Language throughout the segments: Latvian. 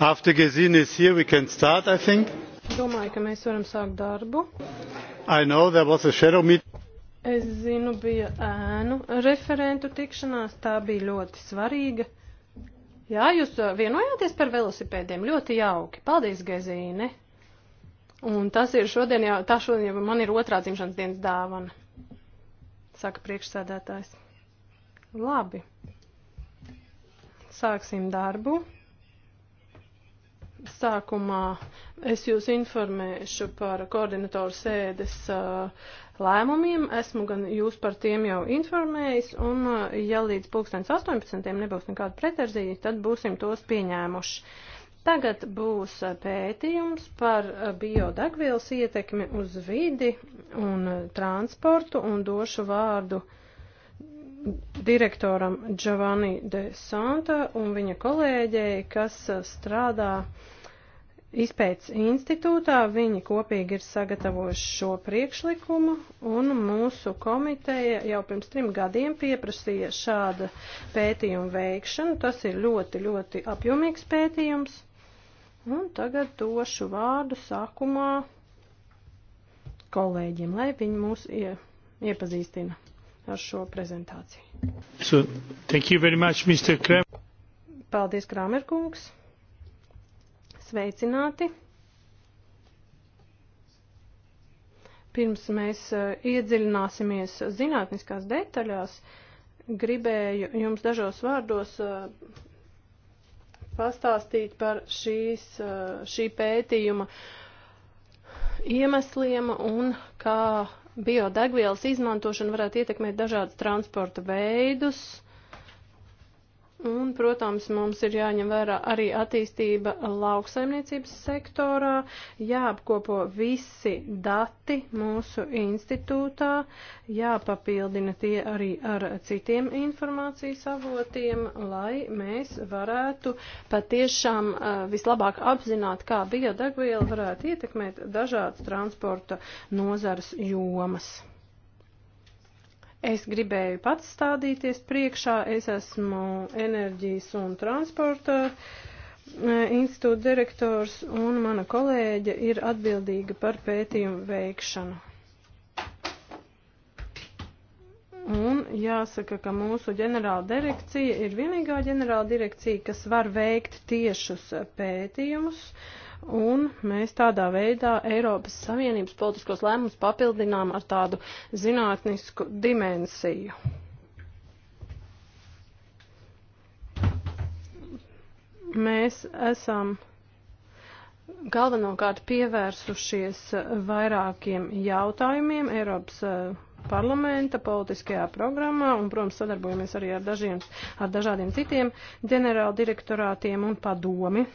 After Gesine is here, we can start, I think. Domāju, ka mēs varam sākt darbu. I know there was a shadow meeting. Es zinu, bija ēnu referentu tikšanās, tā bija ļoti svarīga. Jā, jūs uh, vienojāties par velosipēdiem, ļoti jauki. Paldies, Gezīne. Un tas ir šodien jau, tā šodien jau man ir otrā dzimšanas dienas dāvana, saka priekšsēdētājs. Labi. Sāksim darbu. Sākumā es jūs informēšu par koordinatoru sēdes uh, lēmumiem. Esmu gan jūs par tiem jau informējis, un uh, ja līdz 2018. nebūs nekāda preterzija, tad būsim tos pieņēmuši. Tagad būs uh, pētījums par biodegvielas ietekmi uz vidi un transportu un došu vārdu direktoram Giovanni De Santa un viņa kolēģei, kas strādā uh, Izpētes institūtā viņi kopīgi ir sagatavojuši šo priekšlikumu, un mūsu komiteja jau pirms trim gadiem pieprasīja šāda pētījuma veikšanu. Tas ir ļoti, ļoti apjomīgs pētījums. Un tagad došu vārdu sākumā kolēģiem, lai viņi mūs ie, iepazīstina ar šo prezentāciju. So, thank you very much, Mr. Krem. Paldies, Kramerkungs. Sveicināti! Pirms mēs eh, iedziļināsimies zinātniskās detaļās, gribēju jums dažos vārdos eh, pastāstīt par šīs, eh, šī pētījuma iemesliem un kā biodegvielas izmantošana varētu ietekmēt dažādas transporta veidus, Un, protams, mums ir jāņem vērā arī attīstība lauksaimniecības sektorā, jāapkopo visi dati mūsu institūtā, jāpapildina tie arī ar citiem informācijas avotiem, lai mēs varētu patiešām eh, vislabāk apzināt, kā biodegviela varētu ietekmēt dažādas transporta nozares jomas. Es gribēju pats stādīties priekšā, es esmu enerģijas un transporta e, institūta direktors un mana kolēģe ir atbildīga par pētījumu veikšanu. Un jāsaka, ka mūsu ģenerāla direkcija ir vienīgā ģenerāla direkcija, kas var veikt tiešus pētījumus. Uh, un mēs tādā veidā Eiropas Savienības politiskos lēmumus papildinām ar tādu zinātnisku dimensiju. Mēs esam galvenokārt pievērsušies vairākiem jautājumiem Eiropas eh, parlamenta politiskajā programmā un, protams, sadarbojamies arī ar, dažiem, ar dažādiem citiem ģenerāldirektorātiem un padomi.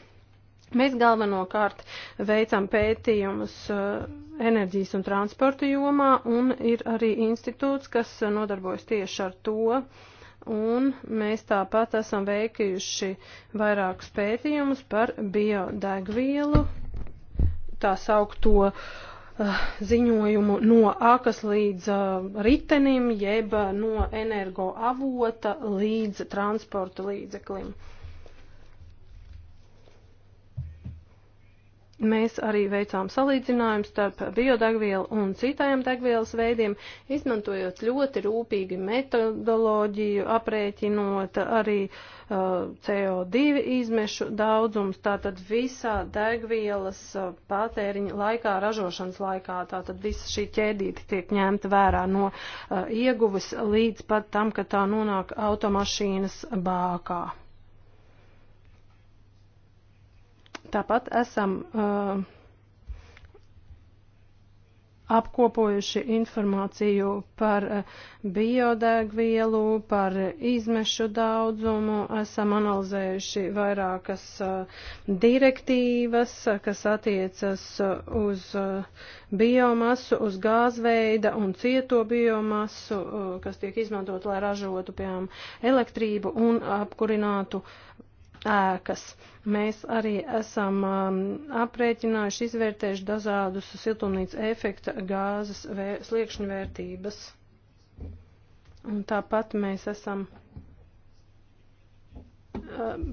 Mēs galvenokārt veicam pētījumus uh, enerģijas un transporta jomā, un ir arī institūts, kas uh, nodarbojas tieši ar to. Un mēs tāpat esam veikuši vairākus pētījumus par biodegvielu, tā saukto uh, ziņojumu no akas līdz ritenim, jeb no energo avota līdz transporta līdzeklim. Mēs arī veicām salīdzinājumu starp biodegvielu un citiem degvielas veidiem, izmantojot ļoti rūpīgi metodoloģiju, aprēķinot arī uh, CO2 izmešu daudzums, tātad visā degvielas uh, patēriņa laikā, ražošanas laikā, tātad visa šī ķēdīte tiek ņemta vērā no uh, ieguves līdz pat tam, ka tā nonāk automašīnas bākā. Tāpat esam uh, apkopojuši informāciju par uh, biodegvielu, par izmešu daudzumu, esam analizējuši vairākas uh, direktīvas, kas attiecas uh, uz biomasu, uz gāzveida un cieto biomasu, kas tiek izmantot, lai ražotu, piemēram, elektrību un apkurinātu ēkas. Mēs arī esam um, aprēķinājuši, izvērtējuši dažādus siltumnīca efekta gāzes vēr, sliekšņu vērtības. Un tāpat mēs esam um,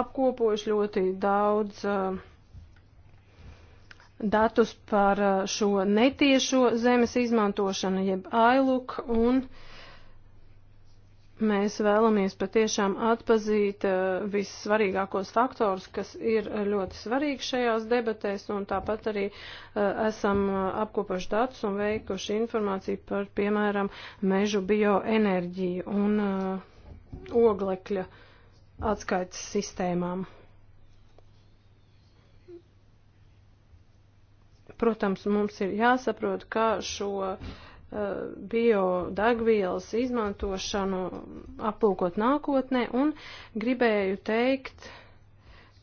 apkopojuši ļoti daudz um, datus par uh, šo netiešo zemes izmantošanu, jeb ailuk un uh, Mēs vēlamies patiešām atpazīt eh, vissvarīgākos faktorus, kas ir ļoti svarīgi šajās debatēs, un tāpat arī eh, esam eh, apkopoši datus un veikuši informāciju par, piemēram, mežu bioenerģiju un oglekļa atskaites sistēmām. Protams, mums ir jāsaprot, kā šo uh, biodegvielas izmantošanu aplūkot nākotnē un gribēju teikt,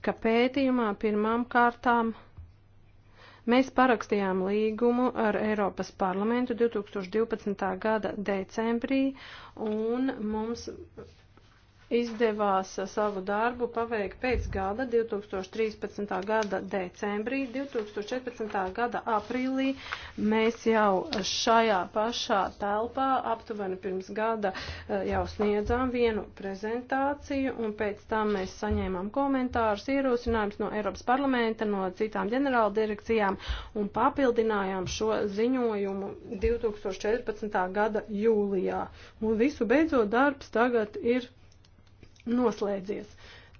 ka pētījumā pirmām kārtām mēs parakstījām līgumu ar Eiropas parlamentu 2012. gada decembrī un mums izdevās savu darbu paveikt pēc gada, 2013. gada decembrī, 2014. gada aprīlī. Mēs jau šajā pašā telpā aptuveni pirms gada eh, jau sniedzām vienu prezentāciju un pēc tam mēs saņēmām komentārus, ierosinājumus no Eiropas parlamenta, no citām ģenerāla direkcijām un papildinājām šo ziņojumu 2014. gada jūlijā. Un visu beidzot darbs tagad ir noslēdzies.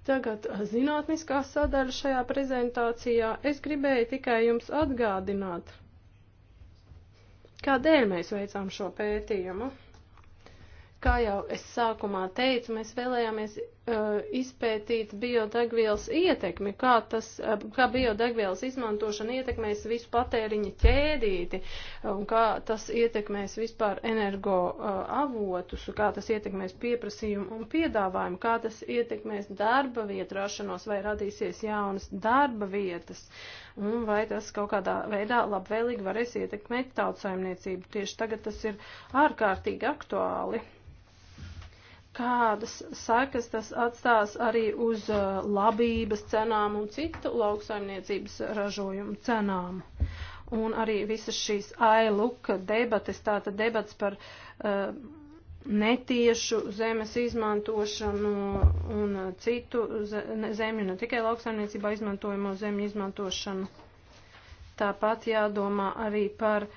Tagad zinātniskā sadaļa šajā prezentācijā. Es gribēju tikai jums atgādināt, kādēļ mēs veicām šo pētījumu. Kā jau es sākumā teicu, mēs vēlējāmies Uh, izpētīt biodegvielas ietekmi, kā, tas, uh, kā biodegvielas izmantošana ietekmēs visu patēriņa ķēdīti un kā tas ietekmēs vispār energo uh, avotus, kā tas ietekmēs pieprasījumu un piedāvājumu, kā tas ietekmēs darba vietu rašanos vai radīsies jaunas darba vietas un vai tas kaut kādā veidā labvēlīgi varēs ietekmēt tautsaimniecību. Tieši tagad tas ir ārkārtīgi aktuāli kādas sekas tas atstās arī uz uh, labības cenām un citu lauksaimniecības ražojumu cenām. Un arī visas šīs ailuka debates, tātad debats par uh, netiešu zemes izmantošanu un uh, citu zemju, ne tikai lauksaimniecībā izmantojamo zemju izmantošanu. Tāpat jādomā arī par uh,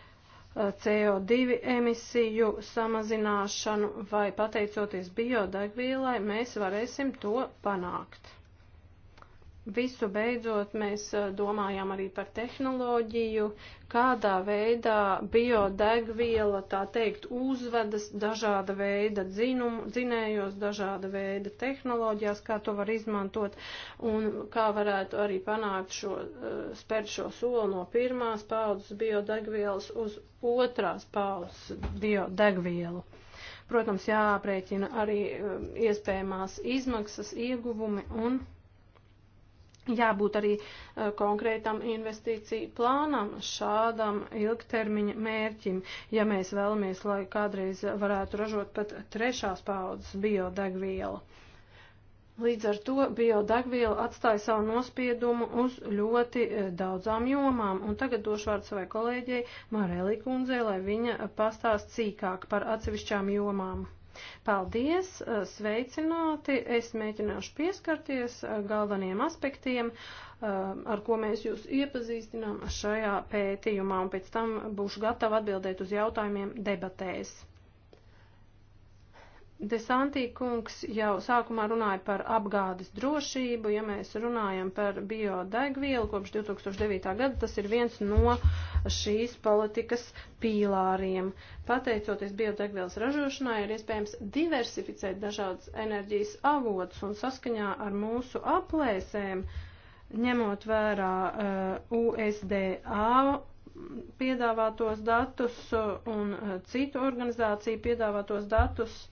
CO2 emisiju samazināšanu vai pateicoties biodegvielai, mēs varēsim to panākt visu beidzot mēs domājām arī par tehnoloģiju, kādā veidā biodegviela, tā teikt, uzvedas dažāda veida dzinumu, dzinējos, dažāda veida tehnoloģijās, kā to var izmantot un kā varētu arī panākt šo, spērt šo soli no pirmās paudzes biodegvielas uz otrās paudzes biodegvielu. Protams, jāaprēķina arī iespējamās izmaksas, ieguvumi un jābūt arī eh, konkrētam investīciju plānam, šādam ilgtermiņa mērķim, ja mēs vēlamies, lai kādreiz varētu ražot pat trešās paudzes biodegvielu. Līdz ar to biodegviela atstāja savu nospiedumu uz ļoti eh, daudzām jomām, un tagad došu vārdu savai kolēģei Marelī kundzei, lai viņa pastāst cīkāk par atsevišķām jomām. Paldies, eh, sveicināti! Es mēģināšu pieskarties eh, galvenajiem aspektiem, eh, ar ko mēs jūs iepazīstinām šajā pētījumā, un pēc tam būšu gatava atbildēt uz jautājumiem debatēs. Desantī kungs jau sākumā runāja par apgādes drošību, ja mēs runājam par biodegvielu kopš 2009. gada, tas ir viens no šīs politikas pīlāriem. Pateicoties biodegvielas ražošanai, ir iespējams diversificēt dažādas enerģijas avotus un saskaņā ar mūsu aplēsēm, ņemot vērā uh, USDA piedāvātos datus un uh, citu organizāciju piedāvātos datus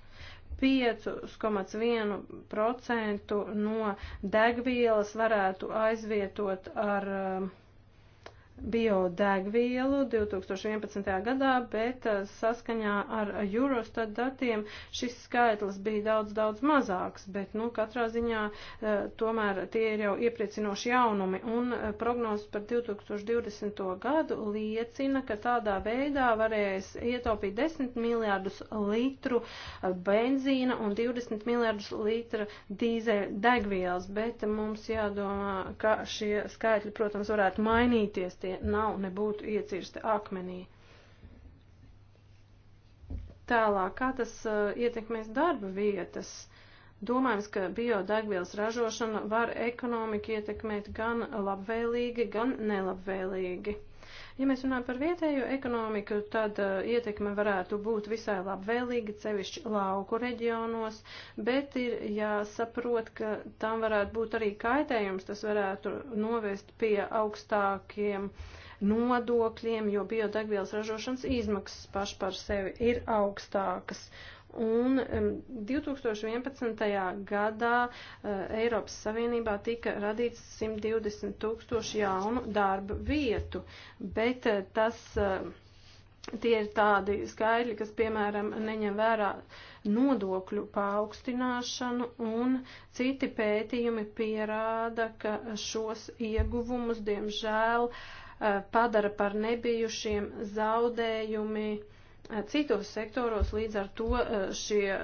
5,1% no degvielas varētu aizvietot ar uh, biodegvielu 2011. gadā, bet eh, saskaņā ar Eurostat datiem šis skaitlis bija daudz, daudz mazāks, bet, nu, katrā ziņā eh, tomēr tie ir jau iepriecinoši jaunumi, un eh, prognozes par 2020. gadu liecina, ka tādā veidā varēs ietaupīt 10 miljārdus litru benzīna un 20 miljārdus litru dīzeļdegvielas, bet mums jādomā, ka šie skaitļi, protams, varētu mainīties tie tie nav nebūtu iecirsti akmenī. Tālāk, kā tas uh, ietekmēs darba vietas? Domājams, ka biodegvielas ražošana var ekonomiku ietekmēt gan labvēlīgi, gan nelabvēlīgi. Ja mēs runājam par vietējo ekonomiku, tad uh, ietekme varētu būt visai labvēlīga, cevišķi lauku reģionos, bet ir jāsaprot, ka tam varētu būt arī kaitējums, tas varētu novest pie augstākiem nodokļiem, jo biodegvielas ražošanas izmaksas paši par sevi ir augstākas. Uh, Un 2011. gadā eh, Eiropas Savienībā tika radīts 120 tūkstoši jaunu darba vietu, bet eh, tas, eh, tie ir tādi skaidri, kas, piemēram, neņem vērā nodokļu paaugstināšanu, un citi pētījumi pierāda, ka šos ieguvumus, diemžēl, padara par nebijušiem zaudējumi citos sektoros, līdz ar to e, šie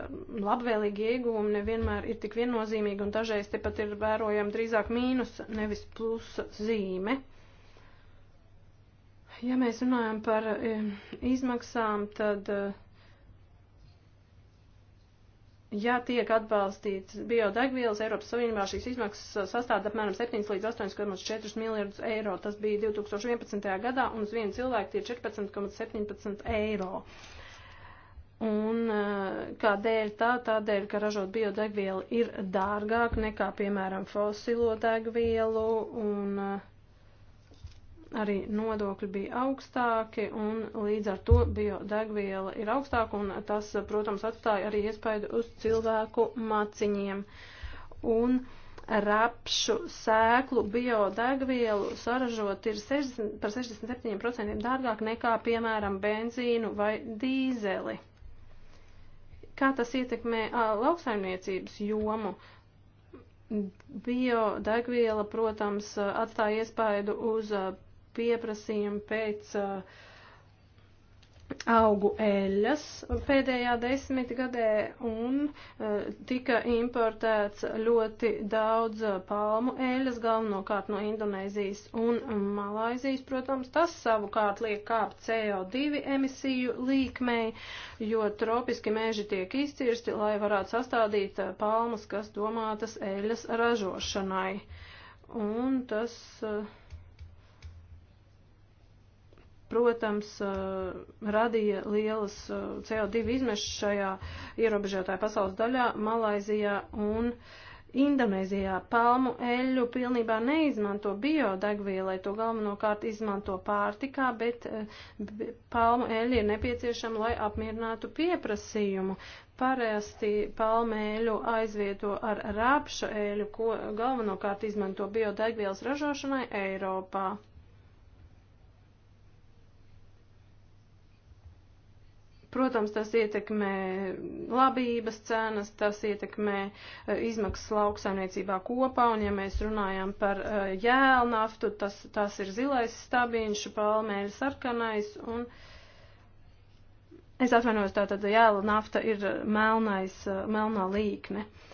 labvēlīgi iegūmi nevienmēr ir tik viennozīmīgi un dažreiz te pat ir vērojama drīzāk mīnus, nevis plusa zīme. Ja mēs runājam par e, izmaksām, tad uh, ja tiek atbalstīts biodegvielas, Eiropas Savienībā šīs izmaksas uh, sastāda apmēram 7 līdz 8,4 miljardus eiro. Tas bija 2011. gadā, un uz vienu cilvēku tie 14,17 eiro. Un uh, kādēļ tā? Tādēļ, ka ražot biodegvielu ir dārgāk nekā, piemēram, fosilo degvielu, un uh, arī nodokļi bija augstāki un līdz ar to biodegviela ir augstāka un tas, protams, atstāja arī iespaidu uz cilvēku maciņiem. Un rapšu sēklu biodegvielu saražot ir 60, par 67% dārgāk nekā, piemēram, benzīnu vai dīzeli. Kā tas ietekmē lauksaimniecības jomu? Biodegviela, protams, atstāja iespaidu uz pieprasījumu pēc uh, augu eļas pēdējā desmitgadē un uh, tika importēts ļoti daudz uh, palmu eļas, galvenokārt no Indonēzijas un Malaizijas, protams, tas savukārt liek kāpt CO2 emisiju līkmei, jo tropiski meži tiek izcirsti, lai varētu sastādīt uh, palmas, kas domātas eļas ražošanai. Un tas uh, protams, eh, radīja lielas eh, CO2 izmešas šajā ierobežotāja pasaules daļā, Malaizijā un Indonēzijā. Palmu eļļu pilnībā neizmanto biodegvielai, to galvenokārt izmanto pārtikā, bet eh, palmu eļļa ir nepieciešama, lai apmierinātu pieprasījumu. Parasti palmēļu aizvieto ar rapša eļļu, ko galvenokārt izmanto biodegvielas ražošanai Eiropā. Protams, tas ietekmē labības cenas, tas ietekmē e, izmaksas lauksaimniecībā kopā, un ja mēs runājam par e, jēlnaftu, tas, tas ir zilais stabiņš, palmēļa sarkanais, un es atvainojos, tātad jēla nafta ir melnais, e, melnā līkne. Uh,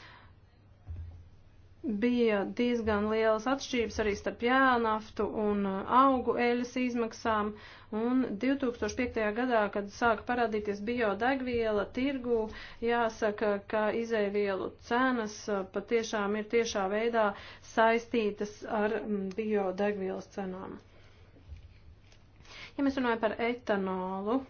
bija diezgan lielas atšķirības arī starp jēnaftu un uh, augu eļas izmaksām, un 2005. gadā, kad sāka parādīties biodegviela tirgū, jāsaka, ka izēvielu cenas uh, patiešām ir tiešā veidā saistītas ar mm, biodegvielas cenām. Ja mēs runājam par etanolu,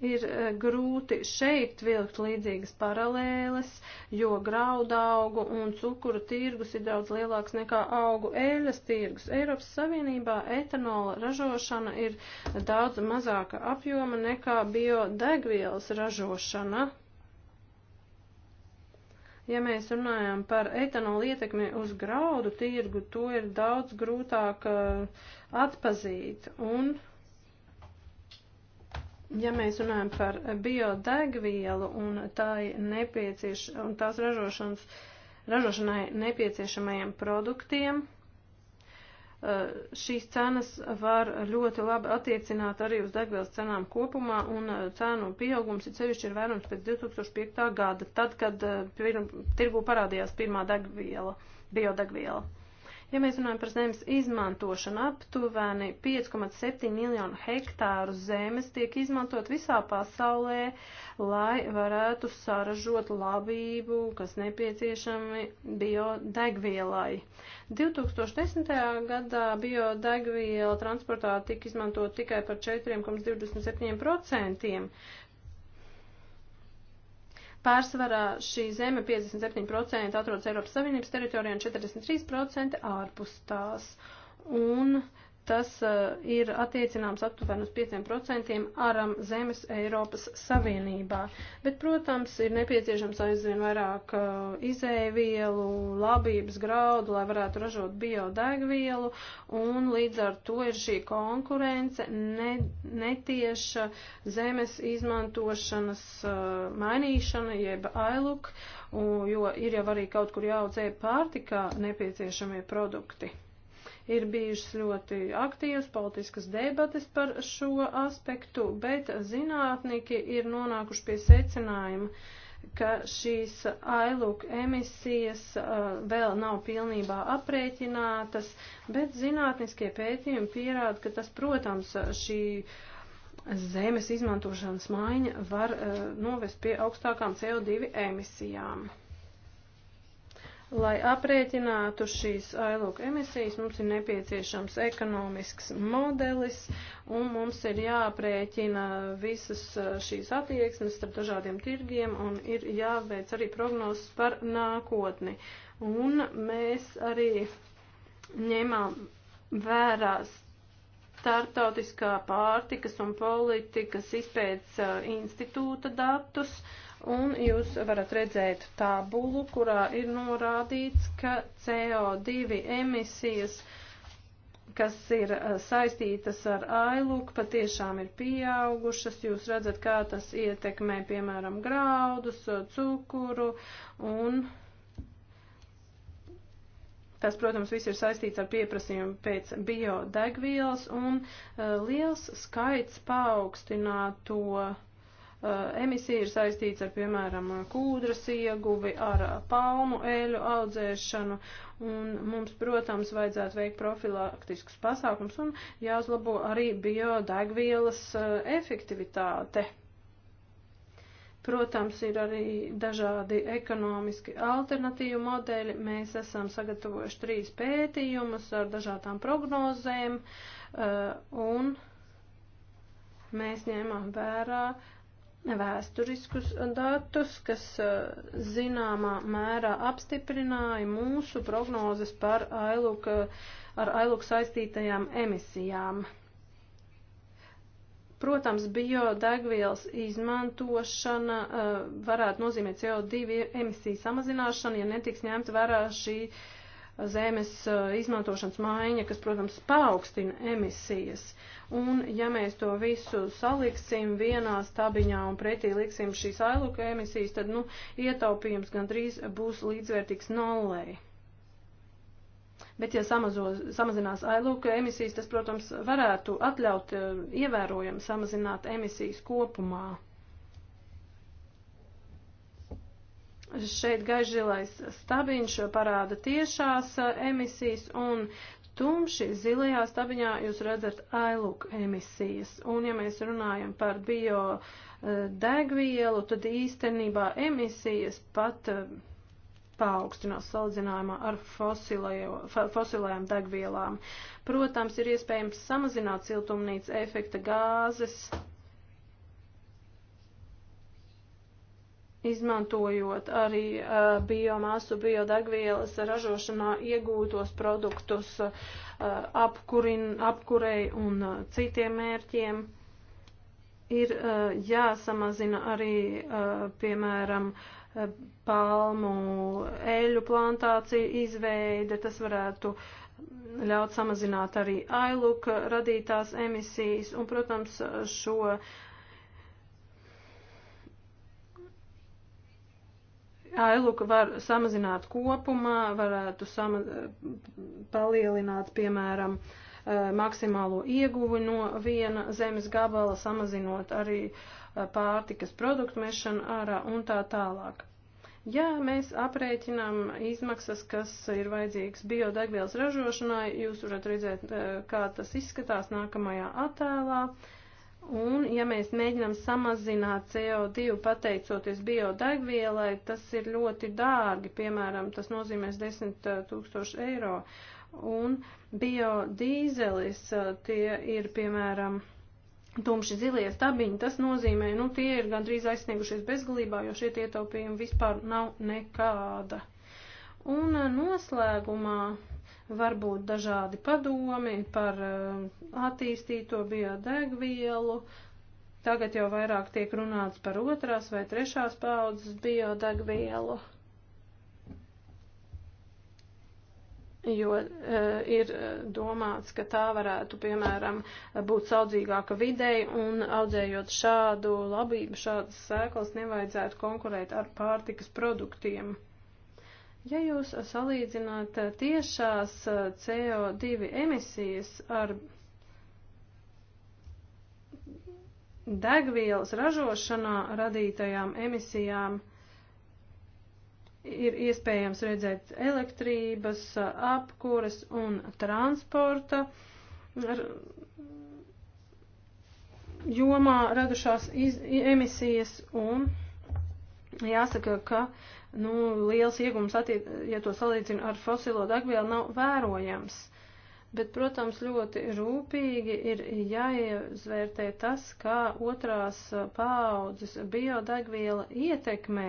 ir eh, grūti šeit vilkt līdzīgas paralēles, jo graudaugu un cukuru tirgus ir daudz lielāks nekā augu eļas tirgus. Eiropas Savienībā etanola ražošana ir daudz mazāka apjoma nekā biodegvielas ražošana. Ja mēs runājam par etanolu ietekmi uz graudu tirgu, to ir daudz grūtāk uh, atpazīt. Un ja mēs runājam par biodegvielu un, tā nepiecieš, un tās ražošanas, ražošanai nepieciešamajiem produktiem, eh, šīs cenas var ļoti labi attiecināt arī uz degvielas cenām kopumā, un eh, cēnu pieaugums ir sevišķi ir vērums pēc 2005. gada, tad, kad eh, tirgu parādījās pirmā degviela, biodegviela. Ja mēs runājam par zemes izmantošanu, aptuveni 5,7 miljonu hektāru zemes tiek izmantot visā pasaulē, lai varētu saražot labību, kas nepieciešami biodegvielai. 2010. gadā biodegviela transportā tika izmantot tikai par 4,27%. Pārsvarā šī zeme 57% atrodas Eiropas Savienības teritorijā un 43% ārpus tās. Un uh, tas uh, ir attiecināms aptuveni uz 5% aram zemes Eiropas Savienībā. Bet, protams, ir nepieciešams aizvien vairāk uh, izēvielu, labības graudu, lai varētu ražot biodegvielu, un līdz ar to ir šī konkurence ne, netieša zemes izmantošanas uh, mainīšana, jeb ailuk, jo ir jau arī kaut kur jāaudzē pārtikā nepieciešamie produkti. Ir bijušas ļoti aktīvas politiskas debates par šo aspektu, bet zinātnieki ir nonākuši pie secinājuma ka šīs ailuk emisijas uh, vēl nav pilnībā aprēķinātas, bet zinātniskie pētījumi pierāda, ka tas, protams, šī zemes izmantošanas maiņa var uh, novest pie augstākām CO2 emisijām. Lai aprēķinātu šīs ailūku emisijas, mums ir nepieciešams ekonomisks modelis un mums ir jāaprēķina visas uh, šīs attieksmes starp dažādiem tirgiem un ir jāveic arī prognozes par nākotni. Un mēs arī ņemām vērā startautiskā pārtikas un politikas izpētes uh, institūta datus. Uh, Un jūs varat redzēt tabulu, kurā ir norādīts, ka CO2 emisijas, kas ir eh, saistītas ar ailuku, patiešām ir pieaugušas. Jūs redzat, kā tas ietekmē, piemēram, graudus, eh, cukuru un. Tas, protams, viss ir saistīts ar pieprasījumu pēc biodegvielas un uh, liels skaits paaugstināto uh, Eh, emisija ir saistīts ar, piemēram, kūdras ieguvi, ar eh, palmu eļu audzēšanu, un mums, protams, vajadzētu veikt profilaktiskus pasākums un jāuzlabo arī biodegvielas eh, efektivitāte. Protams, ir arī dažādi ekonomiski alternatīvu modeļi. Mēs esam sagatavojuši trīs pētījumus ar dažādām prognozēm, un mēs ņēmām vērā uh, vēsturiskus datus, kas eh, zināmā mērā apstiprināja mūsu prognozes par ailuk, ar ailuk saistītajām emisijām. Protams, biodegvielas izmantošana uh, varētu nozīmēt CO2 emisiju samazināšanu, ja netiks ņemta vērā šī uh, zemes izmantošanas maiņa, kas, protams, paaugstina emisijas. Un, ja mēs to visu saliksim vienā stabiņā un pretī liksim šīs ailuka emisijas, tad, nu, ietaupījums gandrīz būs līdzvērtīgs nollei. Bet, ja samazo, samazinās ailuka emisijas, tas, protams, varētu atļaut ievērojami samazināt emisijas kopumā. Šeit gaižilais stabiņš parāda tiešās uh, emisijas un tumši zilajā stabiņā jūs redzat ailuk emisijas. Un ja mēs runājam par bio uh, degvielu, tad īstenībā emisijas pat uh, paaugstinās salīdzinājumā ar fosilējām degvielām. Protams, ir iespējams samazināt siltumnīca efekta gāzes izmantojot arī uh, biomasu, biodegvielas ražošanā iegūtos produktus uh, apkurin, apkurei un uh, citiem mērķiem ir jāsamazina arī, piemēram, palmu eļu plantāciju izveide, tas varētu ļaut samazināt arī ailuka radītās emisijas un, protams, šo ailuka var samazināt kopumā, varētu sama, palielināt, piemēram, eh, maksimālo ieguvi no viena zemes gabala, samazinot arī eh, pārtikas produktu mešanu ārā un tā tālāk. Ja mēs aprēķinām izmaksas, kas ir vajadzīgas biodegvielas ražošanai, jūs varat redzēt, eh, kā tas izskatās nākamajā attēlā. Uh, Un, ja mēs mēģinām samazināt CO2 pateicoties biodegvielai, tas ir ļoti dārgi, piemēram, tas nozīmēs 10 eh, tūkstoši eiro. Un biodīzelis, eh, tie ir, piemēram, tumši zilie stabiņi, tas nozīmē, nu, tie ir gandrīz aizsniegušies bezgalībā, jo šie ietaupījumi vispār nav nekāda. Un eh, noslēgumā varbūt dažādi padomi par eh, attīstīto biodegvielu. Tagad jau vairāk tiek runāts par otrās vai trešās paudzes biodegvielu. jo e, ir eh, domāts, ka tā varētu, piemēram, būt saudzīgāka videi un audzējot šādu labību, šādas sēklas, nevajadzētu konkurēt ar pārtikas produktiem. Ja jūs salīdzināt tiešās eh, CO2 emisijas ar degvielas ražošanā radītajām emisijām, ir iespējams redzēt elektrības, apkūras un transporta jomā radušās iz, emisijas un jāsaka, ka uh, nu, liels iegums, attiec, ja to salīdzinu ar fosilo degvielu, nav vērojams. Bet, protams, ļoti rūpīgi ir jāizvērtē tas, kā otrās paaudzes biodegviela ietekmē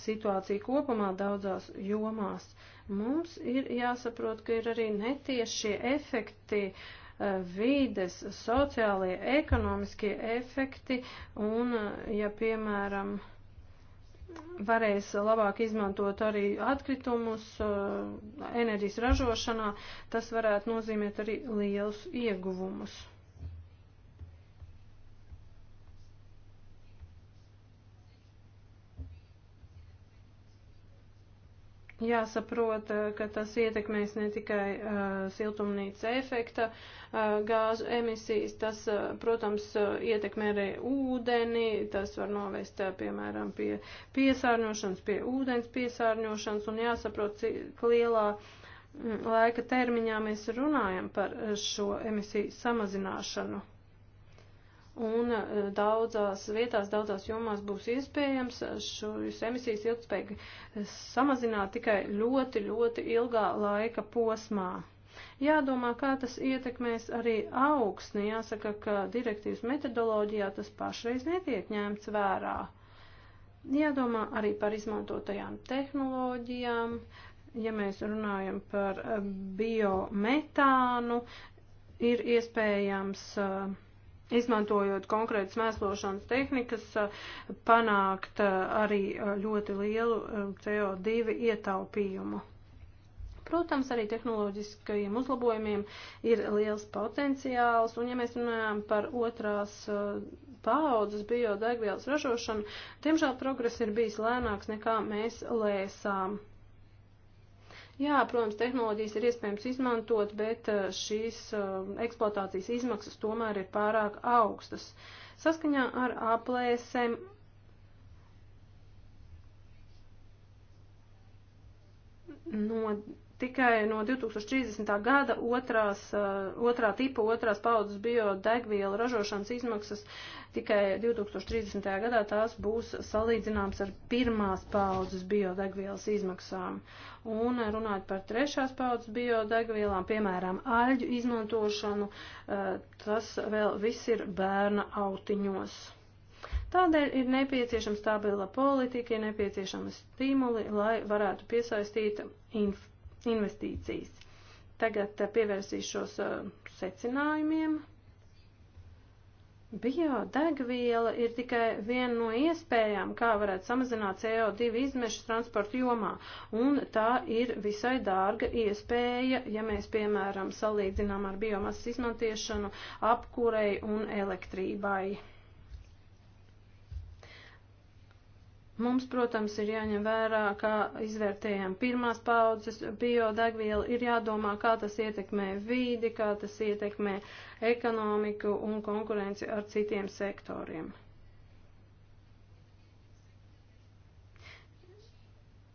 situāciju kopumā daudzās jomās. Mums ir jāsaprot, ka ir arī netiešie efekti, eh, vides, sociālie, ekonomiskie efekti un, eh, ja piemēram, varēs labāk izmantot arī atkritumus uh, enerģijas ražošanā, tas varētu nozīmēt arī lielus ieguvumus. Jāsaprot, eh, ka tas ietekmēs ne tikai uh, siltumnīca efekta uh, gāzu emisijas, tas, uh, protams, uh, ietekmē arī ūdeni, tas var novest, uh, piemēram, pie piesārņošanas, pie ūdens piesārņošanas, un jāsaprot, cik lielā mm, laika termiņā mēs runājam par šo emisiju samazināšanu un e, daudzās vietās, daudzās jomās būs iespējams šīs emisijas ilgspējīgi samazināt tikai ļoti, ļoti ilgā laika posmā. Jādomā, kā tas ietekmēs arī augsni. Jāsaka, ka direktīvas metodoloģijā tas pašreiz netiek ņemts vērā. Jādomā arī par izmantotajām tehnoloģijām. Ja mēs runājam par biometānu, ir iespējams uh, izmantojot konkrētas mēslošanas tehnikas, eh, panākt eh, arī eh, ļoti lielu CO2 ietaupījumu. Protams, arī tehnoloģiskajiem uzlabojumiem ir liels potenciāls, un ja mēs runājam par otrās paaudzes biodegvielas ražošanu, diemžēl progress ir bijis lēnāks nekā mēs lēsām. Jā, protams, tehnoloģijas ir iespējams izmantot, bet eh, šīs eh, eksploatācijas izmaksas tomēr ir pārāk augstas. Saskaņā ar aplēsēm no tikai no 2030. gada otrās, eh, otrā tipa, otrās paudzes biodegvielu ražošanas izmaksas tikai 2030. gadā tās būs salīdzināms ar pirmās paudzes biodegvielas izmaksām. Un eh, runājot par trešās paudzes biodegvielām, piemēram, aļģu izmantošanu, eh, tas vēl viss ir bērna autiņos. Tādēļ ir nepieciešama stabila politika, ir nepieciešama stimuli, lai varētu piesaistīt inf investīcijas. Tagad eh, pievērsīšos eh, secinājumiem. Biodegviela ir tikai viena no iespējām, kā varētu samazināt CO2 izmešas transporta jomā, un tā ir visai dārga iespēja, ja mēs, piemēram, salīdzinām ar biomasas izmantiešanu apkurei un elektrībai. Mums, protams, ir jāņem vērā, kā izvērtējam pirmās paudzes biodegvielu, ir jādomā, kā tas ietekmē vīdi, kā tas ietekmē ekonomiku un konkurenci ar citiem sektoriem.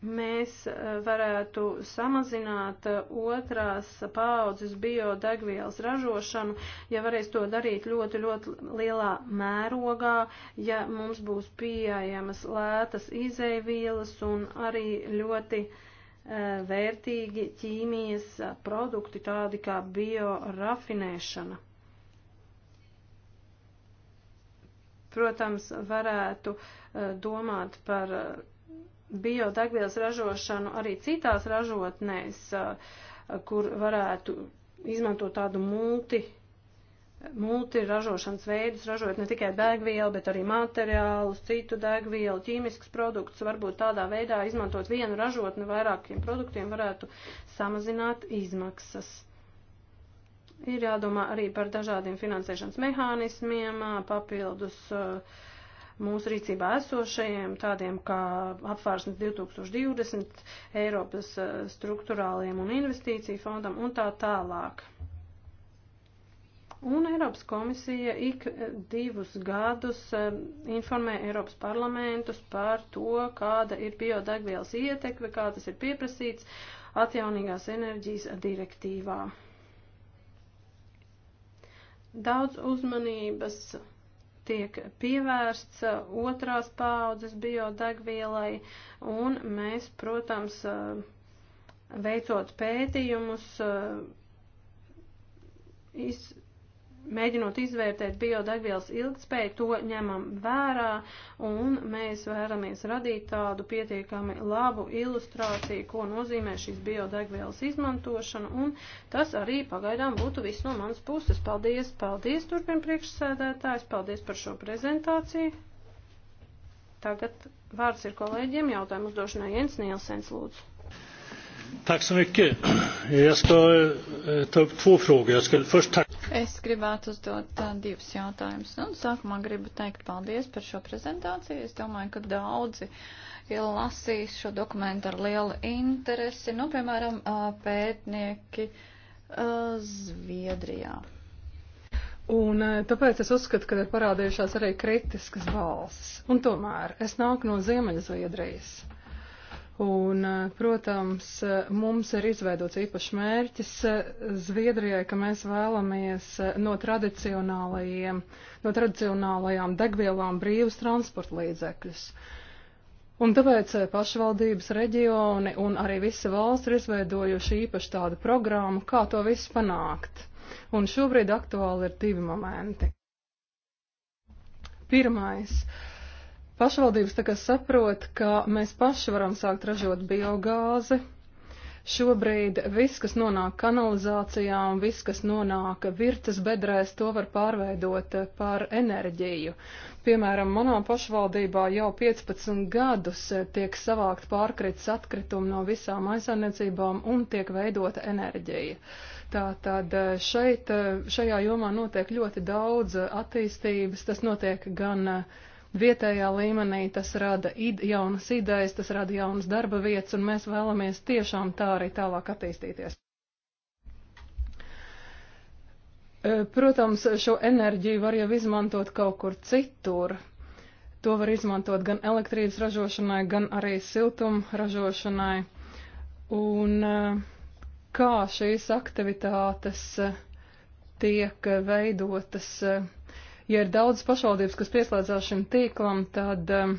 mēs eh, varētu samazināt eh, otrās paaudzes biodegvielas ražošanu, ja varēs to darīt ļoti, ļoti lielā mērogā, ja mums būs pieejamas lētas izēvielas un arī ļoti e, vērtīgi ķīmijas produkti tādi kā biorafinēšana. Protams, varētu e, domāt par biodegvielas ražošanu arī citās ražotnēs, eh, kur varētu izmantot tādu multi, multi ražošanas veidus, ražot ne tikai degvielu, bet arī materiālus, citu degvielu, ķīmiskus produktus, varbūt tādā veidā izmantot vienu ražotni vairākiem produktiem varētu samazināt izmaksas. Ir jādomā arī par dažādiem finansēšanas mehānismiem, papildus uh, mūsu rīcībā esošajiem, tādiem kā apvārsnes 2020, Eiropas eh, struktūrāliem un investīciju fondam un tā tālāk. Un Eiropas komisija ik eh, divus gadus eh, informē Eiropas parlamentus par to, kāda ir biodegvielas ietekme, kā tas ir pieprasīts atjaunīgās enerģijas direktīvā. Daudz uzmanības tiek pievērsts uh, otrās paaudzes biodegvielai, un mēs, protams, uh, veicot pētījumus, uh, iz, mēģinot izvērtēt biodegvielas ilgspēju, to ņemam vērā un mēs vēlamies radīt tādu pietiekami labu ilustrāciju, ko nozīmē šīs biodegvielas izmantošana un tas arī pagaidām būtu viss no manas puses. Paldies, paldies turpin priekšsēdētājs, paldies par šo prezentāciju. Tagad vārds ir kolēģiem jautājumu uzdošanai Jens Nielsens lūdzu. Tack så mycket. Jag ska eh, ta upp två frågor. Jag skulle först tacka... Es gribētu uzdot eh, divus jautājumus. Nu, sākumā gribu teikt paldies par šo prezentāciju. Es domāju, ka daudzi ir lasījis šo dokumentu ar lielu interesi. Nu, piemēram, eh, pētnieki Zviedrijā. Un tāpēc es uzskatu, ka ir parādījušās arī kritiskas balsis. Un tomēr es nāku no Ziemeļzviedrijas. Zviedrijas Un, eh, protams, eh, mums ir izveidots īpašs mērķis eh, Zviedrijai, ka mēs vēlamies no, no tradicionālajām degvielām brīvus transporta līdzekļus. Un tāpēc pašvaldības reģioni un arī visa valsts ir izveidojuši īpaši tādu programmu, kā to visu panākt. Un šobrīd aktuāli ir divi momenti. Pirmais Pašvaldības tā kā saprot, ka mēs paši varam sākt ražot biogāzi. Šobrīd viss, kas nonāk kanalizācijā un viss, kas nonāk virtas bedrēs, to var pārveidot par enerģiju. Piemēram, manā pašvaldībā jau 15 gadus tiek savākt pārkrits atkritumi no visām aizsarniecībām un tiek veidota enerģija. Tātad eh, šeit, eh, šajā jomā notiek ļoti daudz eh, attīstības, tas notiek gan uh, Vietējā līmenī tas rada id, jaunas idejas, tas rada jaunas darba vietas, un mēs vēlamies tiešām tā arī tālāk attīstīties. E, protams, šo enerģiju var jau izmantot kaut kur citur. To var izmantot gan elektrības ražošanai, gan arī siltuma ražošanai. Un e, kā šīs aktivitātes e, tiek veidotas Ja ir daudz pašvaldības, kas pieslēdzās šim tīklam, tad um,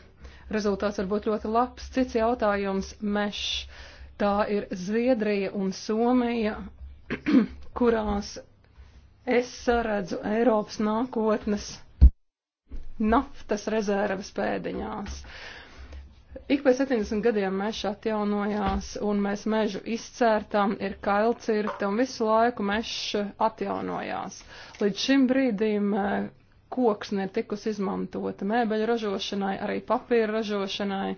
rezultāts var būt ļoti labs. Cits jautājums - mešs. Tā ir Zviedrija un Somija, kurās es saredzu Eiropas nākotnes naftas rezerves pēdiņās. Ik pēc 70 gadiem mežs atjaunojās, un mēs mežu izcērtām, ir kailcirta, un visu laiku mežs atjaunojās. Līdz šim brīdim eh, koksne ir tikus izmantota mēbeļu ražošanai, arī papīra ražošanai,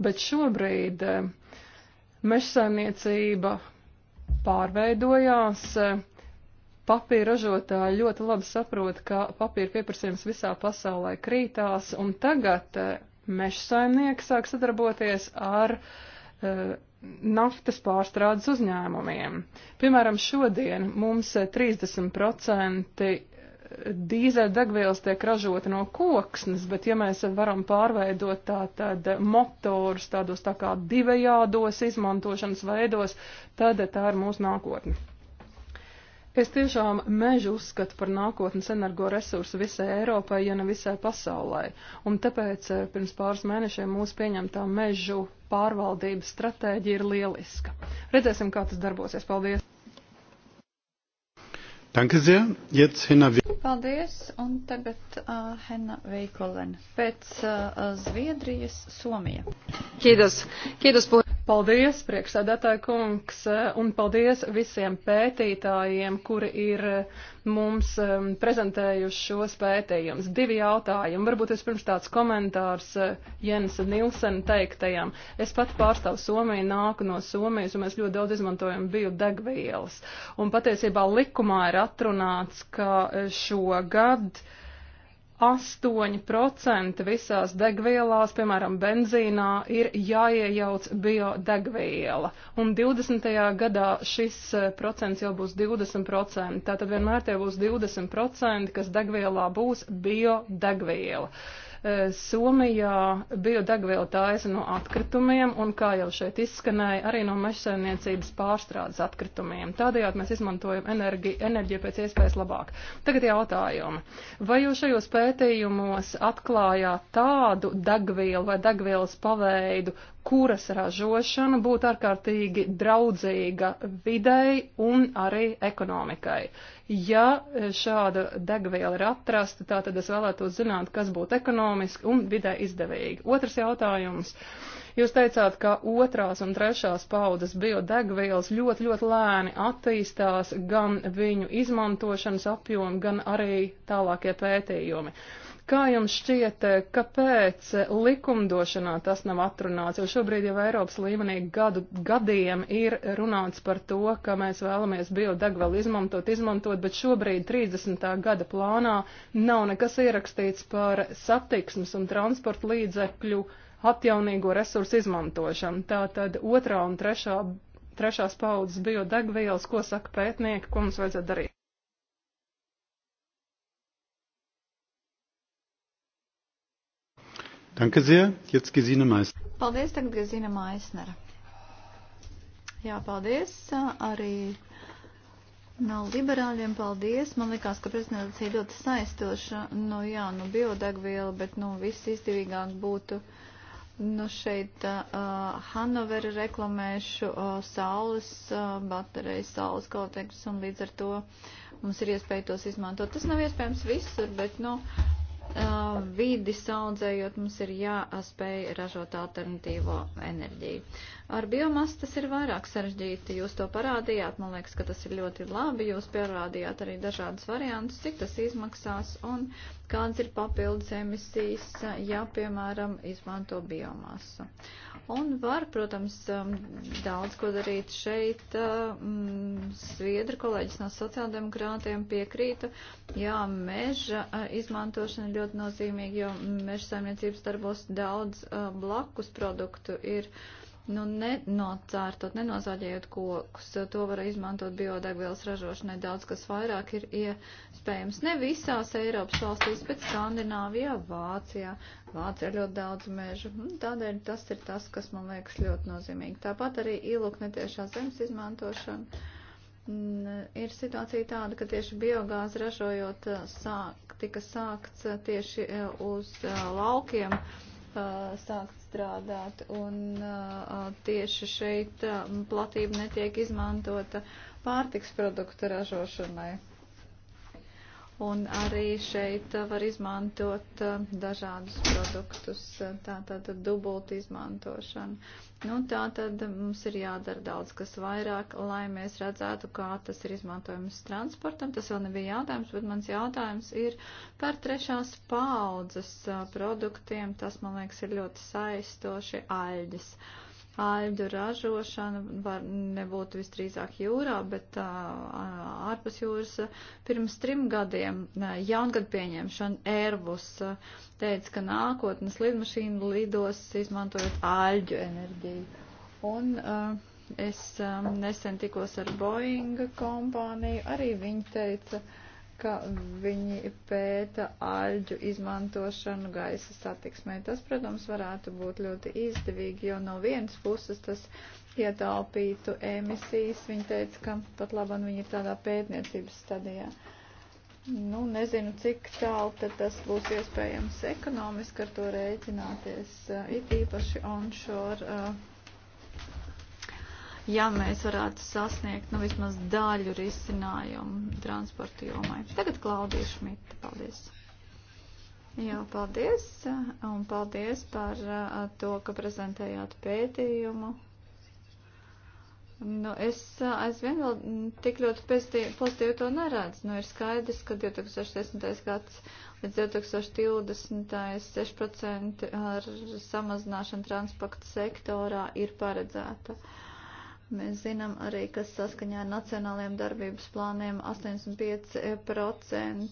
bet šobrīd eh, mežsaimniecība pārveidojās. Eh, papīra ražotāji ļoti labi saprot, ka papīra pieprasījums visā pasaulē krītās, un tagad eh, mežsaimnieki sāk sadarboties ar uh, naftas pārstrādes uzņēmumiem. Piemēram, šodien mums 30% dīzeļdegvielas tiek ražota no koksnes, bet ja mēs varam pārveidot tā tad motors tādos tā kā divējādos izmantošanas veidos, tad tā ir mūsu nākotne. Es tiešām mežu uzskatu par nākotnes energoresursu visai Eiropai, ja ne visai pasaulē. Un tāpēc eh, pirms pāris mēnešiem mūsu pieņemtā mežu pārvaldības stratēģija ir lieliska. Redzēsim, kā tas darbosies. Paldies! Paldies, un tagad uh, Henna Veikolena. Pēc uh, Zviedrijas, Somija. Kīdos, kīdos. Paldies, priekšsēdētāja kungs, uh, un paldies visiem pētītājiem, kuri ir uh, mums um, prezentējuši šos pētījumus. Divi jautājumi, varbūt es pirms tāds komentārs uh, Jensa Nilsena teiktajam. Es pat pārstāvu Somiju, nāku no Somijas, un mēs ļoti daudz izmantojam biodegvielas. Un patiesībā likumā ir atrunāts, ka šogad 8% visās degvielās, piemēram, benzīnā, ir jāiejauc biodegviela, un 20. gadā šis eh, procents jau būs 20%, tātad vienmēr tie būs 20%, kas degvielā būs biodegviela. Uh, Eh, Somijā biodegvielu taisa no atkritumiem un, kā jau šeit izskanēja, arī no mežsaimniecības pārstrādes atkritumiem. Tādējādi mēs izmantojam energi, enerģiju pēc iespējas labāk. Tagad jautājumi. Vai jūs šajos pētījumos atklājāt tādu degvielu vai degvielas paveidu, kuras ražošana būtu ārkārtīgi draudzīga videi un arī ekonomikai? Ja e, šāda degviela ir atrasta, tā tad es vēlētos zināt, kas būtu ekonomiski un vidē izdevīgi. Otrs jautājums. Jūs teicāt, ka otrās un trešās paudas biodegvielas ļoti, ļoti lēni attīstās gan viņu izmantošanas apjomi, gan arī tālākie pētījumi. Uh, Kā jums šķiet, kāpēc likumdošanā tas nav atrunāts? Jo šobrīd jau Eiropas līmenī gadu, gadiem ir runāts par to, ka mēs vēlamies biodegvielu izmantot, izmantot, bet šobrīd 30. gada plānā nav nekas ierakstīts par satiksmes un transporta līdzekļu atjaunīgo resursu izmantošanu. Tātad otrā un trešā, trešās paudzes biodegvielas, ko saka pētnieki, ko mums vajadzētu darīt? Danke sehr. Jetzt Gesine Meissner. Paldies, tagad Gesine Meissnera. Jā, paldies arī no liberāļiem. Paldies. Man likās, ka prezentācija ļoti saistoša. Nu jā, nu biodegviela, bet nu viss izdevīgāk būtu. Nu šeit uh, Hanoveri reklamēšu uh, saules, uh, baterijas, saules kolektorus un līdz ar to mums ir iespēja tos izmantot. Tas nav iespējams visur, bet nu vidi saudzējot, mums ir jāspēj ražot alternatīvo enerģiju. Ar biomasu tas ir vairāk sarežģīti. Jūs to parādījāt, man liekas, ka tas ir ļoti labi. Jūs parādījāt arī dažādas variantus, cik tas izmaksās un kādas ir papildus emisijas, ja, piemēram, izmanto biomasu. Un var, protams, um, daudz ko darīt šeit. Um, Sviedra kolēģis no sociāldemokrātiem piekrīta, jā, meža uh, izmantošana ir ļoti nozīmīga, jo meža saimniecības darbos daudz uh, blakus produktu ir. Uh, nu, nenocārtot, nenozāģējot kokus. To var izmantot biodegvielas ražošanai daudz, kas vairāk ir iespējams. Ne visās Eiropas valstīs, bet Skandināvijā, Vācijā. Vācija ir ļoti daudz mežu. Tādēļ tas ir tas, kas man liekas ļoti nozīmīgi. Tāpat arī ilūk netiešā zemes izmantošana. Ir situācija tāda, ka tieši biogāzi ražojot uh, sāk, tika sākts uh, tieši uh, uz laukiem, sākts izstrādāti, un uh, tieši šeit uh, platība netiek izmantota pārtiks produktu ražošanai. Un arī šeit var izmantot uh, dažādus produktus, uh, tātad dubult izmantošanu. Nu, tātad mums ir jādara daudz kas vairāk, lai mēs redzētu, kā tas ir izmantojums transportam. Tas vēl nebija jautājums, bet mans jautājums ir par trešās paudzes uh, produktiem. Tas, man liekas, ir ļoti saistoši aļģis. Uh, Aļģu ražošana var nebūt visdrīzāk jūrā, bet ārpus jūras pirms trim gadiem jaungad pieņemšana Airbus teica, ka nākotnes lidmašīna lidos izmantojot aļģu enerģiju. Un uh, es um, nesen tikos ar Boeing kompāniju, arī viņi teica, uh, ka viņi pēta āļģu izmantošanu gaisa satiksmē. Tas, protams, varētu būt ļoti izdevīgi, jo no vienas puses tas ietaupītu emisijas. Viņi teica, ka pat labam viņi ir tādā pētniecības stadijā. Nu, nezinu, cik tālu tad tas būs iespējams ekonomiski ar to rēķināties, it īpaši onshore. Uh, ja mēs varētu sasniegt nu, vismaz daļu risinājumu transporta jomai. Tagad Klaudija Šmita, paldies! Jā, paldies! Un paldies par to, ka prezentējāt pētījumu. Nu, es aizvien vēl tik ļoti pozitīvi to neredzu. Nu, ir skaidrs, ka 2010. gads līdz 2020. 6% samazināšana transporta sektorā ir paredzēta. Uh, Mēs zinām arī, ka saskaņā ar nacionālajiem darbības plāniem 85%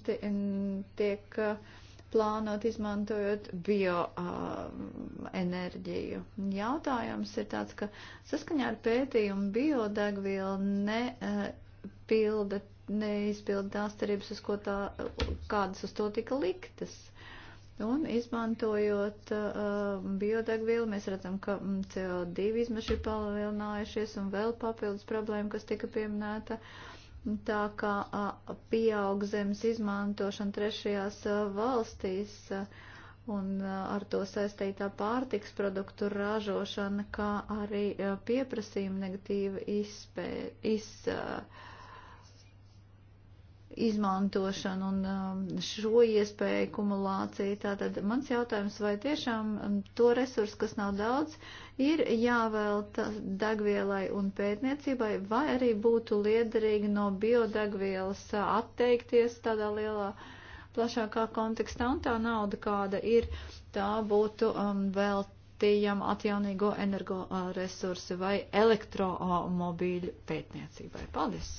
tiek uh, plānot izmantojot bioenerģiju. Uh, Jautājums ir tāds, ka saskaņā ar pētījumu biodegviela nepilda, uh, neizpilda tās cerības, uz ko tā, uh, kādas uz to tika liktas. Un izmantojot uh, biodegvielu, mēs redzam, ka mm, CO2 izmeši ir palielinājušies un vēl papildus problēma, kas tika pieminēta. Tā kā uh, pieaug zemes izmantošana trešajās uh, valstīs uh, un uh, ar to saistītā pārtiks produktu ražošana, kā arī uh, pieprasījuma negatīva izspē, iz, uh, izmantošanu un um, šo iespēju kumulāciju. Tātad mans jautājums, vai tiešām um, to resursu, kas nav daudz, ir jāvēlta degvielai un pētniecībai, vai arī būtu liederīgi no biodegvielas uh, atteikties tādā lielā plašākā kontekstā un tā nauda, kāda ir, tā būtu um, veltījama atjaunīgo energoresursu uh, vai elektromobīļu pētniecībai. Paldies!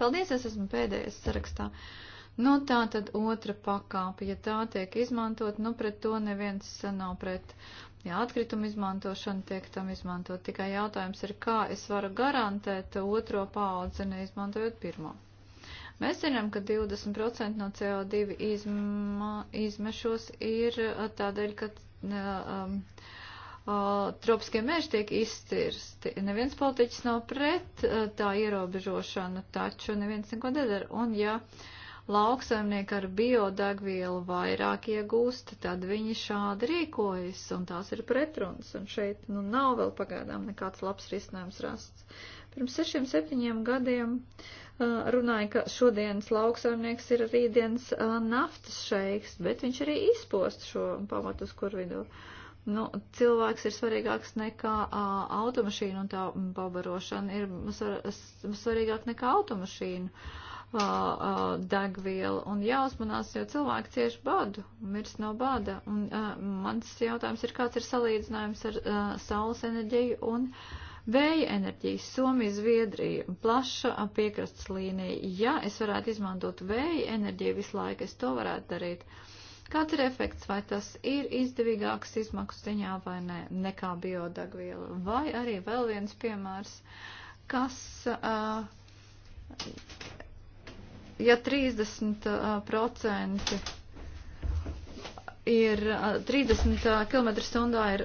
Paldies, es esmu pēdējais sarakstā. Nu, tā tad otra pakāpe, ja tā tiek izmantot, nu, pret to neviens nav pret. Ja atkritumu izmantošana tiek tam izmantot, tikai jautājums ir, kā es varu garantēt otro paudzi, neizmantojot pirmo. Mēs zinām, ka 20% no CO2 izma, izmešos ir tādēļ, ka. Um, uh, uh, tropiskie meži tiek izcirsti. Neviens politiķis nav pret uh, tā ierobežošanu, taču neviens neko nedara. Un ja lauksaimnieki ar biodegvielu vairāk iegūst, tad viņi šādi rīkojas, un tās ir pretrunas, un šeit nu, nav vēl pagaidām nekāds labs risinājums rasts. Pirms sešiem, septiņiem gadiem uh, runāja, ka šodienas lauksaimnieks ir rītdienas uh, naftas šeiks, bet viņš arī izpost šo pamatus, kur vidu. Uh, nu, cilvēks ir svarīgāks nekā a, automašīna un tā pabarošana ir svar, svarīgāk nekā automašīna a, a, degviela. Un jāuzmanās, jo cilvēki cieši badu, mirst no bada. Un a, mans jautājums ir, kāds ir salīdzinājums ar a, saules enerģiju un vēja enerģiju. Somija, Zviedrija, plaša piekrastas līnija. Ja es varētu izmantot vēja enerģiju visu laiku, es to varētu darīt. A, Kāds ir efekts, vai tas ir izdevīgāks izmaksu ziņā vai nē, ne, nekā biodegviela? Vai arī vēl viens piemērs, kas, ja 30% ir 30 km stundā ir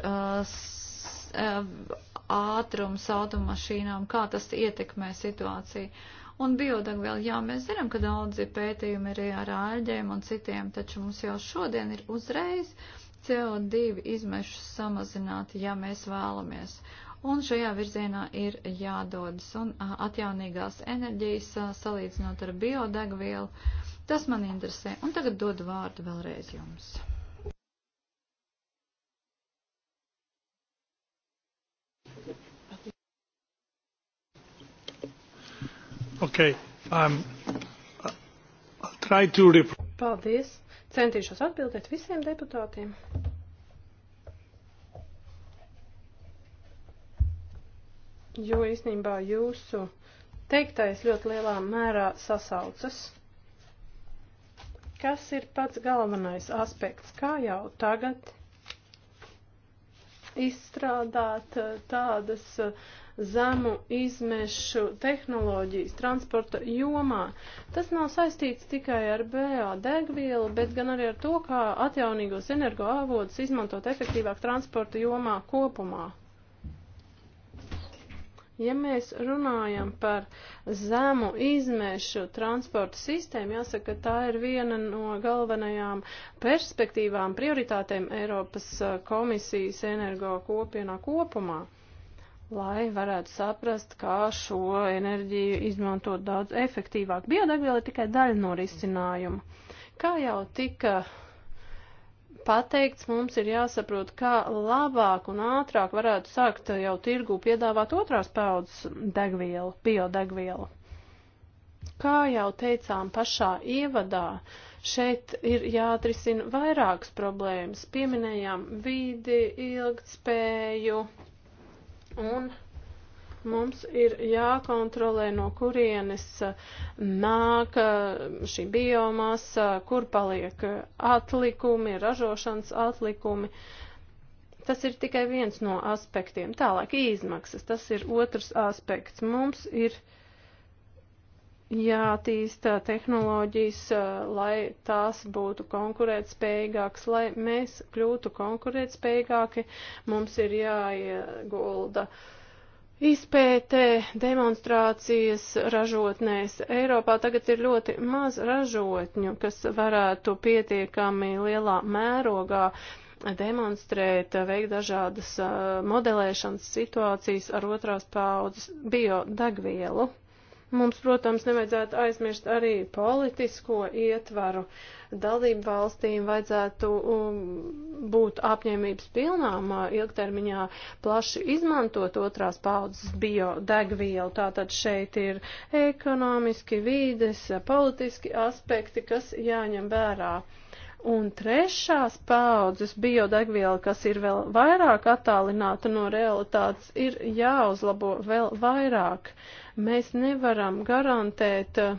ātrums automašīnām, kā tas ietekmē situāciju? Un biodegviela, jā, mēs zinām, ka daudzi pētījumi ir ar āļģiem un citiem, taču mums jau šodien ir uzreiz CO2 izmešus samazināt, ja mēs vēlamies. Un šajā virzienā ir jādodas un atjaunīgās enerģijas salīdzinot ar biodegvielu. Tas man interesē. Un tagad dodu vārdu vēlreiz jums. Okay. Um, uh, to... Paldies. Centīšos atbildēt visiem deputātiem. Jo īstenībā jūsu teiktais ļoti lielā mērā sasaucas. Kas ir pats galvenais aspekts? Kā jau tagad izstrādāt uh, tādas uh, zemu izmešu tehnoloģijas transporta jomā. Tas nav saistīts tikai ar BA degvielu, bet gan arī ar to, kā atjaunīgos energoavotus izmantot efektīvāk transporta jomā kopumā. Ja mēs runājam par zemu izmešu transporta sistēmu, jāsaka, tā ir viena no galvenajām perspektīvām, prioritātēm Eiropas eh, komisijas energo kopienā kopumā lai varētu saprast, kā šo enerģiju izmantot daudz efektīvāk. Biodegviela ir tikai daļa no risinājuma. Kā jau tika pateikts, mums ir jāsaprot, kā labāk un ātrāk varētu sākt jau tirgu piedāvāt otrās paudzes degvielu, biodegvielu. Kā jau teicām pašā ievadā, šeit ir jāatrisina vairākas problēmas. Pieminējām vidi, ilgtspēju, Un mums ir jākontrolē, no kurienes uh, nāk uh, šī biomasa, uh, kur paliek atlikumi, ražošanas atlikumi. Tas ir tikai viens no aspektiem. Tālāk izmaksas, tas ir otrs aspekts. Mums ir jātīsta tehnoloģijas, lai tās būtu konkurētspējīgākas, lai mēs kļūtu konkurētspējīgāki, mums ir jāiegulda. Izpētē, demonstrācijas ražotnēs Eiropā tagad ir ļoti maz ražotņu, kas varētu pietiekami lielā mērogā demonstrēt, veikt dažādas modelēšanas situācijas ar otrās paudzes biodegvielu. Mums, protams, nevajadzētu aizmirst arī politisko ietvaru. Dalību valstīm vajadzētu um, būt apņēmības pilnām ilgtermiņā plaši izmantot otrās paudzes biodegvielu. Tātad šeit ir ekonomiski, vīdes, politiski aspekti, kas jāņem vērā. Un trešās paudzes biodegviela, kas ir vēl vairāk attālināta no realitātes, ir jāuzlabo vēl vairāk. Uh, Mēs nevaram garantēt eh,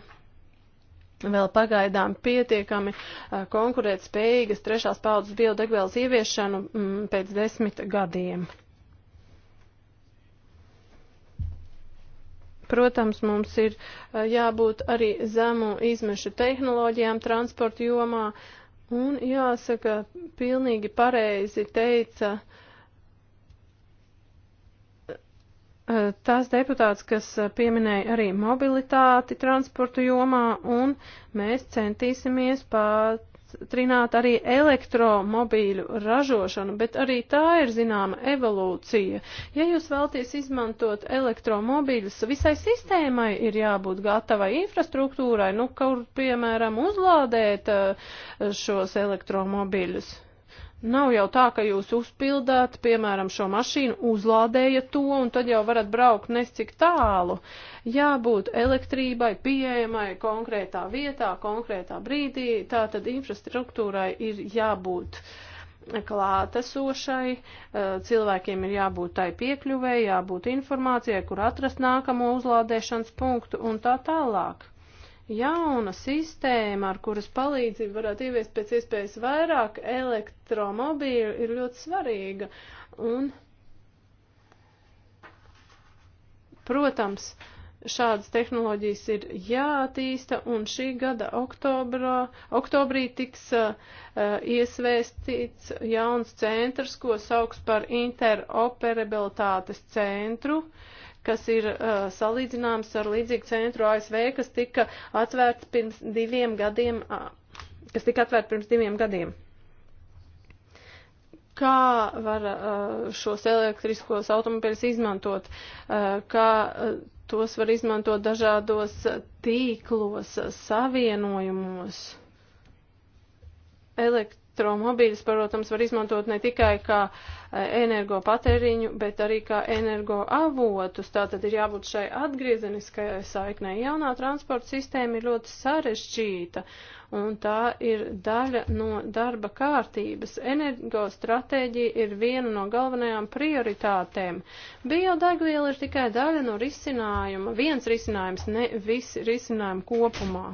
vēl pagaidām pietiekami eh, konkurēt spējīgas trešās paudzes biodegvielas ieviešanu mm, pēc desmit gadiem. Protams, mums ir eh, jābūt arī zemu izmešu tehnoloģijām transporta jomā, un jāsaka, pilnīgi pareizi teica uh, Eh, tās deputāts, kas eh, pieminēja arī mobilitāti transportu jomā, un mēs centīsimies pātrināt arī elektromobīļu ražošanu, bet arī tā ir zināma evolūcija. Ja jūs vēlties izmantot elektromobīļus, visai sistēmai ir jābūt gatavai infrastruktūrai, nu, kaut, piemēram, uzlādēt eh, šos elektromobīļus. Nav jau tā, ka jūs uzpildāt, piemēram, šo mašīnu, uzlādējat to un tad jau varat braukt nescik tālu. Jābūt elektrībai pieejamai konkrētā vietā, konkrētā brīdī, tā tad infrastruktūrai ir jābūt klātesošai, eh, cilvēkiem ir jābūt tai piekļuvēji, jābūt informācijai, kur atrast nākamo uzlādēšanas punktu un tā tālāk jauna sistēma, ar kuras palīdzību varētu ieviest pēc iespējas vairāk elektromobīļu, ir ļoti svarīga. Un, protams, šādas tehnoloģijas ir jātīsta, un šī gada oktobrā, oktobrī tiks uh, iesvēstīts jauns centrs, ko sauks par interoperabilitātes centru. Uh, kas ir uh, salīdzināms ar līdzīgu centru ASV, kas tika atvērts pirms diviem gadiem, uh, kas tika atvērts pirms diviem gadiem. Kā var uh, šos elektriskos automobiļus izmantot, uh, kā uh, tos var izmantot dažādos tīklos, savienojumos. Elekt elektromobīļus, protams, var izmantot ne tikai kā e, energopatēriņu, bet arī kā energoavotus. Tātad ir jābūt šai atgriezeniskajai saiknei. Jaunā transporta sistēma ir ļoti sarežģīta, un tā ir daļa no darba kārtības. Energostratēģija ir viena no galvenajām prioritātēm. Biodegviela ir tikai daļa no risinājuma, viens risinājums, ne visi risinājumi kopumā.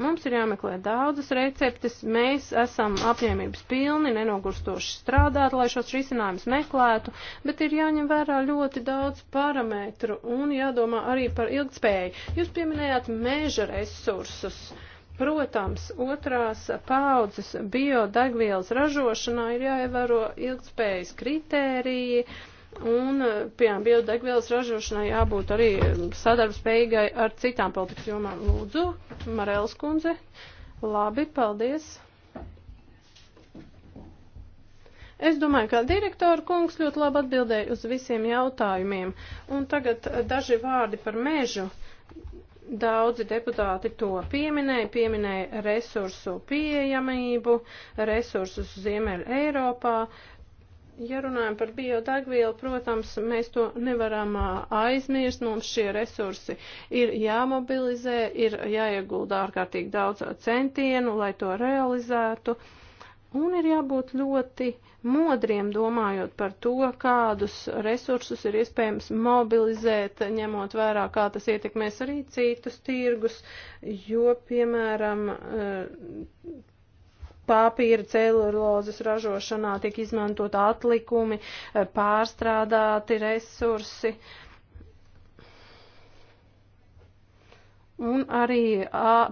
Mums ir jāmeklē daudzas receptes, mēs esam apņēmības pilni, nenogurstoši strādāt, lai šos risinājumus meklētu, bet ir jāņem vērā ļoti daudz parametru un jādomā arī par ilgtspēju. Jūs pieminējāt meža resursus. Protams, otrās paudzes biodegvielas ražošanā ir jāievēro ilgtspējas kritēriji. Uh, un, eh, piemēram, biodegvielas ražošanai jābūt arī eh, sadarbspējīgai ar citām politikas jomām. Lūdzu, Marēls kundze, labi, paldies. Es domāju, ka direktora kungs ļoti labi atbildēja uz visiem jautājumiem. Un tagad eh, daži vārdi par mežu. Daudzi deputāti to pieminēja, pieminēja resursu pieejamību, resursus Ziemeļa Eiropā. Uh, Ja runājam par biodegvielu, protams, mēs to nevaram aizmirst. Mums šie resursi ir jāmobilizē, ir jāiegulda ārkārtīgi daudz centienu, lai to realizētu. Un ir jābūt ļoti modriem domājot par to, kādus resursus ir iespējams mobilizēt, ņemot vērā, kā tas ietekmēs arī citus tirgus, jo, piemēram, papīra celulozes ražošanā tiek izmantot atlikumi, eh, pārstrādāti resursi. Un arī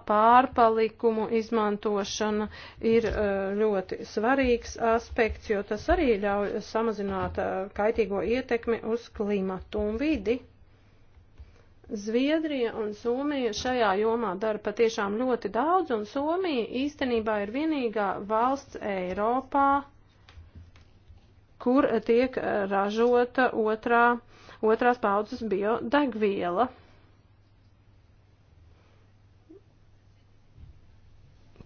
pārpalikumu izmantošana ir eh, ļoti svarīgs aspekts, jo tas arī ļauj samazināt eh, kaitīgo ietekmi uz klimatu un vidi. Zviedrija un Somija šajā jomā dara patiešām ļoti daudz, un Somija īstenībā ir vienīgā valsts Eiropā, kur tiek ražota otrā, otrās paudzes biodegviela.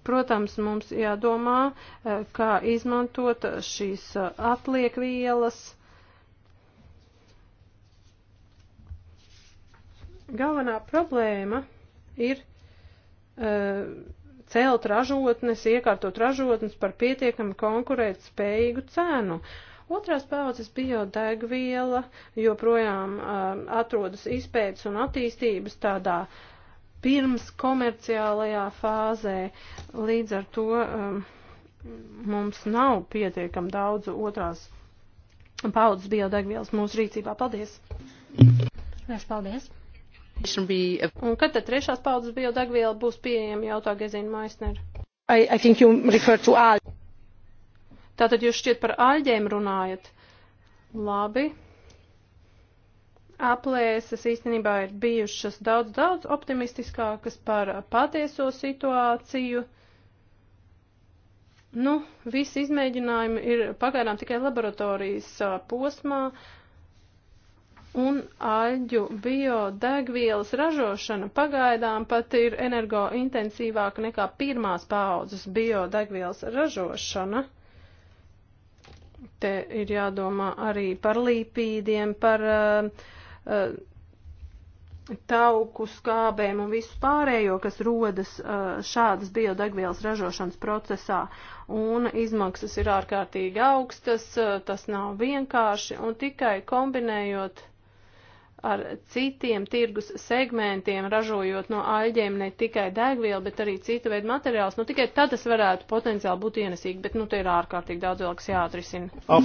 Protams, mums jādomā, eh, kā izmantot šīs eh, atliekvielas Galvenā problēma ir uh, celt ražotnes, iekārtot ražotnes par pietiekami konkurēt spējīgu cenu. Otrās paudzes biodegviela joprojām uh, atrodas izpētes un attīstības tādā pirms komerciālajā fāzē. Līdz ar to um, mums nav pietiekam daudz otrās paudzes biodegvielas mūsu rīcībā. Paldies! Es paldies! Un kad tad trešās paudzes biodegviela būs pieejama, jautā Gezina Maisner. I, I think you refer to all. Tātad jūs šķiet par aļģēm runājat. Labi. Aplēses īstenībā ir bijušas daudz, daudz optimistiskākas par patieso situāciju. Nu, visi izmēģinājumi ir pagaidām tikai laboratorijas posmā. Uh, un aļģu biodegvielas ražošana pagaidām pat ir energointensīvāka nekā pirmās paaudzes biodegvielas ražošana. Te ir jādomā arī par līpīdiem, par uh, uh, tauku skābēm un visu pārējo, kas rodas eh, šādas biodegvielas ražošanas procesā. Un izmaksas ir ārkārtīgi augstas, tas nav vienkārši, un tikai kombinējot ar citiem tirgus segmentiem, ražojot no aļģiem ne tikai degvielu, bet arī citu veidu materiālus. Nu, tikai tad tas varētu potenciāli būt ienesīgi, bet nu, te ir ārkārtīgi daudz vēl, kas jāatrisina.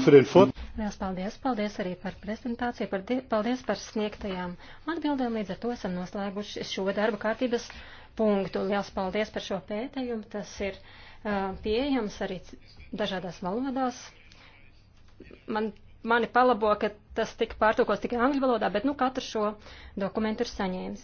Lielas paldies, paldies arī par prezentāciju, par die, paldies par sniegtajām atbildēm. Līdz ar to esam noslēguši šo darba kārtības punktu. Lielas paldies par šo pētījumu. Tas ir uh, pieejams arī dažādās valodās. Man mani palabo, ka tas tika pārtūkots tikai angļu valodā, bet nu katrs šo dokumentu ir saņēmis.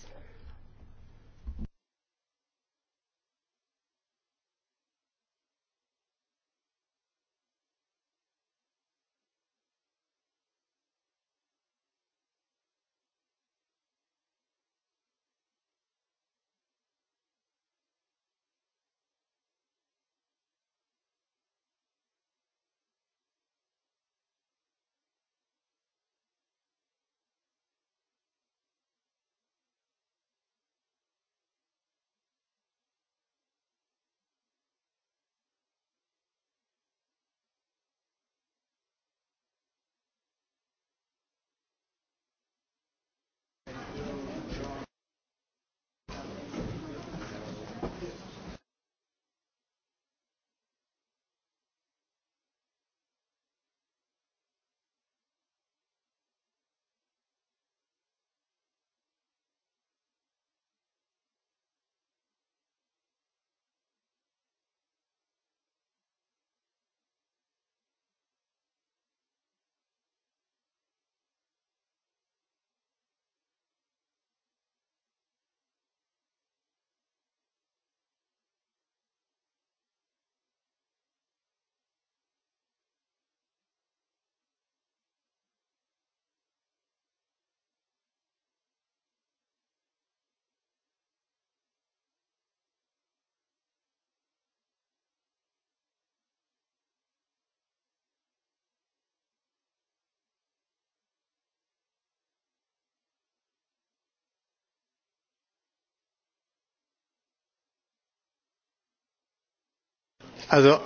Also,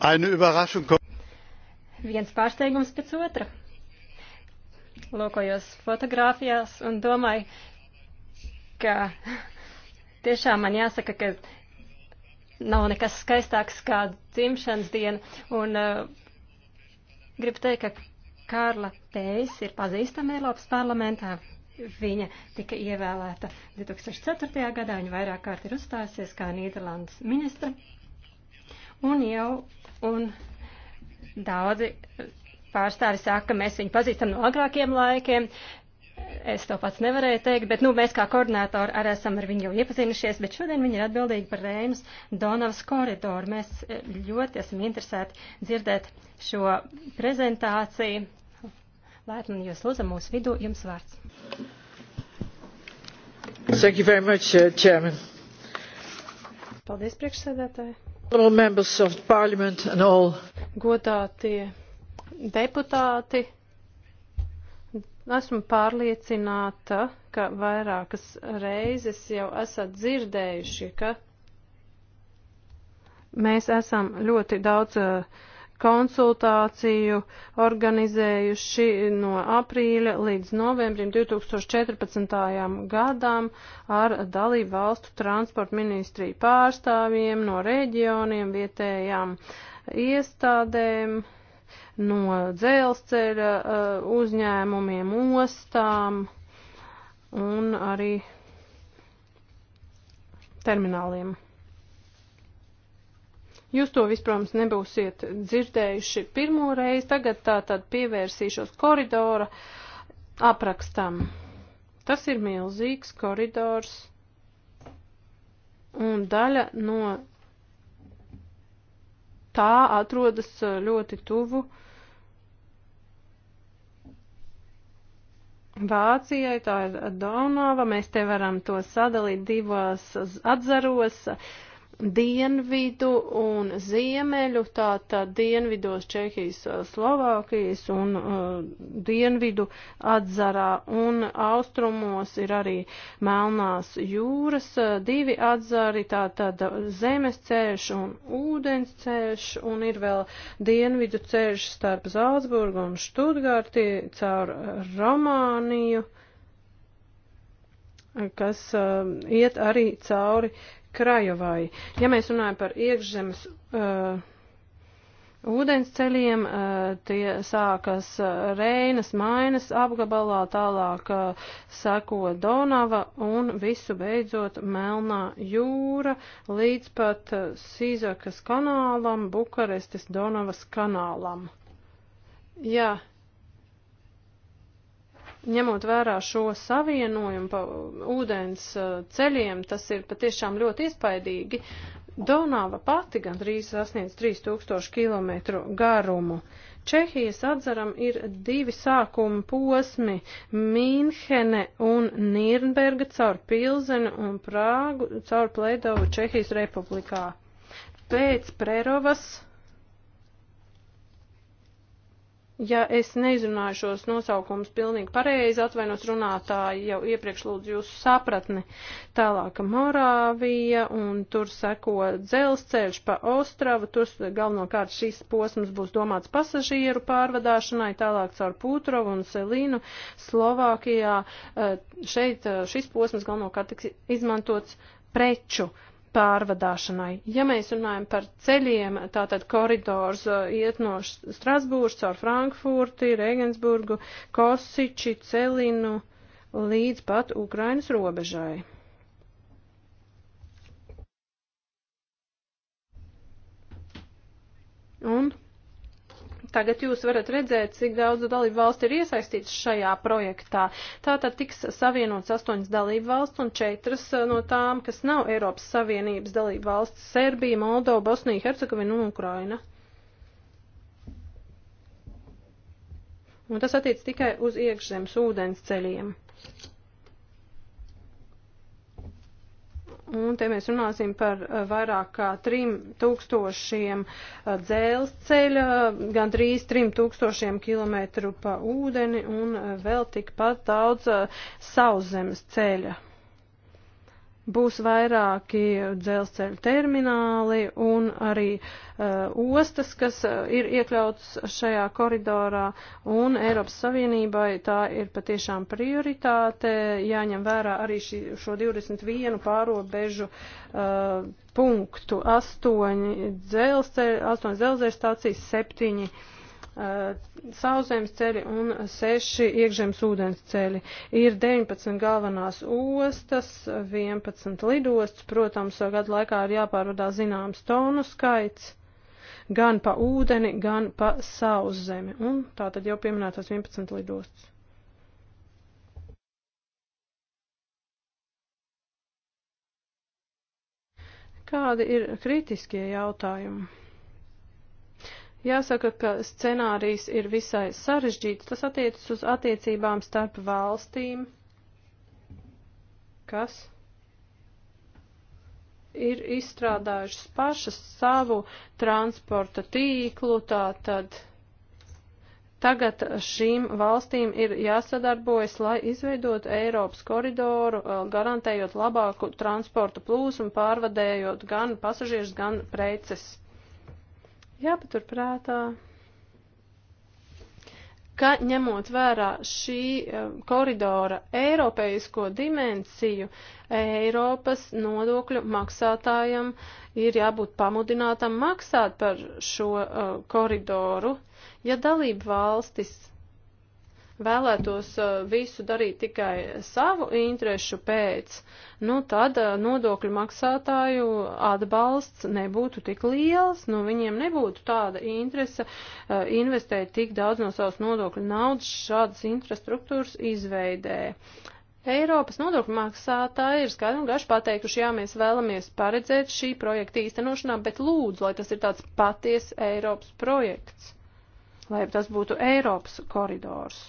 eine Überraschung kommt. Viens pārsteigums pēc otra. Lūkojos fotogrāfijās un domāju, ka tiešām man jāsaka, ka nav nekas skaistāks kā dzimšanas diena. Un uh, gribu teikt, ka Kārla Pējs ir pazīstama Eiropas parlamentā. Viņa tika ievēlēta 2004. gadā, viņa vairāk kārt ir uzstājusies kā Nīderlandes ministra. Un jau un daudzi pārstāvi saka, ka mēs viņu pazīstam no agrākiem laikiem. Es to pats nevarēju teikt, bet nu, mēs kā koordinātori arī esam ar viņu jau iepazinušies, bet šodien viņi ir atbildīgi par Reinas Donavas koridoru. Mēs eh, ļoti esam interesēti dzirdēt šo prezentāciju. Lētman, jūs lūdzam mūsu vidū, jums vārds. Thank you very much, uh, Chairman. Paldies, priekšsēdētāji. Godātie deputāti, esmu pārliecināta, ka vairākas reizes jau esat dzirdējuši, ka mēs esam ļoti daudz uh, konsultāciju organizējuši no aprīļa līdz novembrim 2014. gadam ar dalību valstu transporta ministriju pārstāvjiem no reģioniem, vietējām iestādēm, no dzelzceļa uh, uzņēmumiem, ostām un arī termināliem. Jūs to visprams nebūsiet dzirdējuši pirmo reizi, tagad tā tad pievērsīšos koridora aprakstam. Tas ir milzīgs koridors un daļa no tā atrodas ļoti tuvu Vācijai, tā ir Donava, mēs te varam to sadalīt divās atzaros. Uh, dienvidu un ziemeļu, tātad dienvidos Čehijas, Slovākijas un uh, dienvidu atzarā un austrumos ir arī Melnās jūras divi atzari, tātad zemes ceļš un ūdens ceļš un ir vēl dienvidu ceļš starp Zālsburgu un Študgārti caur Romāniju kas uh, iet arī cauri Krajovai. Ja mēs runājam par iekšzemes uh, ūdens ceļiem, uh, tie sākas uh, Reinas, Mainas apgabalā, tālāk uh, seko Donava un visu beidzot Melnā jūra līdz pat uh, Sīzakas kanālam, Bukarestes Donavas kanālam. Jā. Yeah ņemot vērā šo savienojumu pa ūdens uh, ceļiem, tas ir patiešām ļoti iespaidīgi. Donava pati gandrīz sasniedz 3000 km garumu. Čehijas atzaram ir divi sākuma posmi - Mīnhene un Nīrnberga caur Pilzenu un Prāgu caur Pleidovu Čehijas republikā. Pēc Prerovas Ja es neizrunāju šos nosaukumus pilnīgi pareizi, atvainos runātāji jau iepriekš lūdzu jūsu sapratni. Tālāk Morāvija un tur seko dzelzceļš pa Ostravu, tur galvenokārt šis posms būs domāts pasažieru pārvadāšanai, tālāk caur Pūtrovu un Selīnu Slovākijā. Eh, šeit eh, šis posms galvenokārt tiks izmantots preču pārvadāšanai. Ja mēs runājam par ceļiem, tātad koridors uh, iet no Strasbūras caur Frankfurti, Regensburgu, Kosiči, Celinu līdz pat Ukrainas robežai. Un Tagad jūs varat redzēt, cik daudz dalību valstu ir iesaistīts šajā projektā. Tātad tiks savienots astoņas dalību valsts un četras eh, no tām, kas nav Eiropas Savienības dalību valsts - Serbija, Moldova, Bosnija, Hercegovina un Ukraina. Un tas attiec tikai uz iekšzemes ūdens ceļiem. Un te mēs runāsim par eh, vairāk kā 3000 eh, dzelzceļa, gandrīz 3000 km pa ūdeni un eh, vēl tikpat daudz sauszemes ceļa būs vairāki dzelzceļu termināli un arī uh, ostas, kas uh, ir iekļauts šajā koridorā, un Eiropas Savienībai tā ir patiešām prioritāte, jāņem vērā arī šī, šo 21 pārobežu uh, punktu, 8 dzelzceļu, 8 dzelzceļu stācijas, 7 uh, Eh, sauszemes ceļi un 6 iekšzemes ūdens ceļi. Ir 19 galvenās ostas, 11 lidostas, protams, gadu laikā ir jāpārvadā zināms tonu skaits gan pa ūdeni, gan pa sauszemi. Un tā tad jau pieminētās 11 lidostas. Kādi ir kritiskie jautājumi? Jāsaka, ka scenārijs ir visai sarežģīts. Tas attiecas uz attiecībām starp valstīm, kas ir izstrādājušas pašas savu transporta tīklu, tātad tagad šīm valstīm ir jāsadarbojas, lai izveidot Eiropas koridoru, eh, garantējot labāku transporta plūsmu, pārvadējot gan pasažierus, gan preces. Jāpatur prātā, ka ņemot vērā šī eh, koridora eiropeisko dimensiju, Eiropas nodokļu maksātājam ir jābūt pamudinātam maksāt par šo uh, koridoru. Ja dalību valstis vēlētos uh, visu darīt tikai savu interešu pēc, nu tad uh, nodokļu maksātāju atbalsts nebūtu tik liels, nu viņiem nebūtu tāda interese uh, investēt tik daudz no savas nodokļu naudas šādas infrastruktūras izveidē. Eiropas nodokļu maksātāji ir skaidri un gaši pateikuši, jā, mēs vēlamies paredzēt šī projekta īstenošanā, bet lūdzu, lai tas ir tāds paties Eiropas projekts, lai tas būtu Eiropas koridors.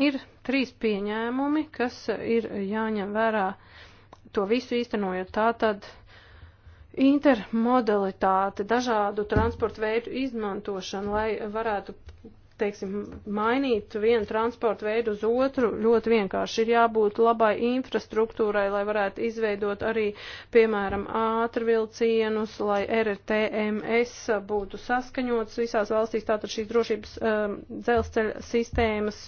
Ir trīs pieņēmumi, kas ir jāņem vērā to visu īstenojot. Tātad intermodalitāte, dažādu transportu veidu izmantošana, lai varētu teiksim, mainīt vienu transportu veidu uz otru ļoti vienkārši. Ir jābūt labai infrastruktūrai, lai varētu izveidot arī, piemēram, ātrvilcienus, lai RTMS būtu saskaņots visās valstīs, tātad šīs drošības um, dzelzceļa sistēmas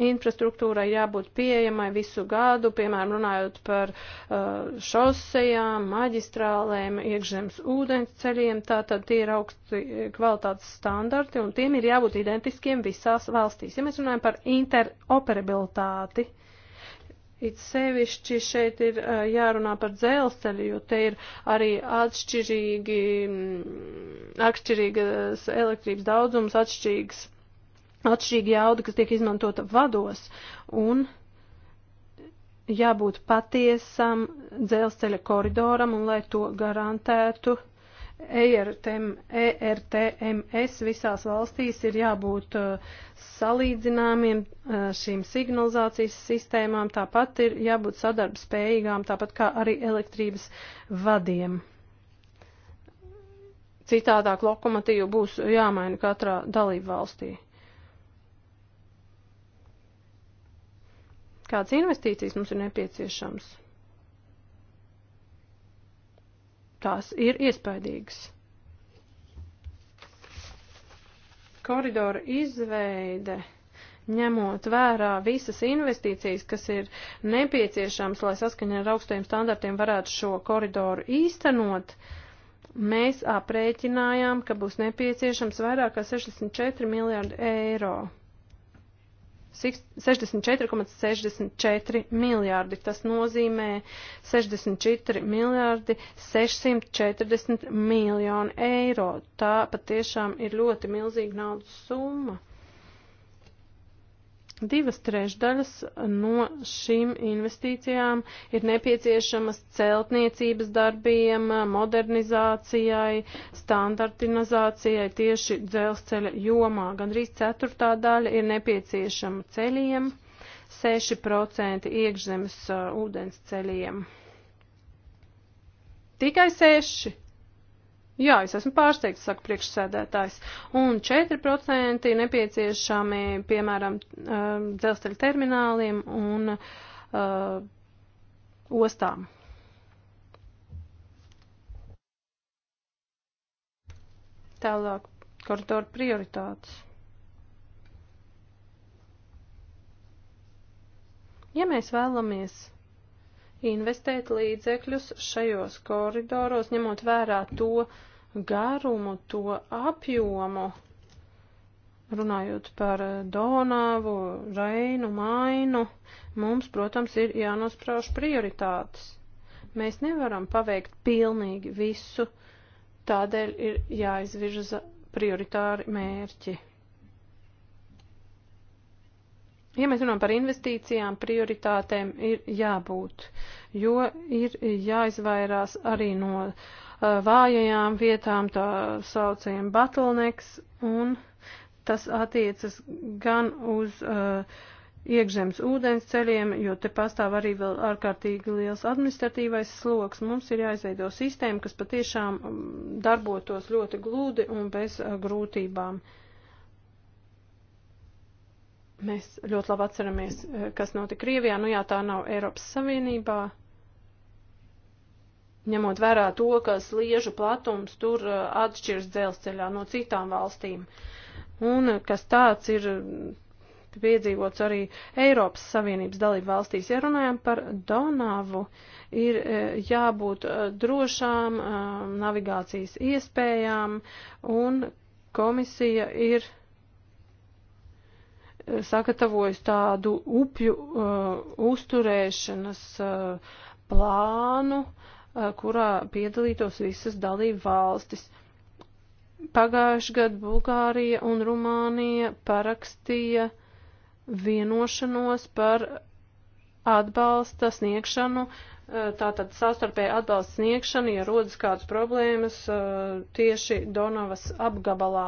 infrastruktūrai jābūt pieejamai visu gadu, piemēram, runājot par uh, šosejām, maģistrālēm, iekšzemes ūdens ceļiem, tātad tie ir augsti kvalitātes standarti un tiem ir jābūt identiskiem visās valstīs. Ja mēs runājam par interoperabilitāti, it sevišķi šeit ir uh, jārunā par dzelzceļu, jo te ir arī atšķirīgi, mm, atšķirīgas elektrības daudzums, atšķirīgas atšķirīga jauda, kas tiek izmantota vados, un jābūt patiesam dzelzceļa koridoram, un lai to garantētu, ERTM, ERTMS visās valstīs ir jābūt uh, salīdzināmiem uh, šīm signalizācijas sistēmām, tāpat ir jābūt sadarbspējīgām, tāpat kā arī elektrības vadiem. Citādāk lokomotīvu būs jāmaina katrā dalību valstī. kādas investīcijas mums ir nepieciešams. Tās ir iespaidīgas. Koridora izveide ņemot vērā visas investīcijas, kas ir nepieciešams, lai saskaņā ar augstajiem standartiem varētu šo koridoru īstenot, mēs aprēķinājām, ka būs nepieciešams vairāk kā 64 miljārdi eiro. 64,64 miljārdi. Tas nozīmē 64 miljārdi 640 miljonu eiro. Tā patiešām ir ļoti milzīga naudas summa. Divas trešdaļas no šīm investīcijām ir nepieciešamas celtniecības darbiem, modernizācijai, standartinizācijai tieši dzelzceļa jomā. Gandrīz ceturtā daļa ir nepieciešama ceļiem, 6% iekšzemes uh, ūdens ceļiem. Tikai 6! Jā, es esmu pārsteigts, saka priekšsēdētājs. Un 4% nepieciešami, piemēram, um, dzelzceļa termināliem un uh, ostām. Tālāk, koridoru prioritātes. Ja mēs vēlamies investēt līdzekļus šajos koridoros, ņemot vērā to, uh, garumu, to apjomu, runājot par Donavu, Reinu, Mainu, mums, protams, ir jānosprauž prioritātes. Mēs nevaram paveikt pilnīgi visu, tādēļ ir jāizvirza prioritāri mērķi. Ja mēs runājam par investīcijām, prioritātēm ir jābūt, jo ir jāizvairās arī no uh, vājajām vietām, tā saucējiem bottlenecks, un tas attiecas gan uz uh, iekšzemes ūdens ceļiem, jo te pastāv arī vēl ārkārtīgi liels administratīvais sloks. Mums ir jāizveido sistēma, kas patiešām darbotos ļoti glūdi un bez grūtībām. Mēs ļoti labi atceramies, kas notika Krievijā. Nu jā, tā nav Eiropas Savienībā, ņemot vērā to, ka sliežu platums tur uh, atšķirs dzelzceļā no citām valstīm. Un uh, kas tāds ir uh, piedzīvots arī Eiropas Savienības dalību valstīs. Ja runājam par Donavu, ir jābūt drošām navigācijas iespējām, un komisija ir sagatavojusi tādu upju uh, uzturēšanas uh, plānu, uh, Uh, kurā piedalītos visas dalību valstis. Pagājuši gadu Bulgārija un Rumānija parakstīja vienošanos par atbalsta sniegšanu, uh, tātad savstarpēji atbalsta sniegšanu, ja rodas kādas problēmas uh, tieši Donavas apgabalā.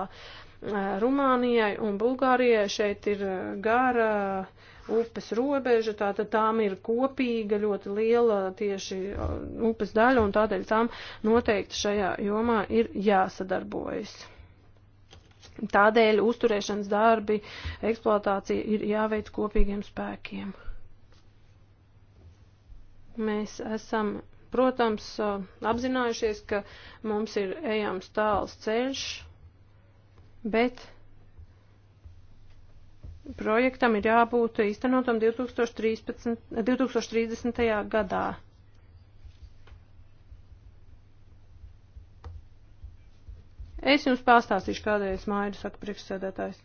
Rumānijai un Bulgārijai šeit ir gara uh, upes robeža, tātad tām ir kopīga ļoti liela tieši uh, upes daļa, un tādēļ tām noteikti šajā jomā ir jāsadarbojas. Tādēļ uzturēšanas darbi, eksploatācija ir jāveic kopīgiem spēkiem. Mēs esam, protams, uh, apzinājušies, ka mums ir ejams tāls ceļš, bet projektam ir jābūt īstenotam 2013, 2030. gadā. Es jums pastāstīšu, kādēļ es maidu, saka priekšsēdētājs.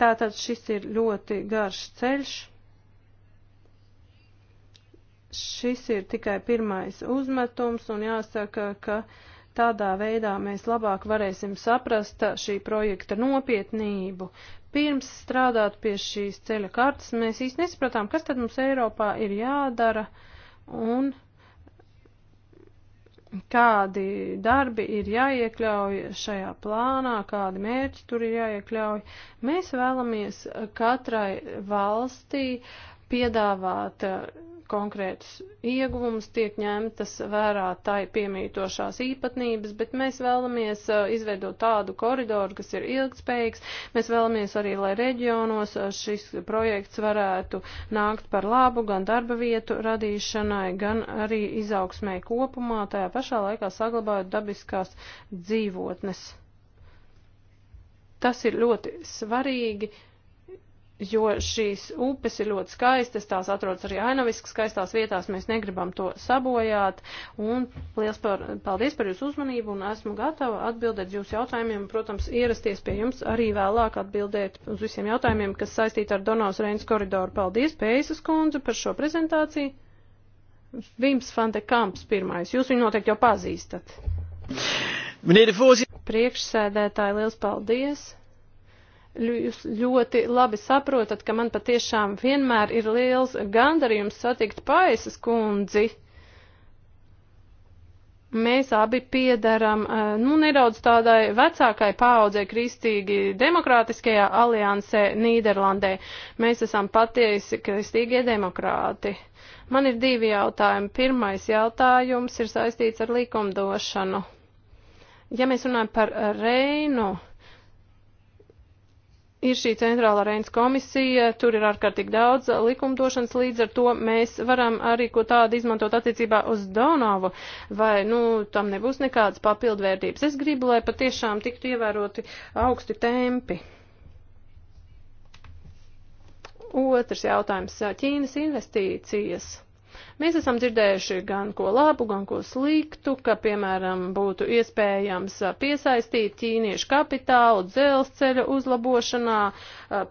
Tātad šis ir ļoti garš ceļš. Šis ir tikai pirmais uzmetums un jāsaka, ka tādā veidā mēs labāk varēsim saprast šī projekta nopietnību. Pirms strādāt pie šīs ceļa kartas, mēs īsti nesapratām, kas tad mums Eiropā ir jādara un kādi darbi ir jāiekļauj šajā plānā, kādi mērķi tur ir jāiekļauj. Mēs vēlamies katrai valstī piedāvāt uh, konkrētus ieguvumus, tiek ņemtas vērā tai piemītošās īpatnības, bet mēs vēlamies uh, izveidot tādu koridoru, kas ir ilgspējīgs. Mēs vēlamies arī, lai reģionos uh, šis projekts varētu nākt par labu gan darba vietu radīšanai, gan arī izaugsmē kopumā, tajā pašā laikā saglabājot dabiskās dzīvotnes. Tas ir ļoti svarīgi jo šīs upes ir ļoti skaistas, tās atrodas arī ainaviskas skaistās vietās, mēs negribam to sabojāt, un liels par, paldies par jūsu uzmanību, un esmu gatava atbildēt jūsu jautājumiem, protams, ierasties pie jums arī vēlāk atbildēt uz visiem jautājumiem, kas saistīti ar Donavas Reinas koridoru. Paldies, Pējas kundze, par šo prezentāciju. Vims Fante Kamps pirmais, jūs viņu noteikti jau pazīstat. Priekšsēdētāji, liels paldies! jūs ļoti labi saprotat, ka man patiešām vienmēr ir liels gandarījums satikt paisas kundzi. Mēs abi piedaram, eh, nu, nedaudz tādai vecākai paaudzē kristīgi demokrātiskajā aliansē Nīderlandē. Mēs esam patiesi kristīgie demokrāti. Man ir divi jautājumi. Pirmais jautājums ir saistīts ar likumdošanu. Ja mēs runājam par Reinu, uh, ir šī centrāla Reins komisija, tur ir ārkārtīgi daudz likumdošanas, līdz ar to mēs varam arī ko tādu izmantot attiecībā uz Donavu, vai, nu, tam nebūs nekādas papildvērtības. Es gribu, lai patiešām tiktu ievēroti augsti tempi. Otrs jautājums - Ķīnas investīcijas. Mēs esam dzirdējuši gan ko labu, gan ko sliktu, ka, piemēram, būtu iespējams piesaistīt ķīniešu kapitālu dzelzceļa uzlabošanā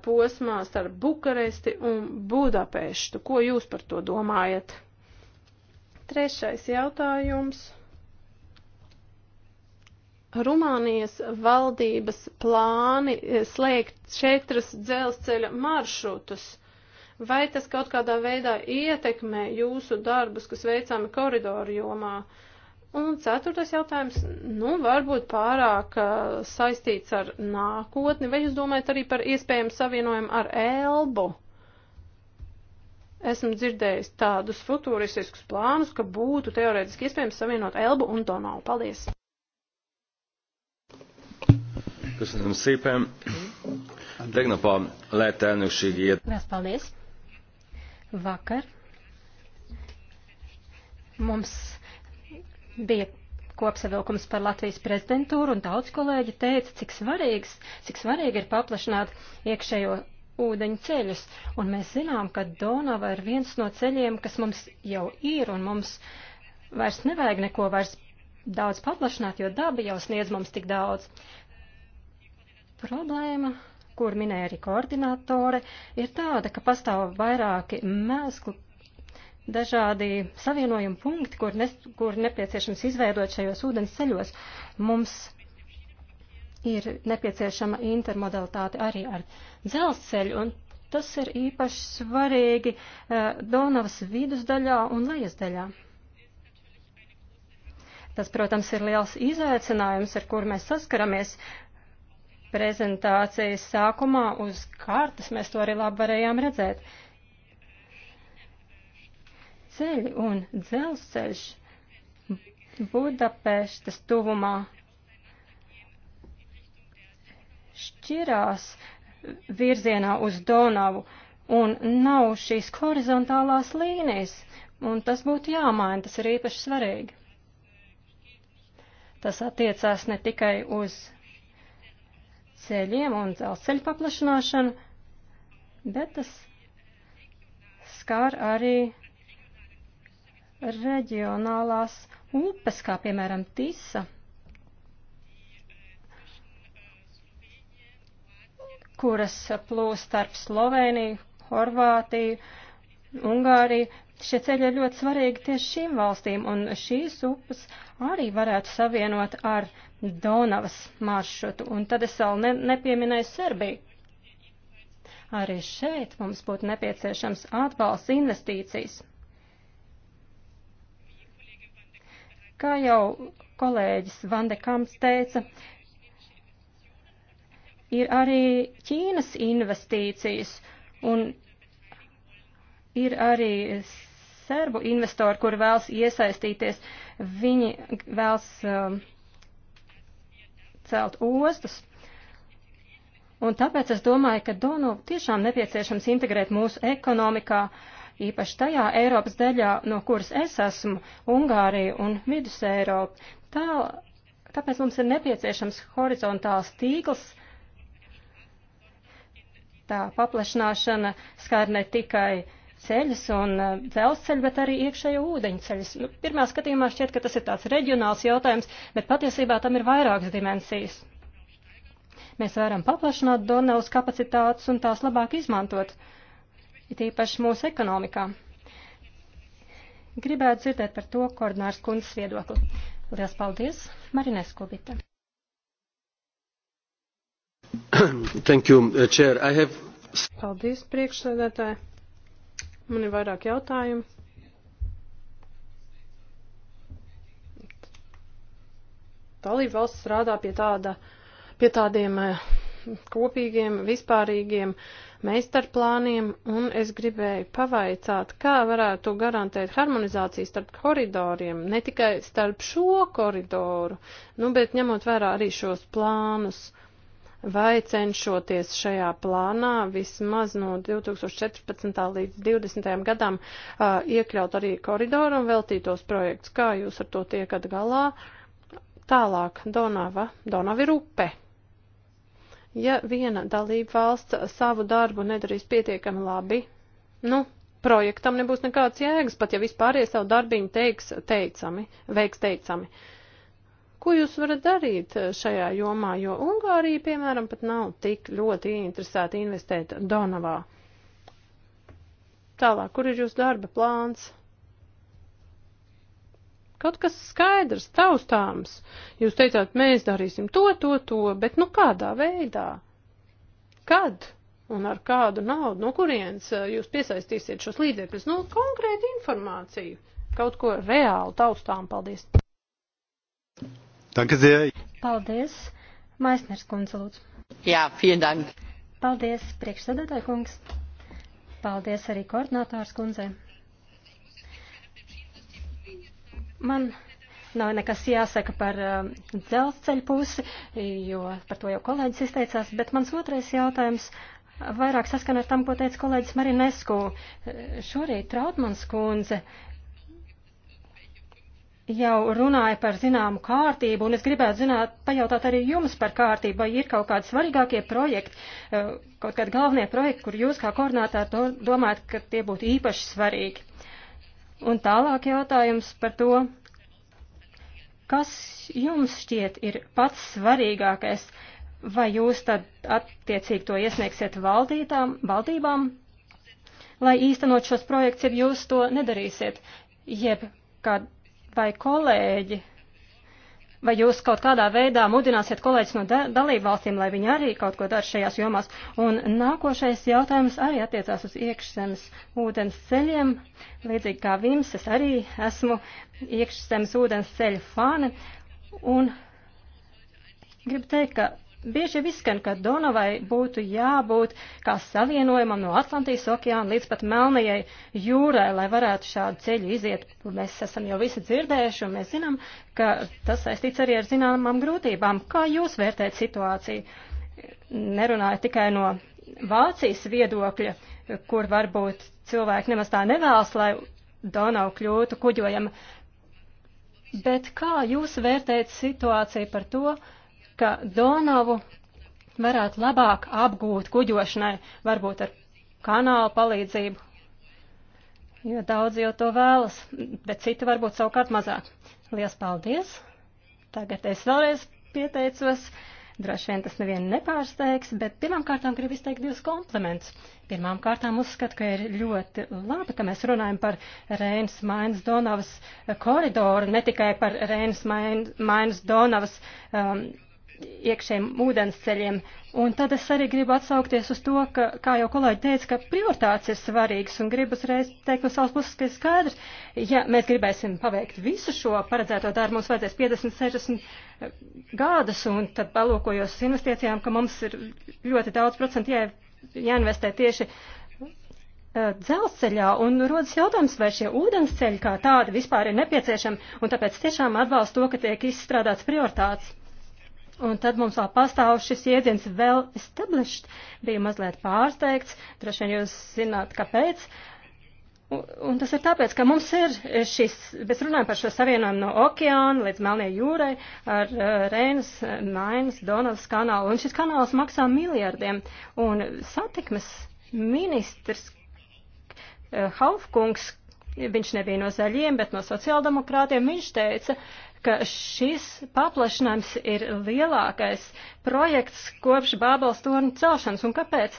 posmā starp Bukaresti un Budapeštu. Ko jūs par to domājat? Trešais jautājums. Rumānijas valdības plāni e, slēgt četras dzelzceļa maršrutus. Vai tas kaut kādā veidā ietekmē jūsu darbus, kas veicami koridoru jomā? Un ceturtais jautājums, nu, varbūt pārāk uh, saistīts ar nākotni, vai jūs domājat arī par iespējamu savienojumu ar elbu? Esmu dzirdējis tādus futuristiskus plānus, ka būtu teorētiski iespējams savienot elbu un Donau. Paldies! Köszönöm szépen. Tegnap a lett elnökség ilyet. Paldies! Vakar mums bija kopsavilkums par Latvijas prezidentūru, un daudz kolēģi teica, cik svarīgs, cik svarīgi ir paplašināt iekšējo ūdeņu ceļus, un mēs zinām, ka Donava ir viens no ceļiem, kas mums jau ir, un mums vairs nevajag neko vairs daudz paplašināt, jo daba jau sniedz mums tik daudz. Problēma kur minēja arī koordinātore, ir tāda, ka pastāv vairāki mēslu dažādi savienojumi punkti, kur, ne, kur nepieciešams izveidot šajos ūdens ceļos. Mums ir nepieciešama intermodalitāte arī ar dzelzceļu, un tas ir īpaši svarīgi eh, Donavas vidusdaļā un lejasdaļā. Tas, protams, ir liels izaicinājums, ar kur mēs saskaramies, prezentācijas sākumā uz kartas mēs to arī labi varējām redzēt. Ceļi un dzelzceļš Budapeštas tuvumā šķirās virzienā uz Donavu un nav šīs horizontālās līnijas, un tas būtu jāmaina, tas ir īpaši svarīgi. Tas attiecās ne tikai uz ceļiem un dzelzceļu paplašināšanu, bet tas skār arī reģionālās upes, kā piemēram Tisa, kuras plūst starp Sloveniju, Horvātiju, Ungāriju. Šie ceļi ir ļoti svarīgi tieši šīm valstīm, un šīs upes arī varētu savienot ar Donavas maršrutu, un tad es vēl ne, nepieminēju Serbiju. Arī šeit mums būtu nepieciešams atbalsts investīcijas. Kā jau kolēģis Vandekams teica, ir arī Ķīnas investīcijas un ir arī serbu investori, kur vēlas iesaistīties. Viņi vēlas uh, celt ostas. Un tāpēc es domāju, ka Donovu tiešām nepieciešams integrēt mūsu ekonomikā, īpaši tajā Eiropas daļā, no kuras es esmu, Ungārija un Vidus Eiropa. Tā, tāpēc mums ir nepieciešams horizontāls tīkls, tā paplašināšana skar ne tikai uh, ceļus un eh, dzelzceļu, bet arī iekšējo ūdeņceļus. Nu, pirmā skatījumā šķiet, ka tas ir tāds reģionāls jautājums, bet patiesībā tam ir vairākas dimensijas. Mēs varam paplašināt Donavas kapacitātes un tās labāk izmantot, it īpaši mūsu ekonomikā. Gribētu dzirdēt par to koordinārs kundzes viedokli. Lielas paldies, Marines Kubita. Thank you, Chair. I have... Paldies, priekšsēdētāji. Man ir vairāk jautājumu. Dalība valsts strādā pie, tāda, pie tādiem eh, kopīgiem, vispārīgiem meistarplāniem, un es gribēju pavaicāt, kā varētu garantēt harmonizāciju starp koridoriem, ne tikai starp šo koridoru, nu, bet ņemot vērā arī šos plānus. Uh, vai cenšoties šajā plānā vismaz no 2014. līdz 2020. gadam uh, iekļaut arī koridoru un veltītos projekts, kā jūs ar to tiekat galā. Tālāk Donava, Donava ir upe. Ja viena dalība valsts savu darbu nedarīs pietiekami labi, nu, projektam nebūs nekāds jēgas, pat ja vispārējie savu darbiņu teiks teicami, veiks teicami. Uh, Ko jūs varat darīt eh, šajā jomā, jo Ungārija, piemēram, pat nav tik ļoti interesēta investēt Donavā? Tālāk, kur ir jūsu darba plāns? Kaut kas skaidrs, taustāms. Jūs teicāt, mēs darīsim to, to, to, bet nu kādā veidā? Kad un ar kādu naudu, no kurienes eh, jūs piesaistīsiet šos līdzekļus? Nu, konkrēti informāciju, kaut ko reāli taustām. Paldies! Paldies. Maisners kundze, lūdzu. Jā, vielen dank. Paldies, priekšsēdētāji kungs. Paldies arī koordinātārs kundzei. Man nav nekas jāsaka par um, dzelzceļa pusi, jo par to jau kolēģis izteicās, bet mans otrais jautājums vairāk saskana ar tam, ko teica kolēģis Marinesku. Šorīt Trautmans kundze uh, jau runāja par zināmu kārtību, un es gribētu zināt, pajautāt arī jums par kārtību, vai ir kaut kādi svarīgākie projekti, eh, kaut kādi galvenie projekti, kur jūs kā koordinātāri domājat, ka tie būtu īpaši svarīgi. Un tālāk jautājums par to, kas jums šķiet ir pats svarīgākais, vai jūs tad attiecīgi to iesniegsiet valdītām, valdībām, lai īstenot šos projekts, ja jūs to nedarīsiet, jeb kādu vai kolēģi, vai jūs kaut kādā veidā mudināsiet kolēģis no da dalībvalstīm, lai viņi arī kaut ko dara šajās jomās. Un nākošais jautājums arī attiecās uz iekšzemes ūdens ceļiem. Līdzīgi kā Vims, es arī esmu iekšzemes ūdens ceļu fani. Un gribu teikt, ka bieži izskan, ka Donovai būtu jābūt kā savienojumam no Atlantijas okeāna līdz pat Melnajai jūrai, lai varētu šādu ceļu iziet. Mēs esam jau visi dzirdējuši un mēs zinām, ka tas saistīts arī ar zināmām grūtībām. Kā jūs vērtējat situāciju? Nerunāju tikai no Vācijas viedokļa, kur varbūt cilvēki nemaz tā nevēlas, lai Donau kļūtu kuģojama. Bet kā jūs vērtējat situāciju par to, uh, ka Donavu varētu labāk apgūt kuģošanai, varbūt ar kanālu palīdzību, jo daudzi jau to vēlas, bet citi varbūt savukārt mazāk. Lielas paldies! Tagad es vēlreiz pieteicos. Droši vien tas nevienu nepārsteigs, bet pirmām kārtām gribu izteikt divus komplementus. Pirmām kārtām uzskatu, ka ir ļoti labi, ka mēs runājam par Rēnas Mainas Donavas koridoru, ne tikai par Rēnas Mainas Donavas um, iekšējiem ūdensceļiem. Un tad es arī gribu atsaukties uz to, ka, kā jau kolēģi teica, ka prioritātes ir svarīgas un gribu uzreiz teikt no savas puses, ka ir skaidrs, ja mēs gribēsim paveikt visu šo paredzēto darbu, mums vajadzēs 50, 60 gadus un tad palūkojos uz investīcijām, ka mums ir ļoti daudz procentu jā, jāinvestē tieši eh, dzelzceļā un rodas jautājums, vai šie ūdensceļi kā tādi vispār ir nepieciešami, un tāpēc tiešām atbalstu to, ka tiek izstrādāts prioritāts. Un tad mums vēl pastāv šis jēdziens vēl established. Bija mazliet pārsteigts, droši vien jūs zināt, kāpēc. Un, un tas ir tāpēc, ka mums ir šis, mēs runājam par šo savienojumu no okeāna līdz Melnie jūrai ar uh, Reinas, Mainas, Donavas kanālu. Un šis kanāls maksā miljardiem. Un satikmes ministrs uh, Haufkungs, viņš nebija no zaļiem, bet no sociāldemokrātiem, viņš teica, uh, ka šis paplašinājums ir lielākais projekts kopš Bābels torņa celšanas. Un kāpēc?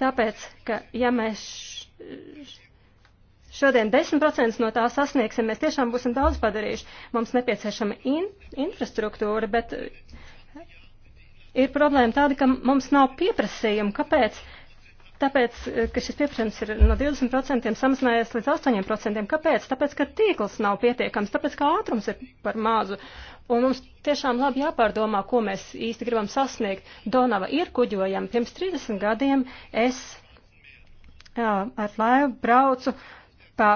Tāpēc, ka ja mēs šodien 10% no tā sasniegsim, mēs tiešām būsim daudz padarījuši. Mums nepieciešama in infrastruktūra, bet ir problēma tāda, ka mums nav pieprasījuma. Kāpēc? tāpēc, eh, ka šis pieprasījums ir no 20% samazinājies līdz 8%. Kāpēc? Tāpēc, ka tīkls nav pietiekams, tāpēc, ka ātrums ir par mazu. Un mums tiešām labi jāpārdomā, ko mēs īsti gribam sasniegt. Donava ir kuģojama. Pirms 30 gadiem es jā, ar laivu braucu pa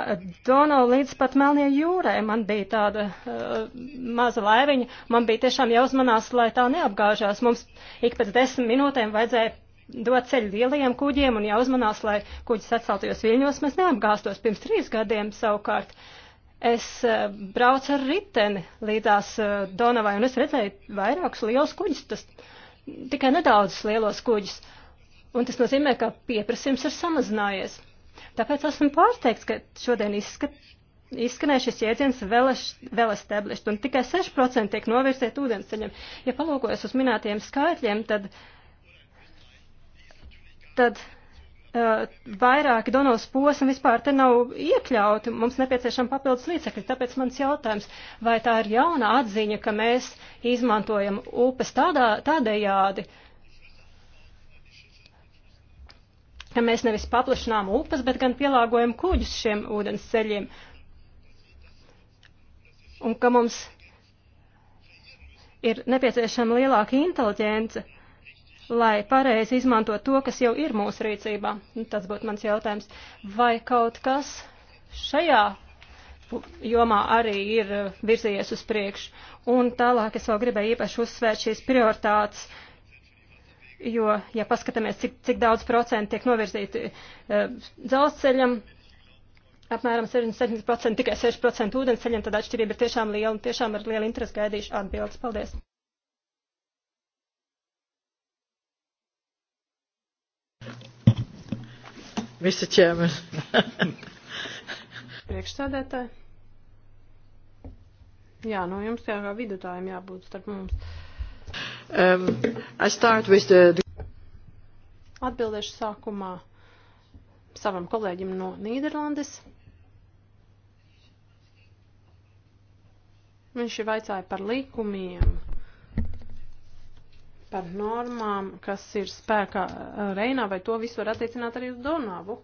Donavu līdz pat Melnie jūrai. Man bija tāda uh, maza laiviņa, man bija tiešām jāuzmanās, lai tā neapgāžās. Mums ik pēc desmit minūtēm vajadzēja dot ceļu lielajiem kuģiem un jāuzmanās, lai kuģis atceltajos viļņos mēs neapgāstos. Pirms trīs gadiem savukārt es eh, braucu ar riteni līdzās eh, Donavai un es redzēju vairākus lielus kuģus, tas tikai nedaudzus lielos kuģus. Un tas nozīmē, ka pieprasījums ir samazinājies. Tāpēc esmu pārsteigts, ka šodien izskat, izskanēja šis jēdziens vēl established, un tikai 6% tiek novirzēt ūdensceļam. Ja palūkojas uz minētajiem skaitļiem, tad uh, tad uh, vairāki donos posmi vispār te nav iekļauti. Mums nepieciešama papildus līdzekļi, tāpēc mans jautājums, vai tā ir jauna atziņa, ka mēs izmantojam upes tādā, tādējādi, ka mēs nevis paplašinām upes, bet gan pielāgojam kuģus šiem ūdens ceļiem. Un ka mums ir nepieciešama lielāka inteliģence lai pareizi izmantot to, kas jau ir mūsu rīcībā? Nu, tas būtu mans jautājums. Vai kaut kas šajā jomā arī ir uh, virzījies uz priekšu? Un tālāk es vēl gribēju īpaši uzsvērt šīs prioritātes, jo, ja paskatāmies, cik, cik daudz procentu tiek novirzīti uh, dzelzceļam, apmēram 70%, tikai 6% ūdensceļiem, tad atšķirība ir tiešām liela un tiešām ar lielu interesi gaidīšu atbildes. Paldies! Mr. Chairman. Priekšsēdētāji. Jā, nu jums kā kā vidutājiem jābūt starp mums. Um, I start with the... Atbildēšu sākumā savam kolēģim no Nīderlandes. Viņš ir vaicāja par likumiem par normām, kas ir spēkā eh, Reinā, vai to visu var attiecināt arī uz Donavu.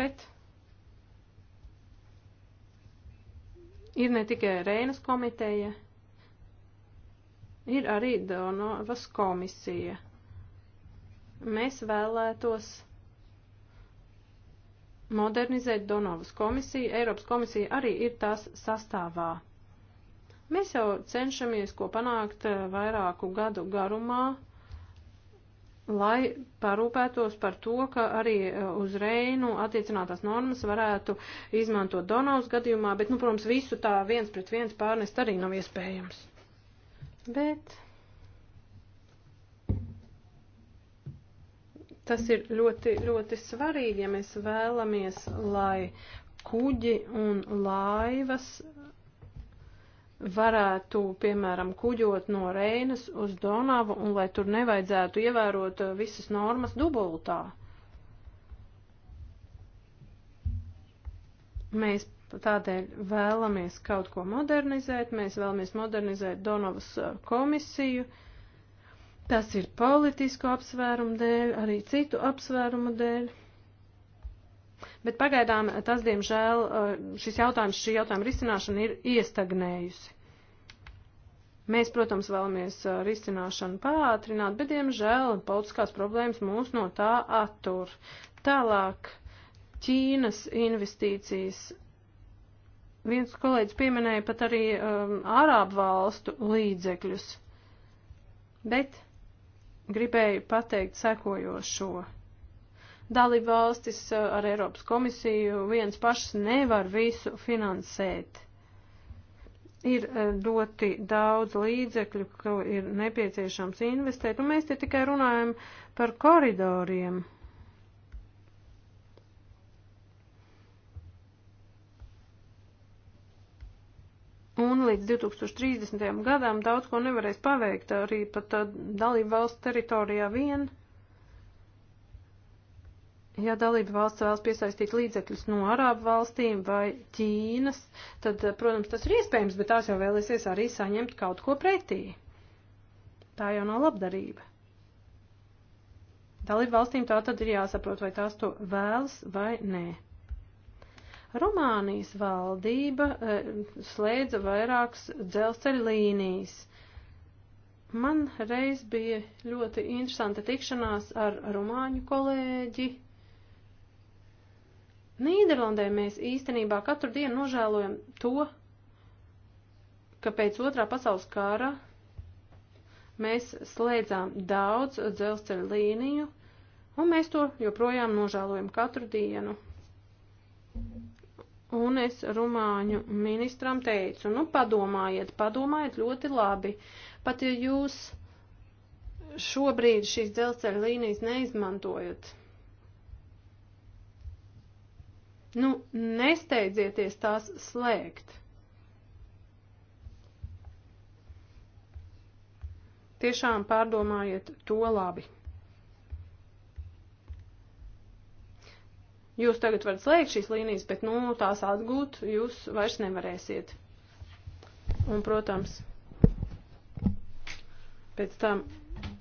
Bet ir ne tikai Reinas komiteja, ir arī Donovas komisija. Mēs vēlētos modernizēt Donovas komisiju. Eiropas komisija arī ir tās sastāvā. Mēs jau cenšamies ko panākt eh, vairāku gadu garumā, lai parūpētos par to, ka arī eh, uz Reinu attiecinātās normas varētu izmantot Donavas gadījumā, bet, nu, protams, visu tā viens pret viens pārnest arī nav iespējams. Bet tas ir ļoti, ļoti svarīgi, ja mēs vēlamies, lai kuģi un laivas varētu, piemēram, kuģot no Reinas uz Donavu un lai tur nevajadzētu ievērot eh, visas normas dubultā. Mēs tādēļ vēlamies kaut ko modernizēt, mēs vēlamies modernizēt Donavas eh, komisiju. Tas ir politisko apsvērumu dēļ, arī citu apsvērumu dēļ bet pagaidām tas, diemžēl, eh, šis jautājums, šī jautājuma risināšana ir iestagnējusi. Mēs, protams, vēlamies eh, risināšanu pātrināt, bet, diemžēl, politiskās problēmas mūs no tā attur. Tālāk, Ķīnas investīcijas viens kolēģis pieminēja pat arī um, ārābu valstu līdzekļus, bet gribēju pateikt sekojošo. Dalībvalstis eh, ar Eiropas komisiju viens pašs nevar visu finansēt. Ir eh, doti daudz līdzekļu, ko ir nepieciešams investēt, un mēs te tikai runājam par koridoriem. Un līdz 2030. gadam daudz ko nevarēs paveikt arī pat eh, dalību valsts teritorijā vien. Ja dalība valsts vēlas piesaistīt līdzekļus no Arābu valstīm vai Ķīnas, tad, eh, protams, tas ir iespējams, bet tās jau vēlēsies arī saņemt kaut ko pretī. Tā jau nav labdarība. Dalību valstīm tā tad ir jāsaprot, vai tās to vēlas vai nē. Rumānijas valdība e, slēdza vairākas dzelzceļa līnijas. Man reiz bija ļoti interesanta tikšanās ar rumāņu kolēģi Nīderlandē mēs īstenībā katru dienu nožēlojam to, ka pēc otrā pasaules kara mēs slēdzām daudz dzelzceļa līniju, un mēs to joprojām nožēlojam katru dienu. Un es rumāņu ministram teicu, nu padomājiet, padomājiet ļoti labi, pat ja jūs šobrīd šīs dzelzceļa līnijas neizmantojat Nu, nesteidzieties tās slēgt. Tiešām pārdomājiet to labi. Jūs tagad varat slēgt šīs līnijas, bet nu, tās atgūt jūs vairs nevarēsiet. Un, protams, pēc tam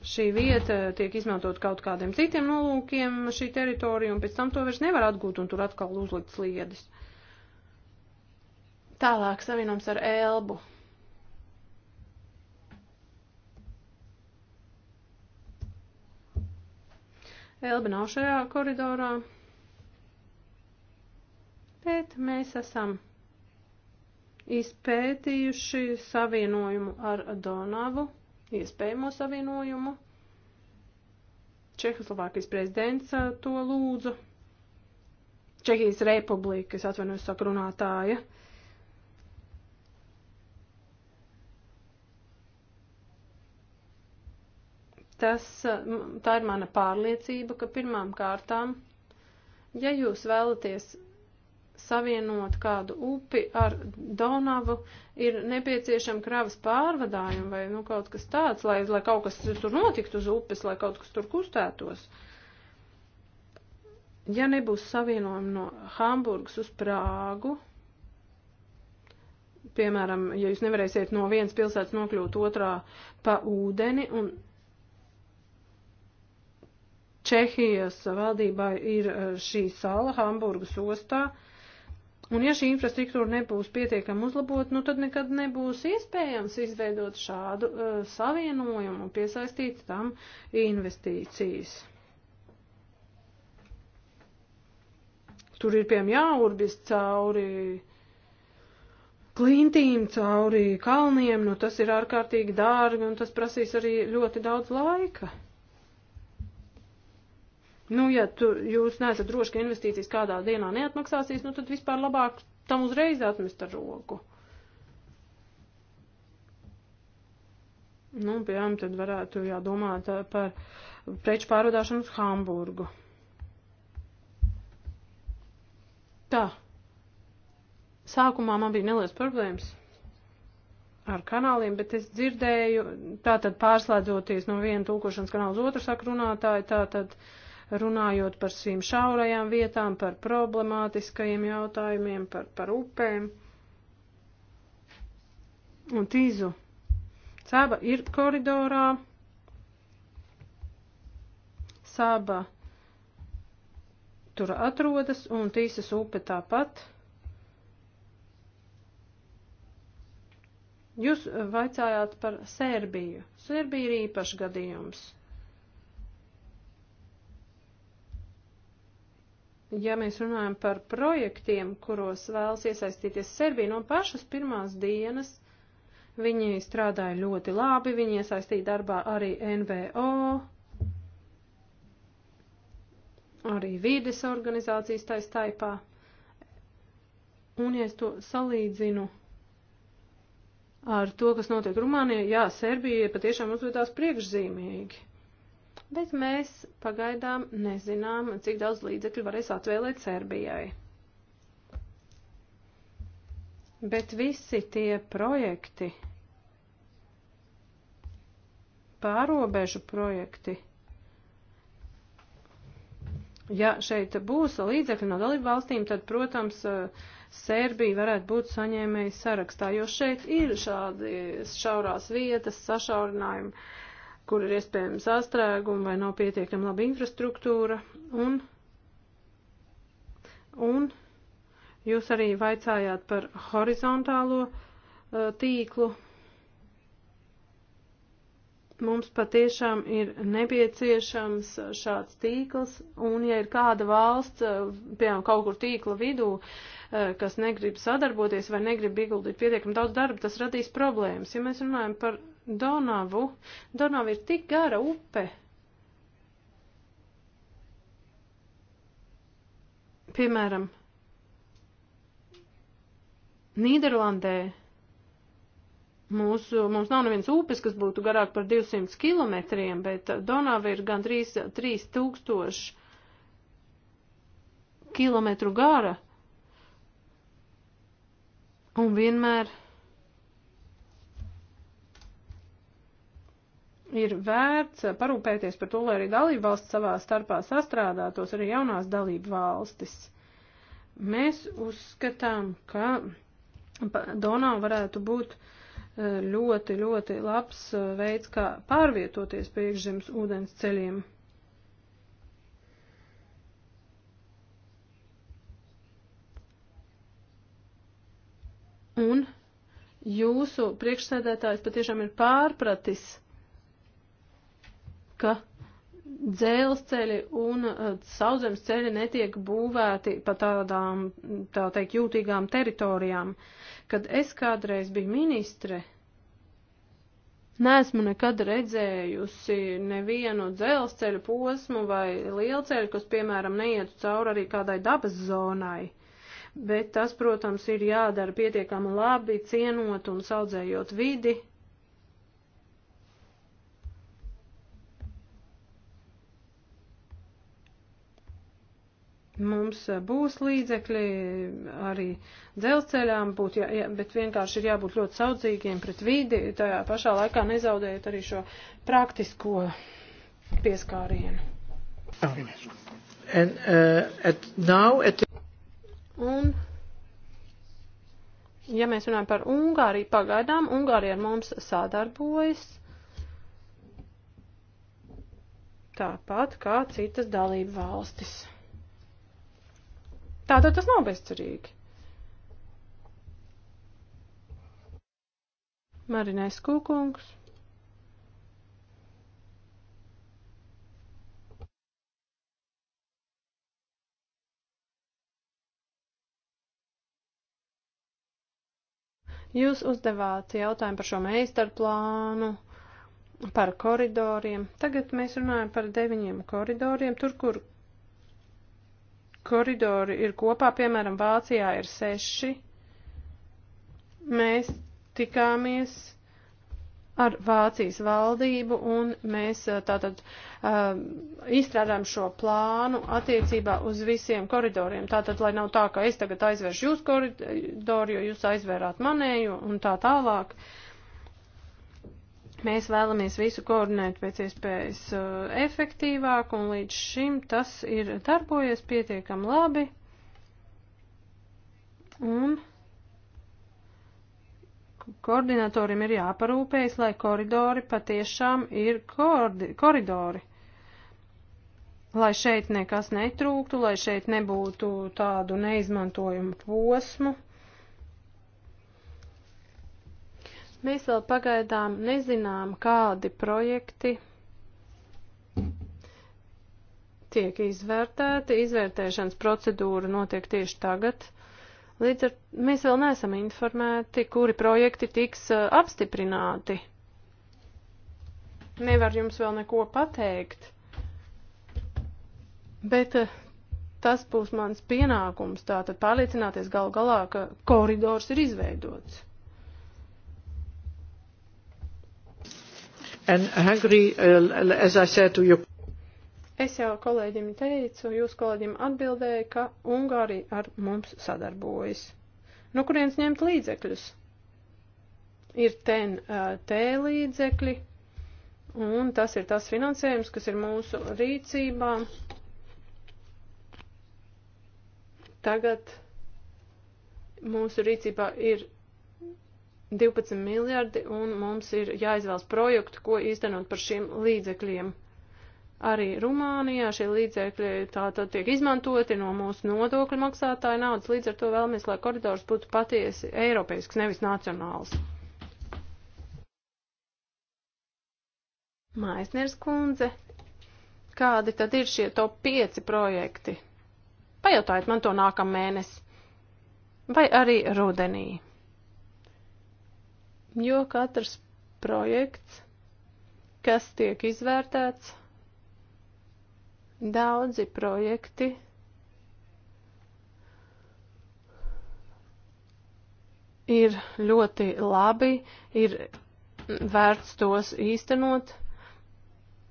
šī vieta tiek izmantot kaut kādiem citiem nolūkiem, šī teritorija, un pēc tam to vairs nevar atgūt, un tur atkal uzlikt sliedes. Tālāk savienojums ar elbu. Elba nav šajā koridorā, bet mēs esam izpētījuši savienojumu ar Donavu iespējamo savienojumu. Čehoslovākijas prezidents to lūdzu. Čehijas republika, es atvainojos, saka runātāja. Tas, tā ir mana pārliecība, ka pirmām kārtām, ja jūs vēlaties savienot kādu upi ar Donavu, ir nepieciešama kravas pārvadājuma vai nu, kaut kas tāds, lai, lai kaut kas tur notiktu uz upes, lai kaut kas tur kustētos. Ja nebūs savienojuma no Hamburgas uz Prāgu, piemēram, ja jūs nevarēsiet no vienas pilsētas nokļūt otrā pa ūdeni un Čehijas valdībā ir eh, šī sala Hamburgas ostā, uh, Un ja šī infrastruktūra nebūs pietiekami uzlabot, nu tad nekad nebūs iespējams izveidot šādu uh, savienojumu un piesaistīt tam investīcijas. Tur ir, piemēram, jāurbis cauri klintīm, cauri kalniem, nu tas ir ārkārtīgi dārgi un tas prasīs arī ļoti daudz laika. Nu, ja tu, jūs neesat droši, ka investīcijas kādā dienā neatmaksāsies, nu tad vispār labāk tam uzreiz atmest ar roku. Nu, piemēram, tad varētu jādomāt par preču pārvadāšanu uz Hamburgu. Tā. Sākumā man bija neliels problēmas ar kanāliem, bet es dzirdēju, tātad pārslēdzoties no viena tūkošanas kanāla uz otru, saka runātāji, tātad. Uh, runājot par šīm šaurajām vietām, par problemātiskajiem jautājumiem, par, par upēm un tīzu. Saba ir koridorā. Saba tur atrodas un tīsas upe tāpat. Jūs vaicājāt par Sērbiju. Sērbija ir īpašs gadījums. ja mēs runājam par projektiem, kuros vēlas iesaistīties Serbija no pašas pirmās dienas, viņi strādāja ļoti labi, viņi iesaistīja darbā arī NVO, arī vīdes organizācijas taisa taipā. Un, ja es to salīdzinu ar to, kas notiek Rumānijā, jā, Serbija patiešām uzvedās priekšzīmīgi bet mēs pagaidām nezinām, cik daudz līdzekļu varēs atvēlēt Serbijai. Bet visi tie projekti, pārobežu projekti, ja šeit būs līdzekļi no dalību valstīm, tad, protams, Sērbija varētu būt saņēmēja sarakstā, jo šeit ir šādi šaurās vietas, sašaurinājumi. Uh, kur ir iespējams sastrēgumi vai nav pietiekami laba infrastruktūra. Un, un jūs arī vaicājāt par horizontālo uh, tīklu. Mums patiešām ir nepieciešams šāds tīkls, un ja ir kāda valsts, eh, piemēram, kaut kur tīkla vidū, uh, kas negrib sadarboties vai negrib ieguldīt pietiekami daudz darba, tas radīs problēmas. Ja mēs runājam par Donavu. Donava ir tik gara upe. Piemēram, Nīderlandē mūsu, mums nav neviens upes, kas būtu garāk par 200 kilometriem, bet Donava ir gandrīz 3000 kilometru gara. Un vienmēr ir vērts parūpēties par to, lai arī dalību valsts savā starpā sastrādātos arī jaunās dalību valstis. Mēs uzskatām, ka Donau varētu būt e, ļoti, ļoti labs e, veids, kā pārvietoties pa iekšzemes ūdens ceļiem. Un jūsu priekšsēdētājs patiešām ir pārpratis ka dzelzceļi un uh, sauszemes ceļi netiek būvēti pa tādām, tā teikt, jūtīgām teritorijām. Kad es kādreiz biju ministre, neesmu nekad redzējusi nevienu dzelzceļu posmu vai lielceļu, kas, piemēram, neietu cauri arī kādai dabas zonai. Bet tas, protams, ir jādara pietiekami labi, cienot un saudzējot vidi, Mums eh, būs līdzekļi arī dzelceļām, būt, jā, jā, bet vienkārši ir jābūt ļoti saudzīgiem pret vidi, tajā pašā laikā nezaudējot arī šo praktisko pieskārienu. And, uh, at now, at... Un ja mēs runājam par Ungāriju, pagaidām Ungārija ar mums sadarbojas tāpat kā citas dalība valstis. Tātad tas nav bezcerīgi. Marinēs Kūkungs. Jūs uzdevāt jautājumu par šo meistarplānu, par koridoriem. Tagad mēs runājam par deviņiem koridoriem, tur, kur koridori ir kopā, piemēram, Vācijā ir seši. Mēs tikāmies ar Vācijas valdību un mēs eh, tātad uh, izstrādājam šo plānu attiecībā uz visiem koridoriem. Tātad, lai nav tā, ka es tagad aizvēršu jūsu koridoru, jo jūs aizvērāt manēju un tā tālāk. Uh, Mēs vēlamies visu koordinēt pēc iespējas uh, efektīvāk, un līdz šim tas ir darbojies pietiekam labi. Un koordinatorim ir jāparūpējas, lai koridori patiešām ir kordi, koridori lai šeit nekas netrūktu, lai šeit nebūtu tādu neizmantojumu posmu. Mēs vēl pagaidām nezinām, kādi projekti tiek izvērtēti. Izvērtēšanas procedūra notiek tieši tagad. Līdz ar mēs vēl neesam informēti, kuri projekti tiks apstiprināti. Nevar jums vēl neko pateikt. Bet tas būs mans pienākums, tātad pārliecināties gal galā, ka koridors ir izveidots. And Hungary, uh, as I said to you. Es jau kolēģim teicu, jūs kolēģim atbildēja, ka Ungārija ar mums sadarbojas. Nu, kurienes ņemt līdzekļus? Ir ten uh, tē līdzekļi, un tas ir tas finansējums, kas ir mūsu rīcībā. Tagad mūsu rīcībā ir 12 miljardi, un mums ir jāizvēlas projektu, ko īstenot par šiem līdzekļiem. Arī Rumānijā šie līdzekļi tātad tiek izmantoti no mūsu nodokļu maksātāja naudas, līdz ar to vēlamies, lai koridors būtu patiesi eiropeisks, nevis nacionāls. Maisnieks kundze, kādi tad ir šie top 5 projekti? Pajautājiet man to nākamā mēnesi vai arī rudenī jo katrs projekts, kas tiek izvērtēts, daudzi projekti ir ļoti labi, ir vērts tos īstenot,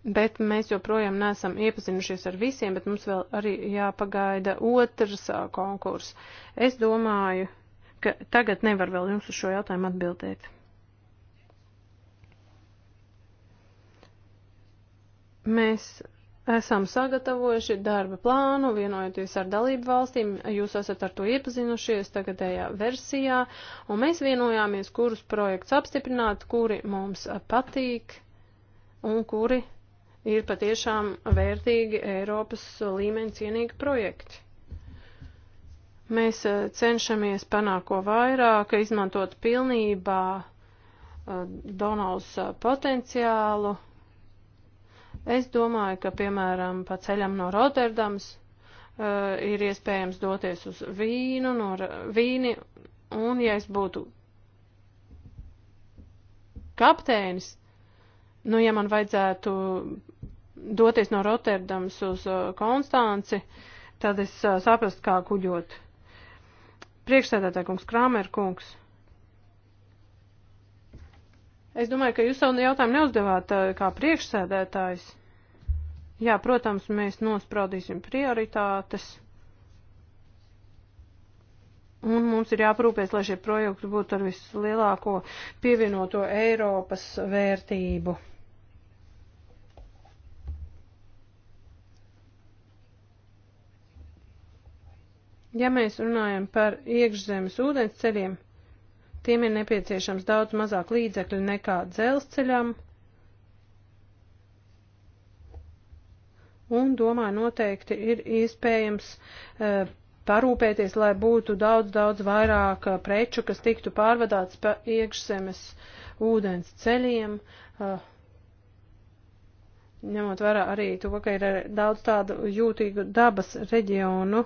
bet mēs joprojām neesam iepazinušies ar visiem, bet mums vēl arī jāpagaida otrs konkurs. Es domāju, ka tagad nevar vēl jums uz šo jautājumu atbildēt. Mēs esam sagatavojuši darba plānu, vienojoties ar dalību valstīm, jūs esat ar to iepazinušies tagadējā versijā, un mēs vienojāmies, kurus projekts apstiprināt, kuri mums patīk un kuri ir patiešām vērtīgi Eiropas līmeņa cienīgi projekti. Mēs eh, cenšamies panākt ko vairāk, izmantot pilnībā eh, Donalds eh, potenciālu Es domāju, ka, piemēram, pa ceļam no Rotterdams uh, ir iespējams doties uz vīnu, no vīni, un ja es būtu kapteinis, nu, ja man vajadzētu doties no Rotterdams uz uh, Konstanci, tad es uh, saprastu, kā kuģot. Priekšsēdētāj kungs, Krāmer kungs. Es domāju, ka jūs savu jautājumu neuzdevāt eh, kā priekšsēdētājs. Jā, protams, mēs nospraudīsim prioritātes. Un mums ir jāprūpēs, lai šie projekti būtu ar vislielāko pievienoto Eiropas vērtību. Ja mēs runājam par iekšzemes ūdens ceļiem, Tiem ir nepieciešams daudz mazāk līdzekļu nekā dzelzceļam. Un, domāju, noteikti ir iespējams e, parūpēties, lai būtu daudz, daudz vairāk e, preču, kas tiktu pārvadāts pa iekšzemes ūdens ceļiem. E, ņemot vērā arī to, ka ir e, daudz tādu jūtīgu dabas reģionu.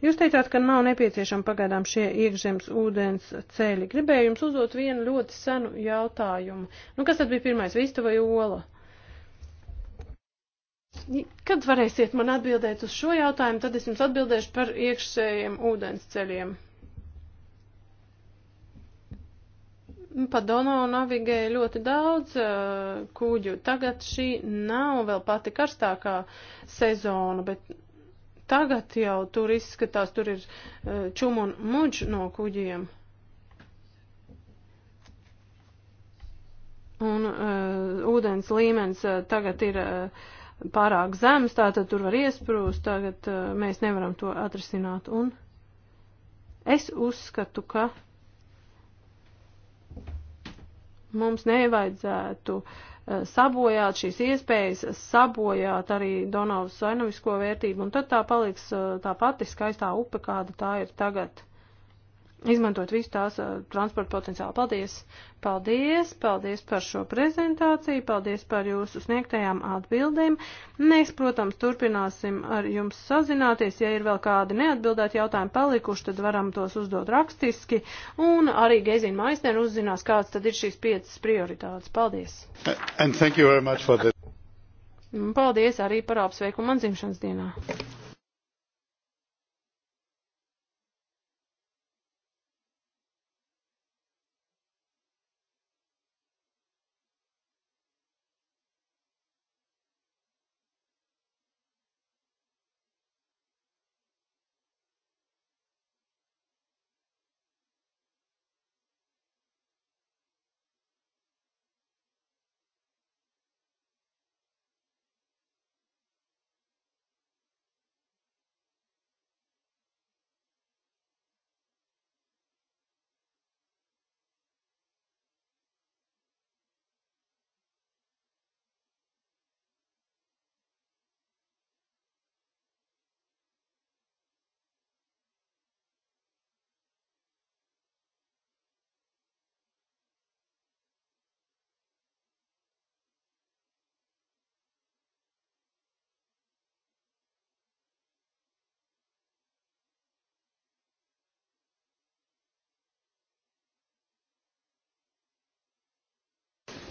Jūs teicāt, ka nav nepieciešama pagaidām šie iekšzemes ūdens ceļi. Gribēju jums uzdot vienu ļoti senu jautājumu. Nu, kas tad bija pirmais, vista vai ola? Kad varēsiet man atbildēt uz šo jautājumu, tad es jums atbildēšu par iekšējiem ūdens ceļiem. Pa Donau navigēja ļoti daudz uh, kūģu. Tagad šī nav vēl pati karstākā sezona, bet Tagad jau tur izskatās, tur ir eh, čum un muģ no kuģiem. Un uh, ūdens līmenis uh, tagad ir uh, pārāk zems, tātad tur var iesprūst, tagad uh, mēs nevaram to atrisināt. Un es uzskatu, ka mums nevajadzētu uh, Eh, sabojāt šīs iespējas, sabojāt arī Donavas sainovisko vērtību, un tad tā paliks eh, tā pati skaistā upe, kāda tā ir tagad izmantot visu tās uh, transporta potenciālu. Paldies! Paldies! Paldies par šo prezentāciju, paldies par jūsu sniegtajām atbildēm. Mēs, protams, turpināsim ar jums sazināties. Ja ir vēl kādi neatbildēti jautājumi palikuši, tad varam tos uzdot rakstiski. Un arī Gezina Maisner uzzinās, kāds tad ir šīs piecas prioritātes. Paldies! Paldies arī par apsveikumu man dzimšanas dienā!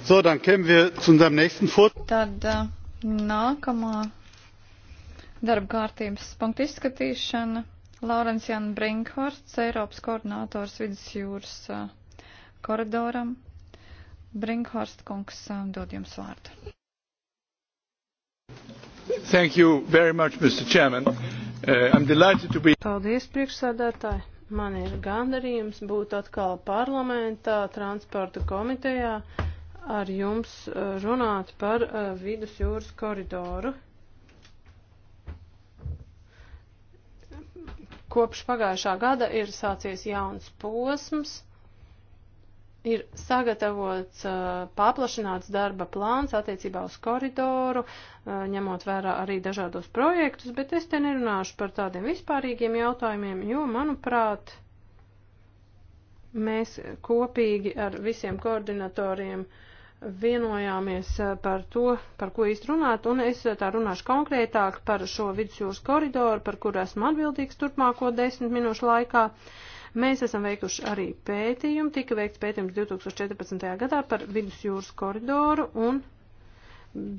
So, dann kämen wir zu unserem nächsten Tad äh, nākamā darba kārtības punkta izskatīšana. Laurens Jan Brinkhorsts, Eiropas koordinātors vidusjūras äh, koridoram. Brinkhorst kungs äh, dod jums vārdu. Thank you very much, Mr. Chairman. Uh, I'm delighted to be. Paldies, priekšsādātāji. Man ir gandarījums būt atkal parlamentā, transporta komitejā. Uh, ar jums eh, runāt par eh, vidus jūras koridoru. Kopš pagājušā gada ir sācies jauns posms, ir sagatavots eh, paplašināts darba plāns attiecībā uz koridoru, ņemot vērā arī dažādos projektus, bet es te nerunāšu par tādiem vispārīgiem jautājumiem, jo, manuprāt, mēs kopīgi ar visiem koordinatoriem uh, vienojāmies eh, par to, par ko īsti runāt, un es eh, tā runāšu konkrētāk par šo vidusjūras koridoru, par kuru esmu atbildīgs turpmāko desmit minūšu laikā. Mēs esam veikuši arī pētījumu, tika veikts pētījums 2014. gadā par vidusjūras koridoru, un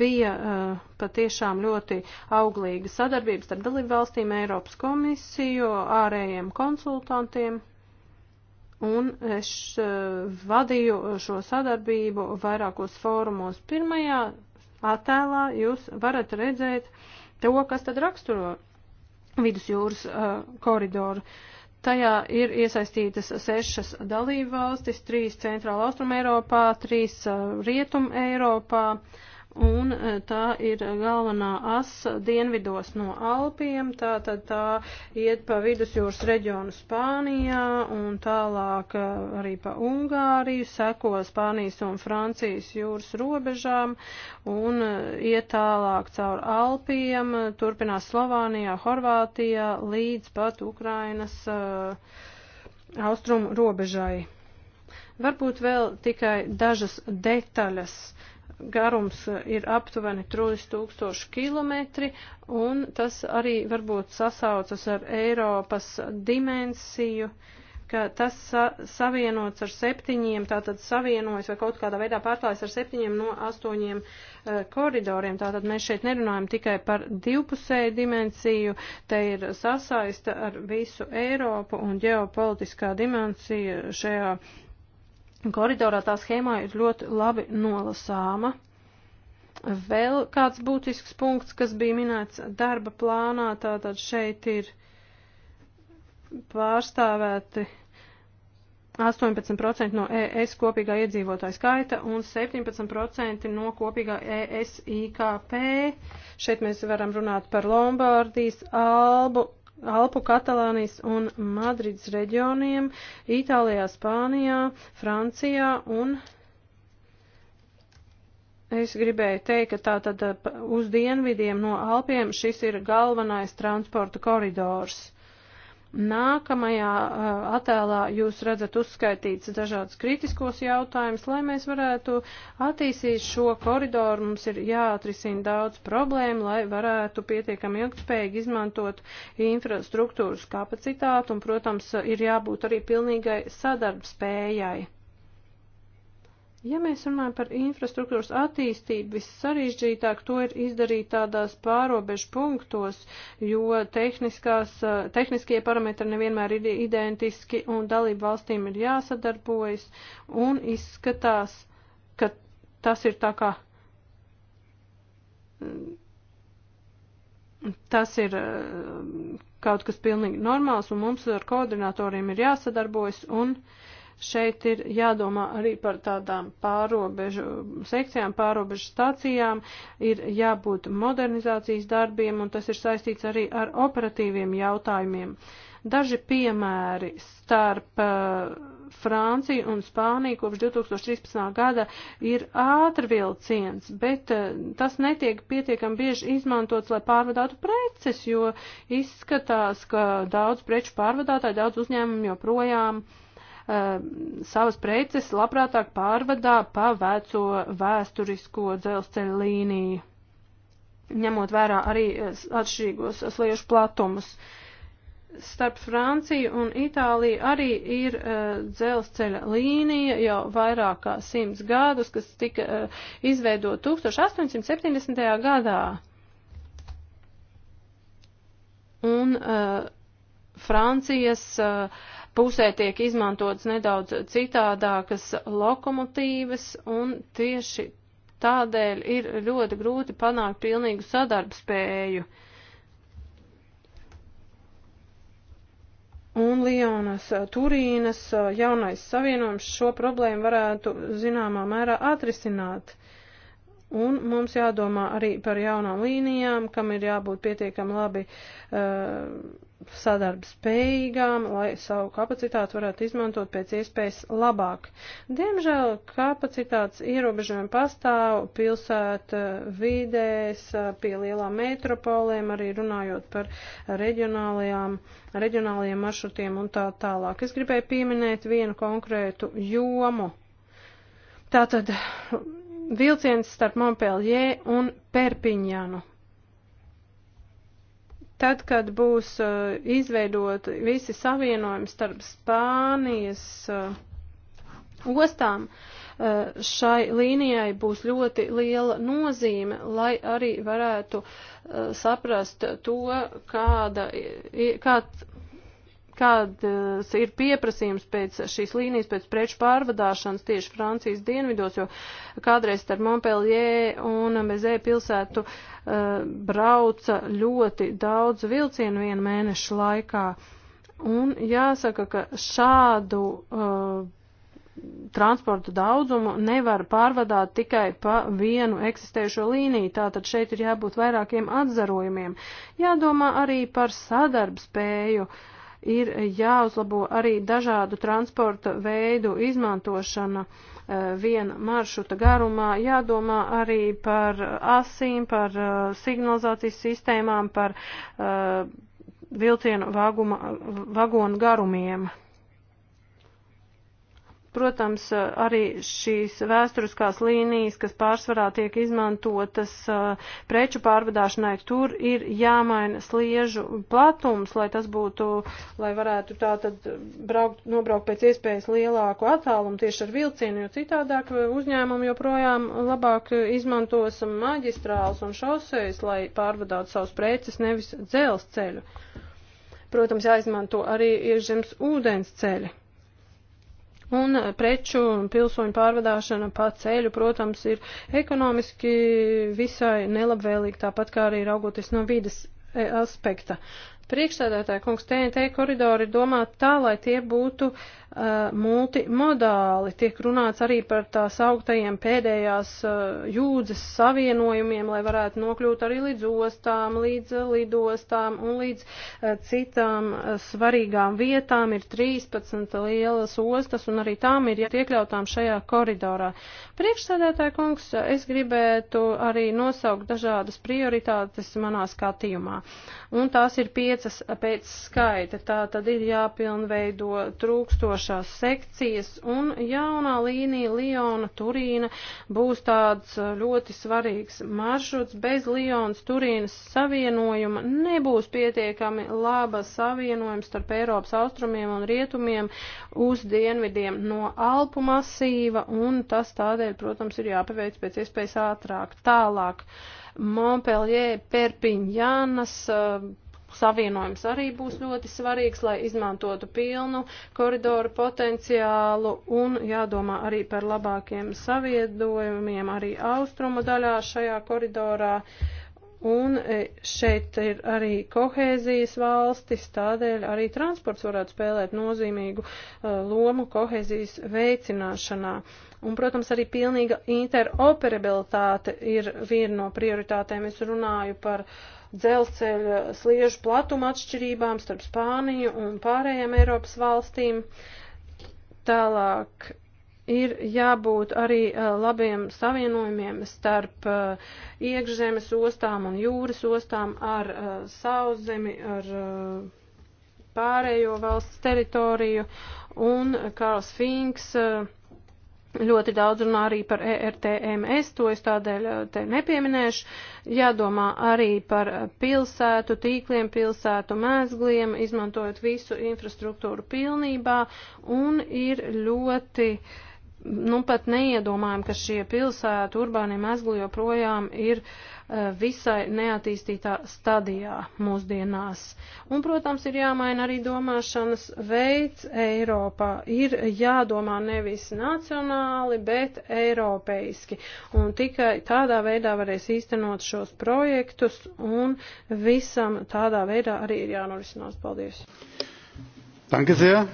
bija uh, patiešām ļoti auglīga sadarbības starp dalībvalstīm, Eiropas komisiju, ārējiem konsultantiem un es eh, vadīju šo sadarbību vairākos fórumos. Pirmajā attēlā jūs varat redzēt to, kas tad raksturo vidusjūras eh, koridoru. Tajā ir iesaistītas sešas dalībvalstis, trīs centrāla austruma Eiropā, trīs eh, rietuma Eiropā. Uh, un e, tā ir galvenā as dienvidos no Alpiem, tā tad tā iet pa vidusjūras reģionu Spānijā un tālāk e, arī pa Ungāriju, seko Spānijas un Francijas jūras robežām un e, iet tālāk caur Alpiem, turpinās Slovānijā, Horvātijā līdz pat Ukrainas uh, austrumu robežai. Varbūt vēl tikai dažas detaļas. Uh, garums ir aptuveni 3000 km, un tas arī varbūt sasaucas ar Eiropas dimensiju, ka tas sa savienots ar septiņiem, tātad savienojas vai kaut kādā veidā pārklājas ar septiņiem no astoņiem uh, koridoriem. Tātad mēs šeit nerunājam tikai par divpusēju dimensiju, te ir sasaista ar visu Eiropu un ģeopolitiskā dimensija šajā koridorā tā schēmā ir ļoti labi nolasāma. Vēl kāds būtisks punkts, kas bija minēts darba plānā, tātad šeit ir pārstāvēti 18% no ES kopīgā iedzīvotāja skaita un 17% no kopīgā ES IKP. Šeit mēs varam runāt par Lombardijas, Albu, Alpu, Katalānijas un Madrids reģioniem, Itālijā, Spānijā, Francijā un Es gribēju teikt, ka tā tad uz dienvidiem no Alpiem šis ir galvenais transporta koridors. Nākamajā uh, attēlā jūs redzat uzskaitīts dažādas kritiskos jautājumus, lai mēs varētu attīstīt šo koridoru. Mums ir jāatrisina daudz problēmu, lai varētu pietiekami ilgspējīgi izmantot infrastruktūras kapacitātu un, protams, ir jābūt arī pilnīgai sadarbspējai. Ja mēs runājam par infrastruktūras attīstību, vissarežģītāk to ir izdarīt tādās pārobežu punktos, jo eh, tehniskie parametri nevienmēr ir identiski un dalību valstīm ir jāsadarbojas un izskatās, ka tas ir tā kā. Mm, tas ir eh, kaut kas pilnīgi normāls un mums ar koordinatoriem ir jāsadarbojas un uh, Šeit ir jādomā arī par tādām pārobežu sekcijām, pārobežu stācijām, ir jābūt modernizācijas darbiem, un tas ir saistīts arī ar operatīviem jautājumiem. Daži piemēri starp uh, Franciju un Spāniju kopš 2013. gada ir ātrvilciens, bet uh, tas netiek pietiekam bieži izmantots, lai pārvadātu preces, jo izskatās, ka daudz preču pārvadātāji, daudz uzņēmumu joprojām uh, Um, savas preces labprātāk pārvadā pa veco vēsturisko dzelzceļa līniju, ņemot vērā arī uh, atšķirīgos sliežu platumus. Starp Franciju un Itāliju arī ir uh, dzelzceļa līnija jau vairāk kā simts gadus, kas tika uh, izveidota 1870. gadā. Un uh, Francijas uh, pusē tiek izmantotas nedaudz citādākas lokomotīvas un tieši tādēļ ir ļoti grūti panākt pilnīgu sadarbspēju. Un Lionas Turīnas jaunais savienojums šo problēmu varētu zināmā mērā atrisināt. Un mums jādomā arī par jaunām līnijām, kam ir jābūt pietiekami labi uh, sadarbspējīgām, lai savu kapacitāti varētu izmantot pēc iespējas labāk. Diemžēl kapacitātes ierobežojumi pastāv pilsēta vidēs, pie lielām metropolēm, arī runājot par reģionālajām, reģionālajiem maršrutiem un tā tālāk. Es gribēju pieminēt vienu konkrētu jomu. Tātad vilciens starp Montpellier un Perpiņānu Tad, kad būs uh, izveidot visi savienojumi starp Spānijas uh, ostām, uh, šai līnijai būs ļoti liela nozīme, lai arī varētu uh, saprast to, kāda, kāds, kāds eh, ir pieprasījums pēc šīs līnijas, pēc preču pārvadāšanas tieši Francijas dienvidos, jo kādreiz starp Montpellier un Mezē pilsētu uh, brauca ļoti daudz vilcienu vienu mēnešu laikā. Un jāsaka, ka šādu uh, eh, transporta daudzumu nevar pārvadāt tikai pa vienu eksistējušo līniju, tātad šeit ir jābūt vairākiem atzarojumiem. Jādomā arī par sadarbspēju. Uh, ir jāuzlabo arī dažādu transporta veidu izmantošana eh, viena maršruta garumā, jādomā arī par asīm, par eh, signalizācijas sistēmām, par eh, vilcienu vaguma, vagonu garumiem. Protams, eh, arī šīs vēsturiskās līnijas, kas pārsvarā tiek izmantotas eh, preču pārvadāšanai, tur ir jāmaina sliežu platums, lai tas būtu, lai varētu tā tad braukt, nobraukt pēc iespējas lielāku attālumu tieši ar vilcienu, jo citādāk uzņēmumi joprojām labāk izmantos maģistrāls un šosejas, lai pārvadātu savus preces, nevis dzelzceļu. Protams, jāizmanto arī iekšzemes ūdens ceļi un preču un pilsoņu pārvadāšana pa ceļu, protams, ir ekonomiski visai nelabvēlīgi, tāpat kā arī raugoties no vides e, aspekta. Priekšsēdētāja kungs TNT koridori domā tā, lai tie būtu uh, Uh, multimodāli. Tiek runāts arī par tās augtajiem pēdējās uh, jūdzes savienojumiem, lai varētu nokļūt arī līdz ostām, līdz lidostām un līdz uh, citām svarīgām vietām. Ir 13 lielas ostas un arī tām ir iekļautām šajā koridorā. Priekšsēdētāja kungs, es gribētu arī nosaukt dažādas prioritātes manā skatījumā. Un tās ir piecas pēc skaita. Tā tad ir jāpilnveido trūkstoši esošās sekcijas, un jaunā līnija Liona Turīna būs tāds uh, ļoti svarīgs maršruts. Bez Lionas Turīnas savienojuma nebūs pietiekami laba savienojuma starp Eiropas austrumiem un rietumiem uz dienvidiem no Alpu masīva, un tas tādēļ, protams, ir jāpaveic pēc iespējas ātrāk. Tālāk. Montpellier, Perpiņānas, uh, savienojums arī būs ļoti svarīgs, lai izmantotu pilnu koridoru potenciālu un jādomā arī par labākiem saviedojumiem arī austrumu daļā šajā koridorā. Un e, šeit ir arī kohēzijas valstis, tādēļ arī transports varētu spēlēt nozīmīgu e, lomu kohēzijas veicināšanā. Un, protams, arī pilnīga interoperabilitāte ir viena no prioritātēm. Es runāju par uh, dzelzceļa sliežu platuma atšķirībām starp Spāniju un pārējiem Eiropas valstīm. Tālāk ir jābūt arī eh, labiem savienojumiem starp eh, iekšzemes ostām un jūras ostām ar eh, sauszemi, ar pārējo valsts teritoriju un Karls Finks. Uh, Ļoti daudz runā arī par ERTMS, to es tādēļ eh, te nepieminēšu. Jādomā arī par eh, pilsētu tīkliem, pilsētu mēzgliem, izmantojot visu infrastruktūru pilnībā, un ir ļoti, nu pat neiedomājami, ka šie pilsētu urbānie mēzgli joprojām ir uh, visai neattīstītā stadijā mūsdienās. Un, protams, ir jāmaina arī domāšanas veids Eiropā. Ir jādomā nevis nacionāli, bet eiropeiski. Un tikai tādā veidā varēs īstenot šos projektus un visam tādā veidā arī ir jānorisinās. Paldies! Danke sehr.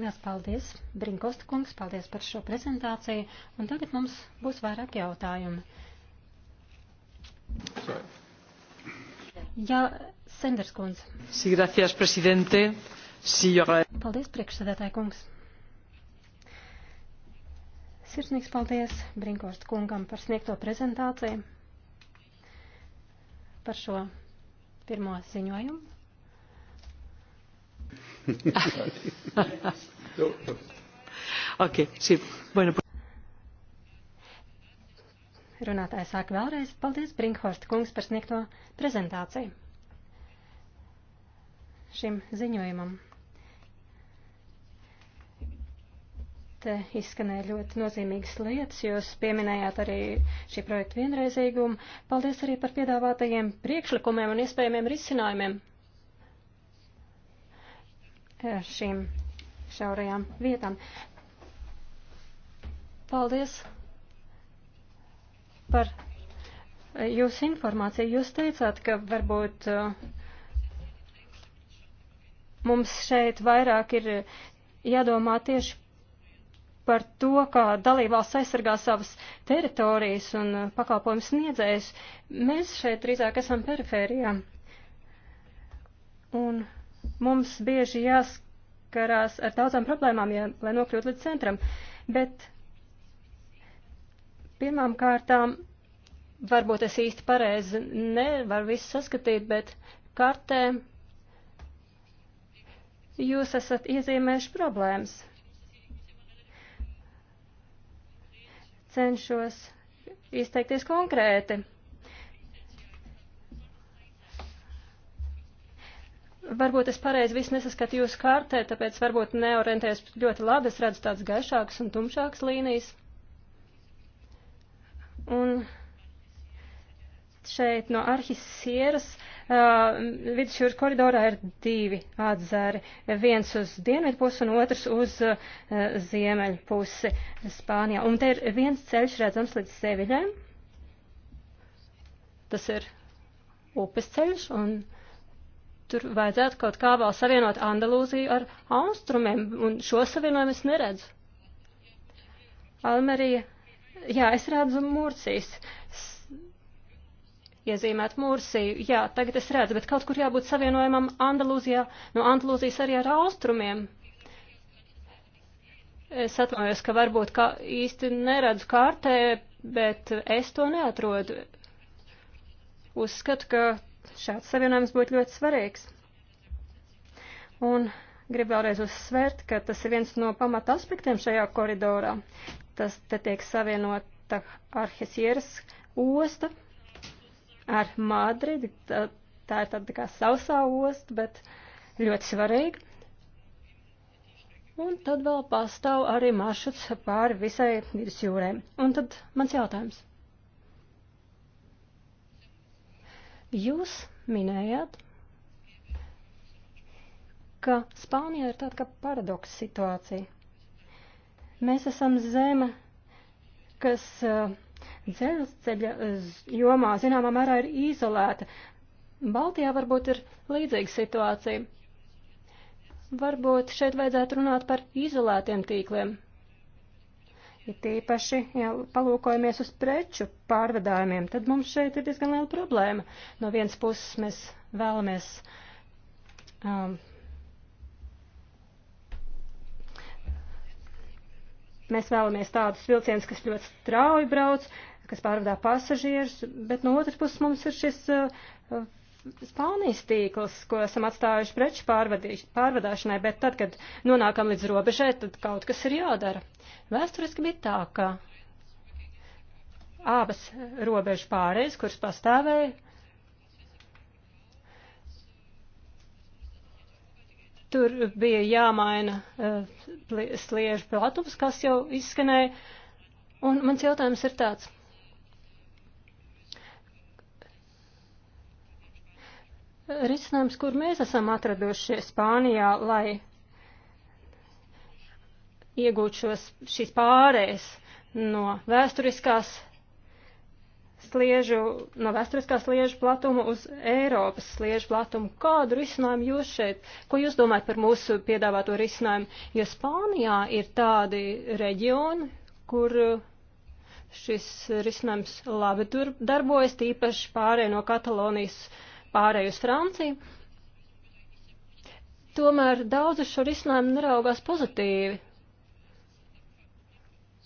Liels paldies, Brinkosta kungs, paldies par šo prezentāciju. Un tagad mums būs vairāk jautājumu. Jā, Senders kundze. Sí, gracias, presidente. Sí, yo... Paldies, priekšsēdētāji kungs. Sirsnīgs paldies Brinkost kungam par sniegto prezentāciju, par šo pirmo ziņojumu. okay, sí. bueno, pues runātājs sāk vēlreiz. Paldies, Brinkhorst kungs, par sniegto prezentāciju šim ziņojumam. Te izskanēja ļoti nozīmīgas lietas, jūs pieminējāt arī šī projekta vienreizīgumu. Paldies arī par piedāvātajiem priekšlikumiem un iespējamiem risinājumiem šīm šaurajām vietām. Paldies! par eh, jūsu informāciju. Jūs teicāt, ka varbūt eh, mums šeit vairāk ir eh, jādomā tieši par to, kā dalībvalsts aizsargā savas teritorijas un pakalpojumu sniedzējus. Mēs šeit drīzāk esam perifērijā. Un mums bieži jāskarās ar daudzām problēmām, ja, lai nokļūtu līdz centram. Bet Pirmām kārtām, varbūt es īsti pareizi nevaru visu saskatīt, bet kartē jūs esat iezīmējuši problēmas. Cenšos izteikties konkrēti. Varbūt es pareizi visu nesaskatu jūsu kārtē, tāpēc varbūt neorientējos ļoti labi. Es redzu tādas gaišākas un tumšākas līnijas. Un šeit no Arhisieras uh, vidusjūras koridorā ir divi atzari. Viens uz dienvidu pusi un otrs uz uh, ziemeļu pusi Spānijā. Un te ir viens ceļš redzams līdz Seviļai. Tas ir upes ceļš un tur vajadzētu kaut kā vēl savienot Andalūziju ar austrumiem un šo savienojumu es neredzu. Almerija Jā, es redzu Mursijas. Iezīmēt Mursiju. Jā, tagad es redzu, bet kaut kur jābūt savienojumam Andalūzijā, no Andalūzijas arī ar austrumiem. Es atvainojos, ka varbūt kā īsti neredzu kārtē, bet es to neatrodu. Uzskatu, ka šāds savienojums būtu ļoti svarīgs. Un Gribu vēlreiz uzsvērt, ka tas ir viens no pamata aspektiem šajā koridorā. Tas te tiek savienota ar Hesieras osta, ar Madridi. Tā, tā ir tāda kā sausā osta, bet ļoti svarīga. Un tad vēl pastāv arī maršruts pāri visai vidusjūrēm. Un tad mans jautājums. Jūs minējāt, ka Spānijā ir tāda kā paradoks situācija. Mēs esam zeme, kas eh, dzelzceļa eh, jomā zināmā mērā ir izolēta. Baltijā varbūt ir līdzīga situācija. Varbūt šeit vajadzētu runāt par izolētiem tīkliem. Ir tīpaši, ja palūkojamies uz preču pārvedājumiem, tad mums šeit ir diezgan liela problēma. No vienas puses mēs vēlamies um, Mēs vēlamies tādus vilcienus, kas ļoti strauji brauc, kas pārvadā pasažierus, bet no otras puses mums ir šis uh, Spānijas tīkls, ko esam atstājuši preču pārvadāšanai, bet tad, kad nonākam līdz robežai, tad kaut kas ir jādara. Vēsturiski bija tā, ka abas robežu pārējas, kuras pastāvēja, Tur bija jāmaina eh, sliežu platums, kas jau izskanēja. Un mans jautājums ir tāds. Risinājums, kur mēs esam atradušie Spānijā, lai iegūt šos, šīs pārējas no vēsturiskās sliežu, no vēsturiskā sliežu platuma uz Eiropas sliežu platumu. Kādu risinājumu jūs šeit, ko jūs domājat par mūsu piedāvāto risinājumu? Jo Spānijā ir tādi reģioni, kur uh, šis risinājums labi tur darbojas, tīpaši pārēj no Katalonijas pārēj uz Franciju. Tomēr daudz uz šo risinājumu neraugās pozitīvi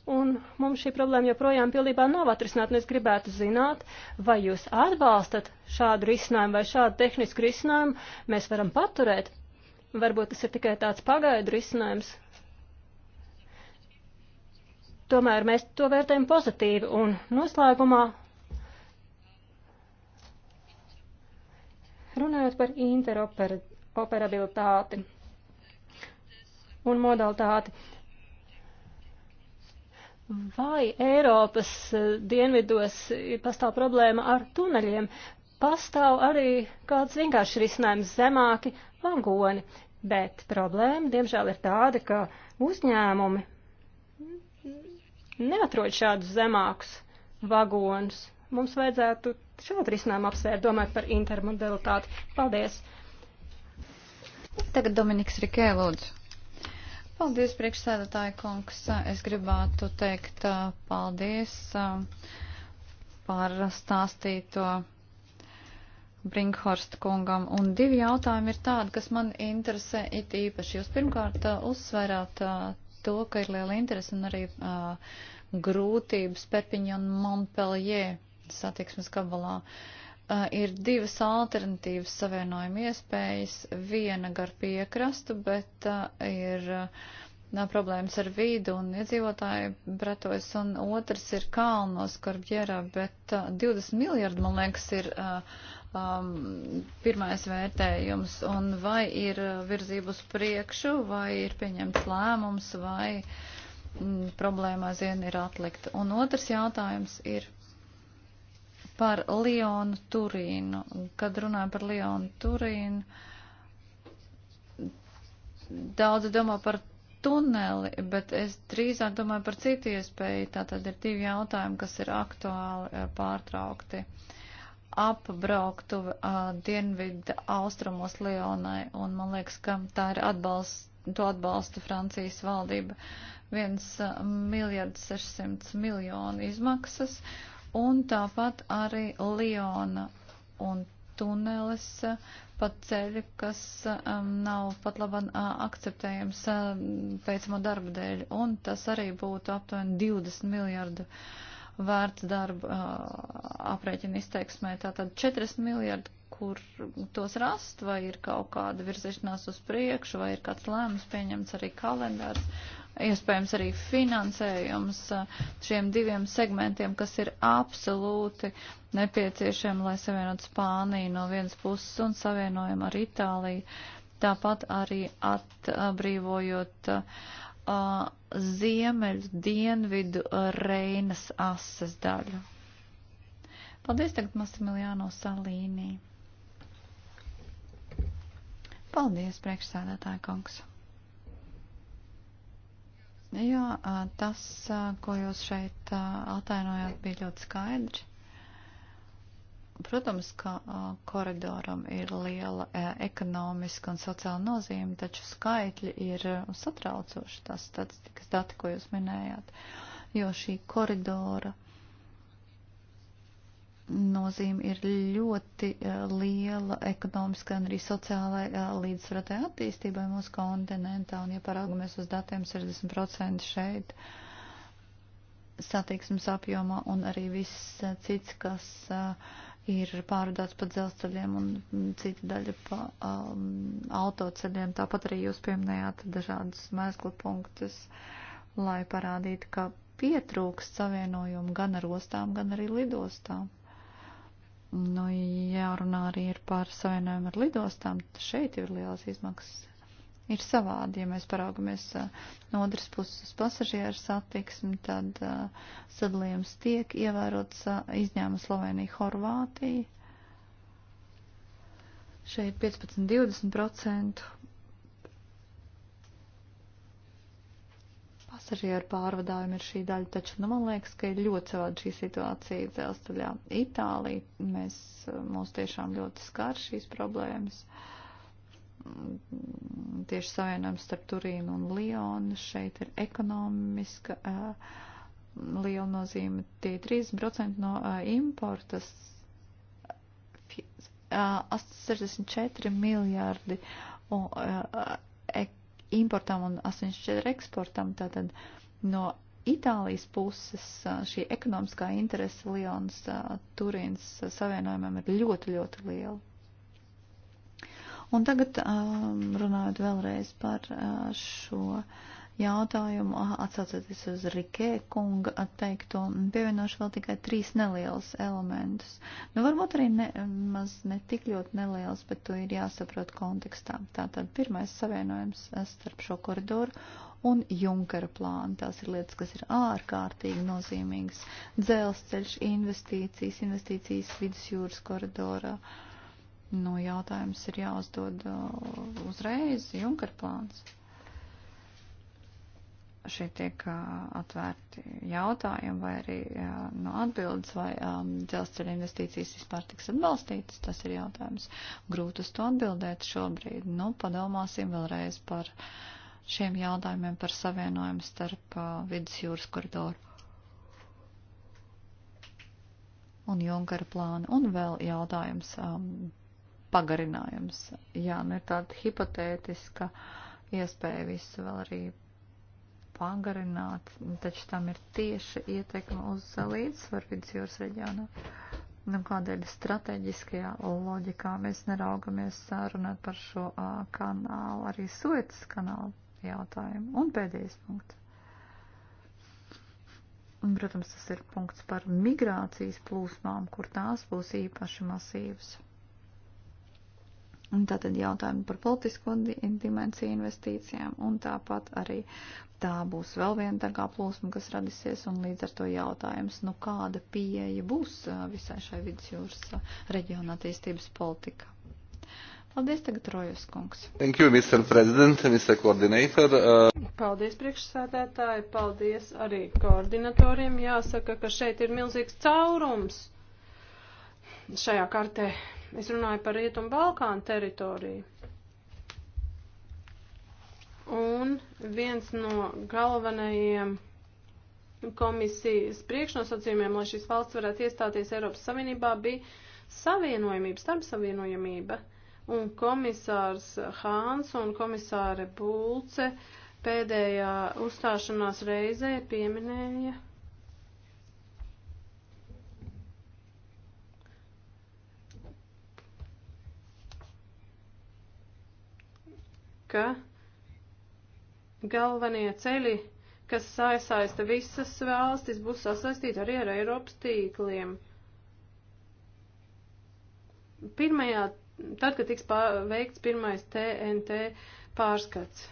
Un mums šī problēma joprojām pilnībā nav atrisināta, un es gribētu zināt, vai jūs atbalstat šādu risinājumu vai šādu tehnisku risinājumu mēs varam paturēt. Varbūt tas ir tikai tāds pagaidu risinājums. Tomēr mēs to vērtējam pozitīvi, un noslēgumā runājot par interoperabilitāti un modalitāti. Vai Eiropas eh, dienvidos pastāv problēma ar tuneļiem? Pastāv arī kāds vienkārši risinājums zemāki vagoni, bet problēma, diemžēl, ir tāda, ka uzņēmumi neatrod šādus zemākus vagonus. Mums vajadzētu šādu risinājumu apsvērt, domājot par intermodalitāti. Paldies! Tagad Dominiks Rikē, lūdzu. Paldies, priekšsēdētāji kungs. Es gribētu teikt paldies par stāstīto Brinkhorst kungam. Un divi jautājumi ir tādi, kas man interesē it īpaši. Jūs pirmkārt uzsverāt to, ka ir liela interese un arī grūtības Perpiņa un Montpellier satiksmes gabalā. Uh, ir divas alternatīvas savienojuma iespējas. Viena gar piekrastu, bet uh, ir uh, problēmas ar vīdu un iedzīvotāju pretojas, un otrs ir kalnos Korbjērā, bet uh, 20 miljardi, man liekas, ir uh, um, pirmais vērtējums, un vai ir virzība uz priekšu, vai ir pieņemts lēmums, vai mm, problēma aizvien ir atlikta. Un otrs jautājums ir par Lionu Turīnu. Kad runāju par Lionu Turīnu, daudzi domā par tuneli, bet es drīzāk domāju par citu iespēju. Tātad ir divi jautājumi, kas ir aktuāli eh, pārtraukti. Apbrauktuve uh, dienvidu austrumos Lionai, un man liekas, ka tā ir atbalsts, to atbalsta Francijas valdība. 1 eh, miljards 600 miljonu izmaksas. Uh, Un tāpat arī Liona un tunelis pa ceļu, kas um, nav pat laban uh, akceptējams uh, veicamo darba dēļ. Un tas arī būtu aptuveni 20 miljardu vērts darba uh, aprēķina izteiksmē. Tātad 40 miljardu, kur tos rast, vai ir kaut kāda virzīšanās uz priekšu, vai ir kāds lēmums pieņemts arī kalendārs iespējams arī finansējums uh, šiem diviem segmentiem, kas ir absolūti nepieciešami, lai savienot Spāniju no vienas puses un savienojam ar Itāliju. Tāpat arī atbrīvojot uh, ziemeļu dienvidu Reinas ases daļu. Paldies tagad Massimiliāno Salīnī. Paldies, priekšsēdētāja kungs. Nu jo tas, ko jūs šeit atainojāt, bija ļoti skaidrs. Protams, ka koridoram ir liela ekonomiska un sociāla nozīme, taču skaitļi ir satraucoši, tas statistikas dati, ko jūs minējāt, jo šī koridora nozīme ir ļoti eh, liela ekonomiskai un arī sociālai eh, līdzsvaratai attīstībai mūsu kontinentā. Un, ja paraugamies uz datiem, 60% šeit satiksmes apjomā un arī viss eh, cits, kas ir pārvadāts pa dzelzceļiem un mm, cita daļa pa um, autoceļiem. Tāpat arī jūs pieminējāt dažādus mēslu punktus, lai parādītu, ka pietrūkst savienojumu gan ar ostām, gan arī lidostām. Nu, jārunā arī ir par savienojumu ar lidostām. Šeit ir lielas izmaksas. Ir savādi, ja mēs paraugamies no otras puses uz pasažieru satiksmi, tad uh, sadalījums tiek ievērots uh, izņēma Slovenija, Horvātija. Šeit 15-20% pasažieru pārvadājumi ir šī daļa, taču nu, man liekas, ka ir ļoti savāda šī situācija dzelzceļā. Itālija, mēs, eh, mūs tiešām ļoti skar šīs problēmas. Mm, tieši savienojums starp Turīnu un Lionu šeit ir ekonomiska uh, liela nozīme. Tie 30% no uh, eh, importas, uh, 64 miljārdi uh, uh, importam un 84 eksportam. Tātad no Itālijas puses šī ekonomiskā interese Lions Turīns savienojumam ir ļoti, ļoti liela. Un tagad um, runājot vēlreiz par uh, šo uh, jautājumu, atsaucoties uz Rikē kunga teikto, pievienošu vēl tikai trīs nelielus elementus. Nu, varbūt arī ne, maz ne tik ļoti neliels, bet to ir jāsaprot kontekstā. Tātad pirmais savienojums eh, starp šo koridoru un Junkara plānu. Tās ir lietas, kas ir ārkārtīgi nozīmīgas. Dzelzceļš, investīcijas, investīcijas vidusjūras koridorā. Nu, jautājums ir jāuzdod eh, uzreiz Junkara plāns šeit tiek atvērti jautājumi vai arī no nu, atbildes, vai dzelzceļa investīcijas vispār tiks atbalstītas, tas ir jautājums. Grūti uz to atbildēt šobrīd. Nu, padomāsim vēlreiz par šiem jautājumiem par savienojumu starp vidusjūras koridoru un Junkara plānu, un vēl jautājums um, pagarinājums. Jā, nu ir tāda hipotētiska iespēja visu vēl arī pagarināt, taču tam ir tieša ietekme uz līdzsvaru vidusjūras reģionā. Nu, kādēļ strateģiskajā loģikā mēs neraugamies runāt par šo uh, kanālu, arī Suetas kanālu jautājumu? Un pēdējais punkts. Un, protams, tas ir punkts par migrācijas plūsmām, kur tās būs īpaši masīvas. Un tātad jautājumi par politisko dimensiju investīcijām un tāpat arī tā būs vēl viena dārgā plūsma, kas radīsies, un līdz ar to jautājums, nu kāda pieeja būs visai šai vidusjūras reģiona attīstības politika. Paldies, tagad Rojas kungs. Thank you, Mr. President, Mr. Coordinator. Uh... Paldies, priekšsēdētāji, paldies arī koordinatoriem. Jāsaka, ka šeit ir milzīgs caurums šajā kartē. Es runāju par Rietumu Balkānu teritoriju. Un viens no galvenajiem komisijas priekšnosacījumiem, lai šīs valsts varētu iestāties Eiropas Savienībā, bija savienojamība, starp savienojamība. Un komisārs Hāns un komisāre Bulce pēdējā uzstāšanās reizē pieminēja ka galvenie ceļi, kas sasaista visas valstis, būs sasaistīti arī ar Eiropas tīkliem. Pirmajā, tad, kad tiks veikts pirmais TNT pārskats.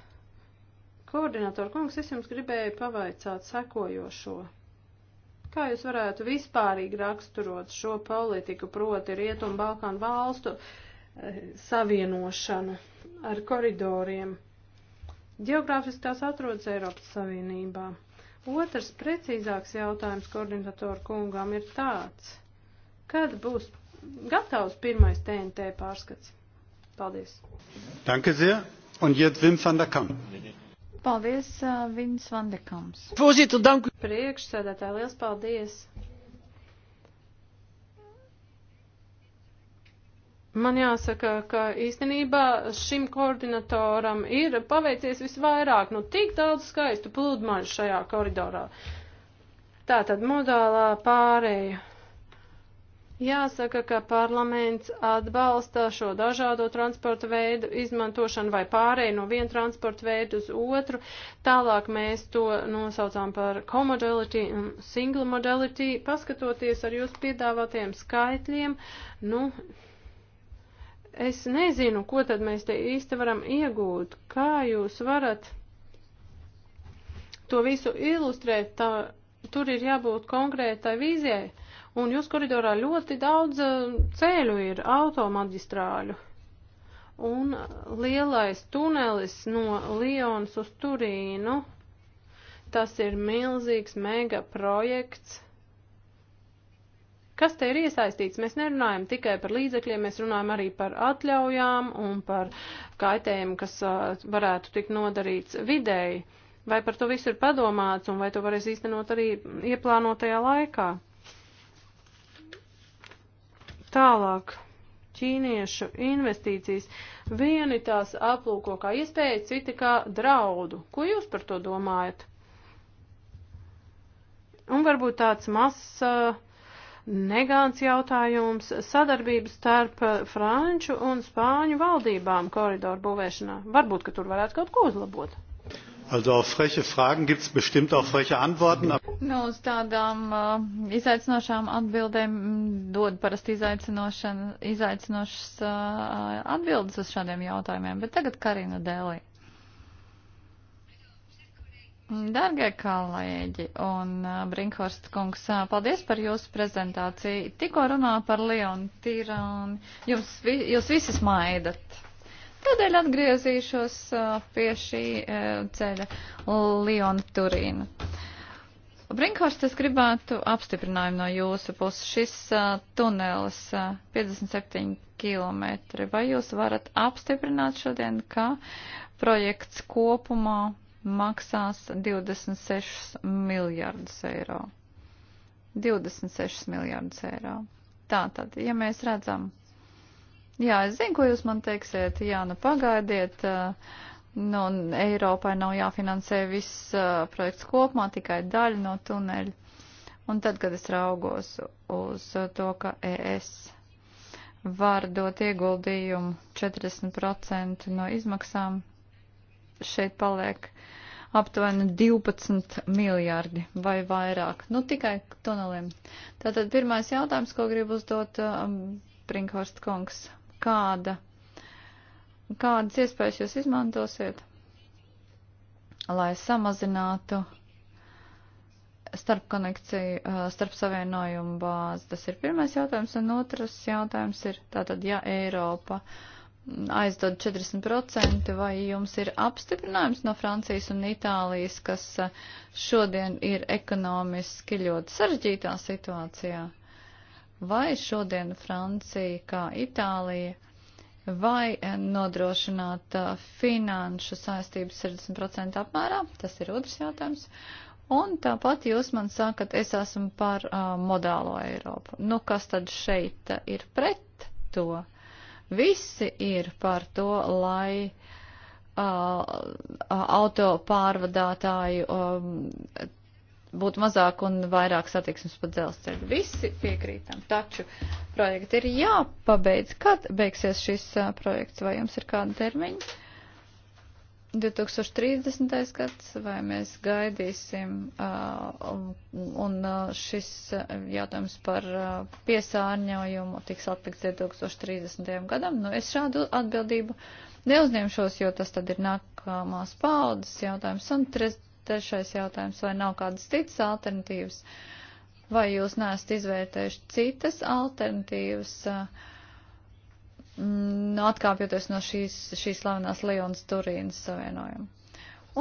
Koordinator kungs, es jums gribēju pavaicāt sekojošo. Kā jūs varētu vispārīgi raksturot šo politiku, proti Rietumu Balkānu valstu e, eh, savienošanu ar koridoriem? Geogrāfiski tās atrodas Eiropas Savienībā. Otrs precīzāks jautājums koordinatoru kungām ir tāds. Kad būs gatavs pirmais TNT pārskats? Paldies. Danke sehr. Un jetzt Wim van der Kamp. Paldies, uh, Vins Vandekams. Priekšsēdētāji, liels paldies. Man jāsaka, ka īstenībā šim koordinatoram ir paveicies visvairāk, nu tik daudz skaistu pludmaļu šajā koridorā. Tā tad modālā pārēja. Jāsaka, ka parlaments atbalsta šo dažādo transporta veidu izmantošanu vai pārēju no vienu transporta veidu uz otru. Tālāk mēs to nosaucām par comodality un single modality. Paskatoties ar jūsu piedāvātiem skaitļiem, nu, es nezinu, ko tad mēs te īsti varam iegūt, kā jūs varat to visu ilustrēt, tā, tur ir jābūt konkrētai vīzijai, un jūs koridorā ļoti daudz eh, ceļu ir, automaģistrāļu, un lielais tunelis no Lionas uz Turīnu, tas ir milzīgs mega projekts Kas te ir iesaistīts? Mēs nerunājam tikai par līdzekļiem, mēs runājam arī par atļaujām un par kaitējumu, kas varētu tikt nodarīts videi. Vai par to visu ir padomāts un vai to varēs īstenot arī ieplānotajā laikā? Tālāk. Ķīniešu investīcijas. Vieni tās aplūko kā iespēju, citi kā draudu. Ko jūs par to domājat? Un varbūt tāds mazs uh, negāns jautājums - sadarbības starp franču un spāņu valdībām koridoru būvēšanā. Varbūt, ka tur varētu kaut ko uzlabot. Also auf freche Fragen gibt es bestimmt auch freche Antworten. Nu, uz tādām uh, izaicinošām atbildēm mm, dod parasti izaicinošas uh, atbildes uz šādiem jautājumiem, bet tagad Karina Dēlī. Dargie kolēģi un Brinkhorst kungs, paldies par jūsu prezentāciju. Tikko runā par Leonu Tirānu. Jums, vi, jūs visi smaidat. Tādēļ atgriezīšos pie šī ceļa Leona Turīna. Brinkhorst, es gribētu apstiprinājumu no jūsu puses. Šis tunelis 57 km. Vai jūs varat apstiprināt šodien, ka projekts kopumā maksās 26 miljardus eiro. 26 miljardus eiro. Tātad, ja mēs redzam, jā, es zinu, ko jūs man teiksiet, jā, nu pagaidiet, nu Eiropai nav jāfinansē viss projekts kopumā, tikai daļa no tuneļa. Un tad, kad es raugos uz to, ka ES var dot ieguldījumu 40% no izmaksām, šeit paliek aptuveni 12 miljardi vai vairāk. Nu, tikai tuneliem. Tātad pirmais jautājums, ko gribu uzdot um, Brinkhorst kungs. Kāda, kādas iespējas jūs izmantosiet, lai samazinātu starp konekciju, uh, starp savienojumu bāzi? Tas ir pirmais jautājums. Un otrs jautājums ir, tātad, ja Eiropa. Uh, aizdod 40%, vai jums ir apstiprinājums no Francijas un Itālijas, kas eh, šodien ir ekonomiski ļoti sarežģītā situācijā? Vai šodien Francija kā Itālija vai eh, nodrošināt eh, finanšu saistības 60% apmērā? Tas ir otrs jautājums. Un tāpat jūs man sakat, es esmu par uh, modālo Eiropu. Nu, kas tad šeit ir pret to? Visi ir par to, lai uh, auto pārvadātāji um, būtu mazāk un vairāk satiksmes pa dzelzceļu. Visi piekrītam, taču projekti ir jāpabeidz. Kad beigsies šis uh, projekts vai jums ir kāda termiņa? 2030. gads, vai mēs gaidīsim, un šis jautājums par piesārņojumu tiks atlikts 2030. gadam, nu es šādu atbildību neuzņemšos, jo tas tad ir nākamās paudzes jautājums, un trešais jautājums, vai nav kādas citas alternatīvas, vai jūs neesat izvērtējuši citas alternatīvas. Uh, no mm, atkāpjoties no šīs, šīs slavenās Lions Turīnas savienojuma.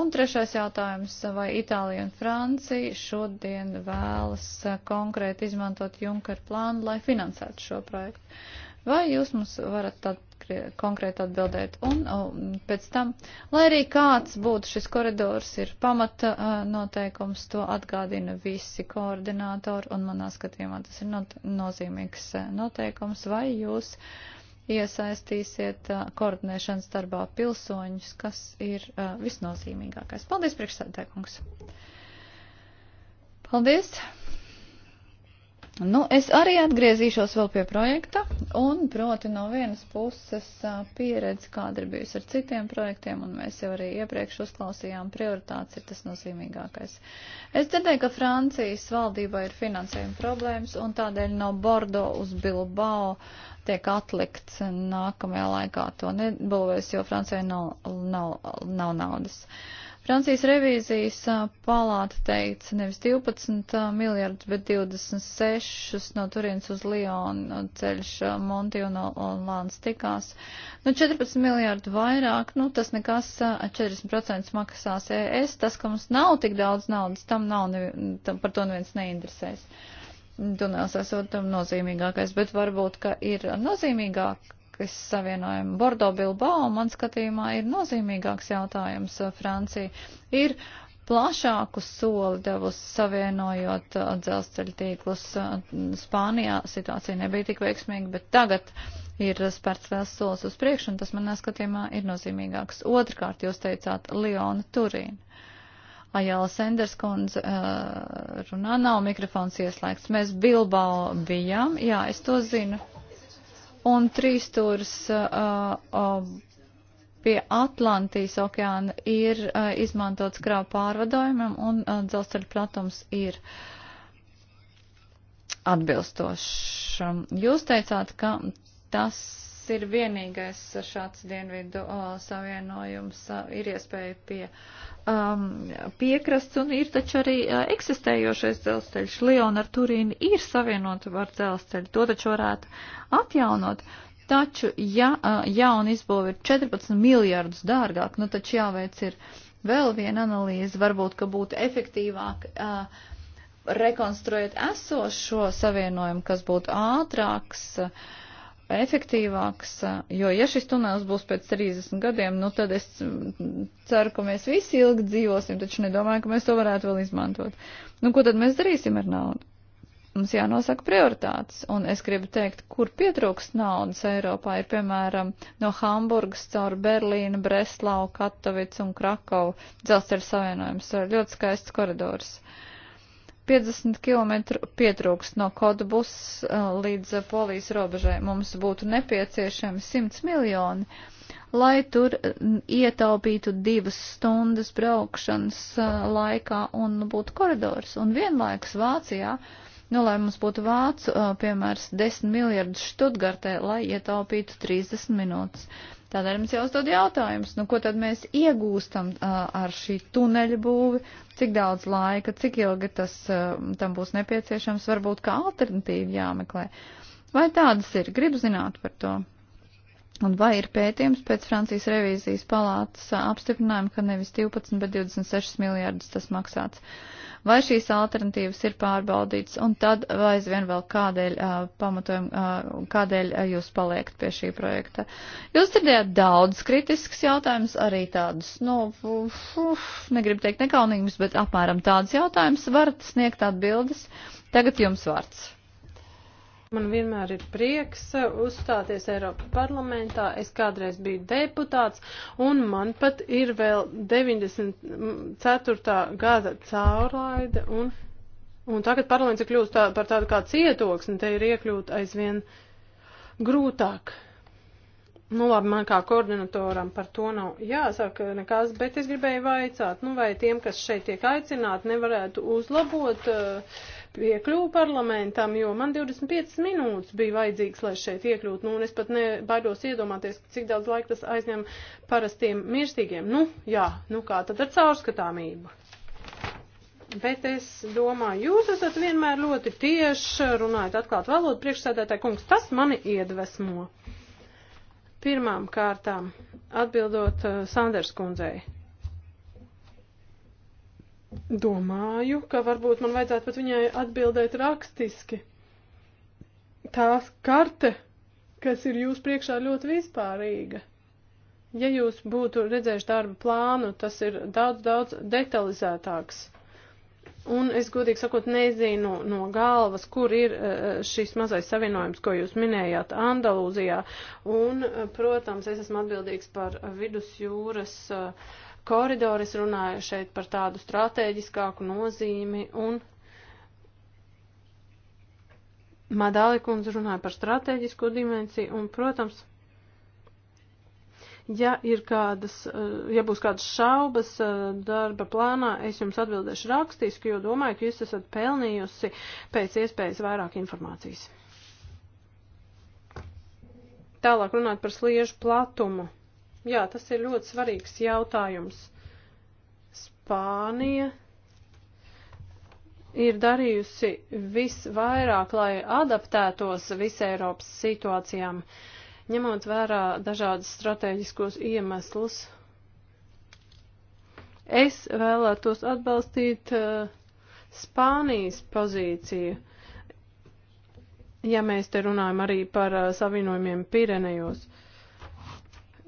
Un trešais jautājums, vai Itālija un Francija šodien vēlas eh, konkrēti izmantot Junker plānu, lai finansētu šo projektu? Vai jūs mums varat tad konkrēti atbildēt? Un, un pēc tam, lai arī kāds būtu šis koridors, ir pamata eh, noteikums, to atgādina visi koordinātori, un manā skatījumā tas ir not nozīmīgs eh, noteikums, vai jūs uh, iesaistīsiet koordinēšanas darbā pilsoņus, kas ir visnozīmīgākais. Paldies, priekšsēdētājkungs! Paldies! Nu, es arī atgriezīšos vēl pie projekta, un proti no vienas puses pieredze, kāda ir bijusi ar citiem projektiem, un mēs jau arī iepriekš uzklausījām, prioritāts ir tas nozīmīgākais. Es dzirdēju, ka Francijas valdībā ir finansējuma problēmas, un tādēļ no Bordo uz Bilbao tiek atlikts nākamajā laikā to nebūvēs, jo Francijai nav, nav, nav naudas. Uh, Francijas revīzijas palāta teica nevis 12 miljardus, bet 26 no turienes uz Lionu ceļš Monti un Lāns tikās. Nu, 14 miljardu vairāk, nu, tas nekas 40% maksās ES. Tas, ka mums nav tik daudz naudas, tam nav, nevi, tam, par to neviens neinteresēs. Tunels esot tam nozīmīgākais, bet varbūt, ka ir nozīmīgāk Kas savienojumu Bordo Bilbao, man skatījumā, ir nozīmīgāks jautājums. Eh, Francija ir plašāku soli devus savienojot eh, dzelzceļa tīklus. Eh, Spānijā situācija nebija tik veiksmīga, bet tagad ir spērts vēl solis uz priekšu, un tas manā skatījumā ir nozīmīgāks. Otrkārt, jūs teicāt Liona Turīna. Ajāla Senders kundze runā, nav mikrofons ieslēgts. Mēs Bilbao bijām, jā, es to zinu un trīs stūrs uh, uh, pie Atlantijas okeāna ir uh, izmantots krāvu pārvadojumam un uh, dzelzceļa platums ir atbilstošs. Jūs teicāt, ka tas ir vienīgais šāds dienvidu uh, savienojums, uh, ir iespēja pie uh, um, piekrasts un ir taču arī uh, eksistējošais dzelzceļš. Liona ar Turīnu ir savienota ar dzelzceļu, to taču varētu atjaunot. Taču, ja uh, jauna izbūve ir 14 miljārdus dārgāk, nu taču jāveic ir vēl viena analīze, varbūt, ka būtu efektīvāk. Uh, rekonstruēt esošo savienojumu, kas būtu ātrāks, uh, efektīvāks, jo ja šis tunels būs pēc 30 gadiem, nu tad es ceru, ka mēs visi ilgi dzīvosim, taču nedomāju, ka mēs to varētu vēl izmantot. Nu, ko tad mēs darīsim ar naudu? Mums jānosaka prioritātes, un es gribu teikt, kur pietrūkst naudas Eiropā ir, piemēram, no Hamburgas caur Berlīnu, Breslau, Katovicu un Krakovu dzelzceļa savienojums, ļoti skaists koridors. Uh, 50 km pietrūkst no Kodbus līdz Polijas robežai. Mums būtu nepieciešami 100 miljoni, lai tur ietaupītu divas stundas braukšanas laikā un būtu koridors. Un vienlaikus Vācijā, nu, lai mums būtu Vācu, piemērs, 10 miljardus Štutgartē, lai ietaupītu 30 minūtes. Tādēļ mums jāuzdod jautājums, nu ko tad mēs iegūstam uh, ar šī tuneļa būvi, cik daudz laika, cik ilgi tas uh, tam būs nepieciešams, varbūt kā alternatīva jāmeklē. Vai tādas ir? Gribu zināt par to. Un vai ir pētījums pēc Francijas revīzijas palātas apstiprinājuma, ka nevis 12, bet 26 miljārdus tas maksāts? Uh, vai šīs alternatīvas ir pārbaudītas, un tad vai aizvien vēl kādēļ pamatojumi, kādēļ jūs paliekat pie šī projekta. Jūs dzirdējāt daudz kritisks jautājums, arī tādus, nu, uf, negribu teikt nekaunīgus, bet apmēram tādus jautājumus varat sniegt atbildes. Tagad jums vārds. Man vienmēr ir prieks uh, uzstāties Eiropas parlamentā. Es kādreiz biju deputāts, un man pat ir vēl 94. gada caurlaide, un, un tagad parlaments ir kļūst tā, par tādu kā cietoksni, te ir iekļūt aizvien grūtāk. Nu labi, man kā koordinatoram par to nav jāsaka nekas, bet es gribēju vaicāt, nu vai tiem, kas šeit tiek aicināti, nevarētu uzlabot. Uh, piekļuvu parlamentam, jo man 25 minūtes bija vajadzīgs, lai šeit iekļūtu. Nu, un es pat nebaidos iedomāties, cik daudz laika tas aizņem parastiem mirstīgiem. Nu, jā, nu kā tad ar caurskatāmību? Bet es domāju, jūs esat vienmēr ļoti tieši runājot atklāt valodu priekšsēdētāji kungs. Tas mani iedvesmo. Pirmām kārtām atbildot uh, Sanders kundzei Domāju, ka varbūt man vajadzētu pat viņai atbildēt rakstiski. Tās karte, kas ir jūs priekšā ļoti vispārīga. Ja jūs būtu redzējuši darba plānu, tas ir daudz, daudz detalizētāks. Un es godīgi sakot, nezinu no galvas, kur ir eh, eh, šis mazais savienojums, ko jūs minējāt Andalūzijā. Un, eh, protams, es esmu atbildīgs par vidusjūras uh, koridoru. Es runāju šeit par tādu strateģiskāku nozīmi un Madāli kundze runāja par strateģisko dimensiju un, protams, ja ir kādas, eh, ja būs kādas šaubas eh, darba plānā, es jums atbildēšu rakstiski, jo domāju, ka jūs esat pelnījusi pēc iespējas vairāk informācijas. Tālāk runāt par sliežu platumu. Jā, tas ir ļoti svarīgs jautājums. Spānija ir darījusi visvairāk, lai adaptētos visai Eiropas situācijām, ņemot vērā dažādas strateģiskos iemeslus. Es vēlētos atbalstīt uh, Spānijas pozīciju, ja mēs te runājam arī par uh, savienojumiem Pirenejos.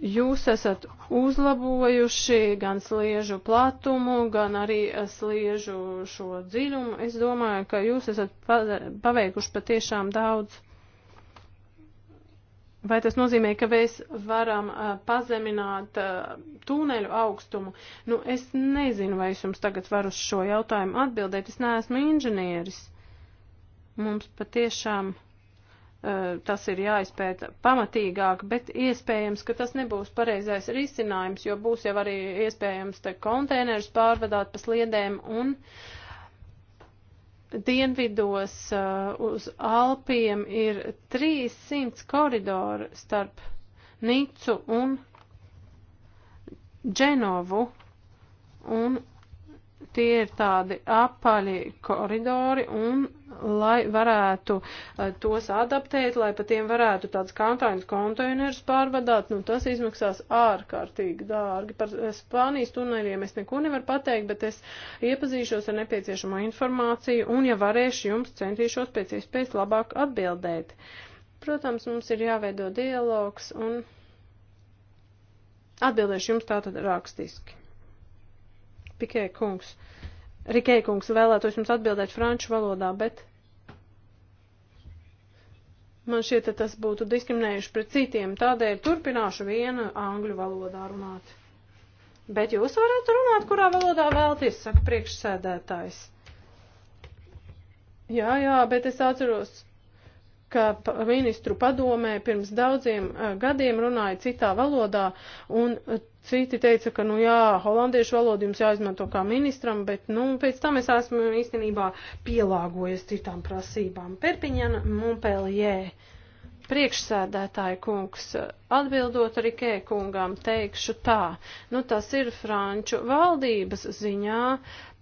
Jūs esat uzlabojuši gan sliežu platumu, gan arī eh, sliežu šo dziļumu. Es domāju, ka jūs esat paveikuši patiešām daudz. Vai tas nozīmē, ka mēs varam uh, pazemināt uh, tūneļu augstumu? Nu, es nezinu, vai es jums tagad varu uz šo jautājumu atbildēt. Es neesmu inženieris. Mums patiešām. Uh, Eh, tas ir jāizpēta pamatīgāk, bet iespējams, ka tas nebūs pareizais risinājums, jo būs jau arī iespējams te konteinerus pārvadāt pa sliedēm un dienvidos eh, uz Alpiem ir 300 koridori starp Nicu un Dženovu un tie ir tādi apaļi koridori un lai varētu uh, tos adaptēt, lai pa tiem varētu tāds kantains konteinerus pārvadāt, nu tas izmaksās ārkārtīgi dārgi. Par eh, Spānijas tuneļiem es neko nevaru pateikt, bet es iepazīšos ar nepieciešamo informāciju un, ja varēšu, jums centīšos pēc iespējas labāk atbildēt. Protams, mums ir jāveido dialogs un atbildēšu jums tātad rakstiski. Pikē kungs. Rikē kungs vēlētos jums atbildēt franču valodā, bet man šķiet, ka tas būtu diskriminējuši pret citiem, tādēļ turpināšu vienu angļu valodā runāt. Bet jūs varat runāt, kurā valodā vēlties, saka priekšsēdētājs. Jā, jā, bet es atceros, ka ministru padomē pirms daudziem eh, gadiem runāja citā valodā, un eh, citi teica, ka, nu jā, holandiešu valodu jums jāizmanto kā ministram, bet, nu, pēc tam es esmu īstenībā pielāgojies citām prasībām. Perpiņana Mumpeljē. Priekšsēdētāja kungs, atbildot arī Kē kungām, teikšu tā, nu tas ir Franču valdības ziņā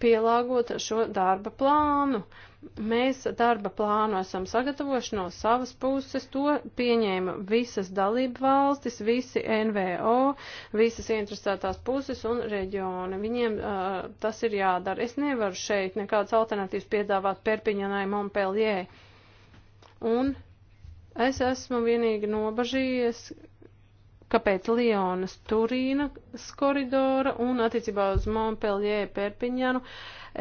pielāgot šo darba plānu. Uh, Mēs darba plānu esam sagatavojuši no savas puses, to pieņēma visas dalību valstis, visi NVO, visas interesētās puses un reģioni. Viņiem uh, tas ir jādara. Es nevaru šeit nekādas alternatīvas piedāvāt Perpiņanai Montpellier. Un es esmu vienīgi nobažījies, ka pēc Lionas Turīnas koridora un attiecībā uz Montpellier Perpiņanu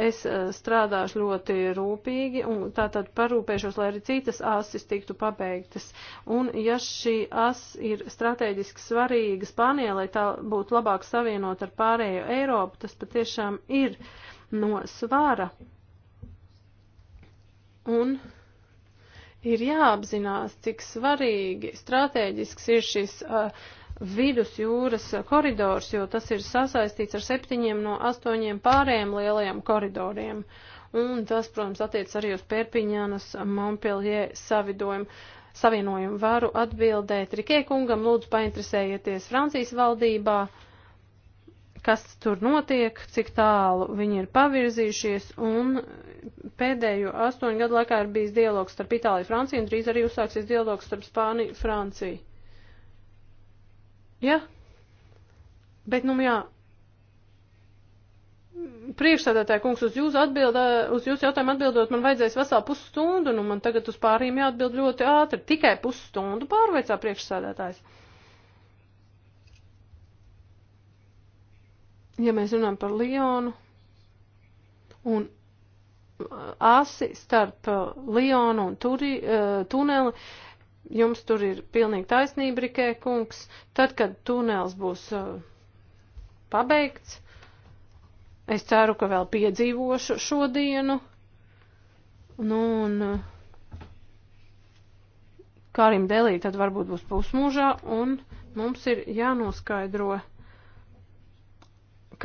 es eh, strādāšu ļoti rūpīgi un tātad parūpēšos, lai arī citas asis tiktu pabeigtas. Un ja šī as ir strateģiski svarīga Spānijai, lai tā būtu labāk savienot ar pārējo Eiropu, tas patiešām ir no svara. Un ir jāapzinās, cik svarīgi strateģisks ir šis uh, vidusjūras koridors, jo tas ir sasaistīts ar septiņiem no astoņiem pārējiem lielajiem koridoriem. Un tas, protams, attiec arī uz Perpiņānas Montpellier savidojumu. Savienojumu varu atbildēt Rikē kungam, lūdzu painteresējieties Francijas valdībā, kas tur notiek, cik tālu viņi ir pavirzījušies, un pēdējo astoņu gadu laikā ir bijis dialogs starp Itāliju un Franciju, un drīz arī uzsāksies dialogs starp Spāniju un Franciju. Ja? Bet, nu, jā. Priekšstādātāja kungs, uz jūsu, atbildā, uz jūsu jautājumu atbildot, man vajadzēs veselu pusstundu, nu man tagad uz pāriem jāatbild ļoti ātri. Tikai pusstundu pārveicā priekšstādātājs. Ja mēs runājam par Lionu un asi starp Lionu un turi, uh, tuneli, uh, Jums tur ir pilnīgi taisnība, Rikē kungs. Tad, kad tunels būs uh, pabeigts, es ceru, ka vēl piedzīvošu šo dienu. Nu, un uh, Kārim Delī tad varbūt būs pusmūžā, un mums ir jānoskaidro,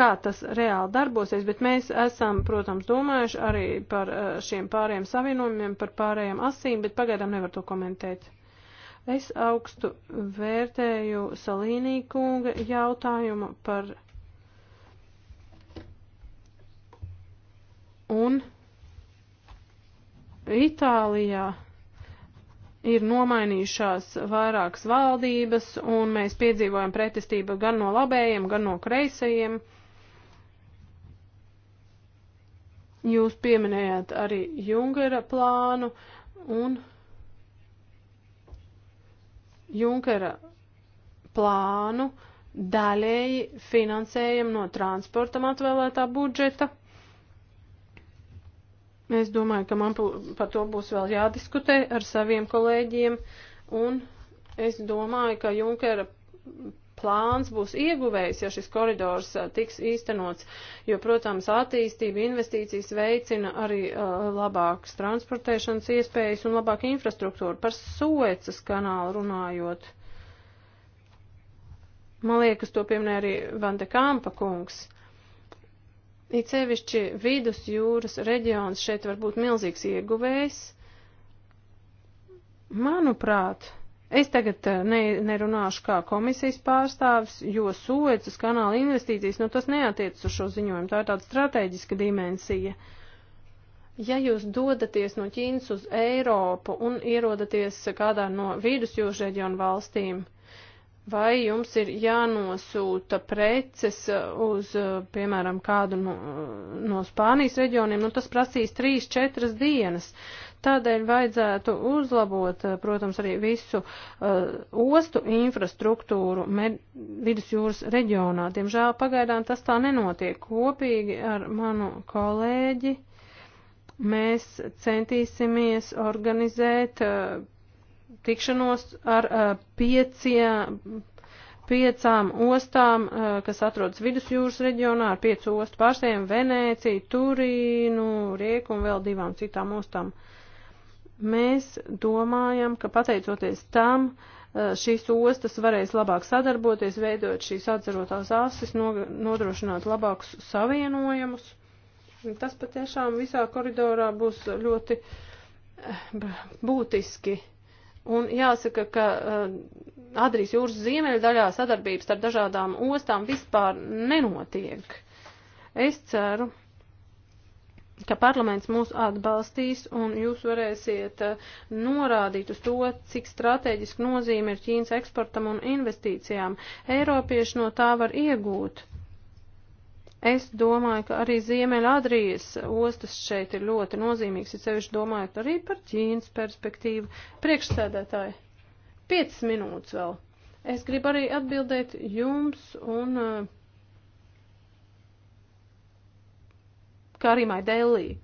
kā tas reāli darbosies, bet mēs esam, protams, domājuši arī par uh, šiem pārējiem savienojumiem, par pārējiem asīm, bet pagaidām nevar to komentēt. Es augstu vērtēju Salīnī kunga jautājumu par un Itālijā ir nomainījušās vairākas valdības, un mēs piedzīvojam pretestību gan no labējiem, gan no kreisajiem. Jūs pieminējāt arī Jungera plānu, un Junkera plānu daļēji finansējam no transportam atvēlētā budžeta. Es domāju, ka man par to būs vēl jādiskutē ar saviem kolēģiem, un es domāju, ka Junkera plāns būs ieguvējs, ja šis koridors uh, tiks īstenots, jo, protams, attīstība investīcijas veicina arī uh, labākas transportēšanas iespējas un labāku infrastruktūru. Par Suecas kanālu runājot, man liekas, to pieminē arī Vande Kampa kungs. It sevišķi vidus jūras reģions šeit var būt milzīgs ieguvējs. Manuprāt, Es tagad eh, ne, nerunāšu kā komisijas pārstāvis, jo Suecas kanāla investīcijas, nu tas neatiec uz šo ziņojumu, tā ir tāda strateģiska dimensija. Ja jūs dodaties no Ķīnas uz Eiropu un ierodaties kādā no vidusjūžu reģionu valstīm, vai jums ir jānosūta preces uz, eh, piemēram, kādu no, no Spānijas reģioniem, nu tas prasīs 3-4 dienas. Uh, Tādēļ vajadzētu uzlabot, eh, protams, arī visu uh, ostu infrastruktūru vidusjūras reģionā. Diemžēl pagaidām tas tā nenotiek. Kopīgi ar manu kolēģi mēs centīsimies organizēt uh, tikšanos ar uh, pieciem piecām ostām, kas atrodas vidusjūras reģionā, ar piecu ostu pārstāvjiem - Venēciju, Turīnu, Rieku un vēl divām citām ostām. Uh, Mēs domājam, ka pateicoties tam, eh, šīs ostas varēs labāk sadarboties, veidot šīs atzarotās asis, nodrošināt labākus savienojumus. Tas patiešām visā koridorā būs ļoti eh, būtiski. Un jāsaka, ka uh, Adrijas jūras ziemeļdaļā sadarbības starp dažādām ostām vispār nenotiek. Es ceru, ka parlaments mūs atbalstīs un jūs varēsiet eh, norādīt uz to, cik strateģiski nozīme ir Ķīnas eksportam un investīcijām. Eiropieši no tā var iegūt. Es domāju, ka arī Ziemeļadrijas ostas šeit ir ļoti nozīmīgs, ja sevišķi domājot arī par Ķīnas perspektīvu. Priekšsēdētāji, 5 minūtes vēl. Es gribu arī atbildēt jums un eh, Karimai Delī.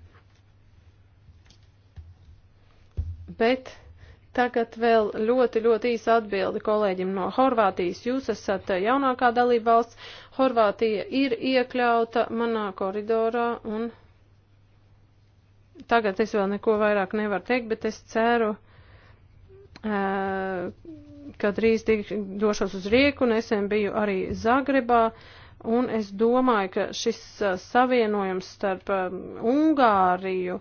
Bet Tagad vēl ļoti, ļoti īsa atbildi kolēģim no Horvātijas. Jūs esat jaunākā dalība valsts. Horvātija ir iekļauta manā koridorā un tagad es vēl neko vairāk nevaru teikt, bet es ceru, ka drīz došos uz Rieku un es biju arī Zagrebā. Uh, Un es domāju, ka šis uh, savienojums starp um, Ungāriju,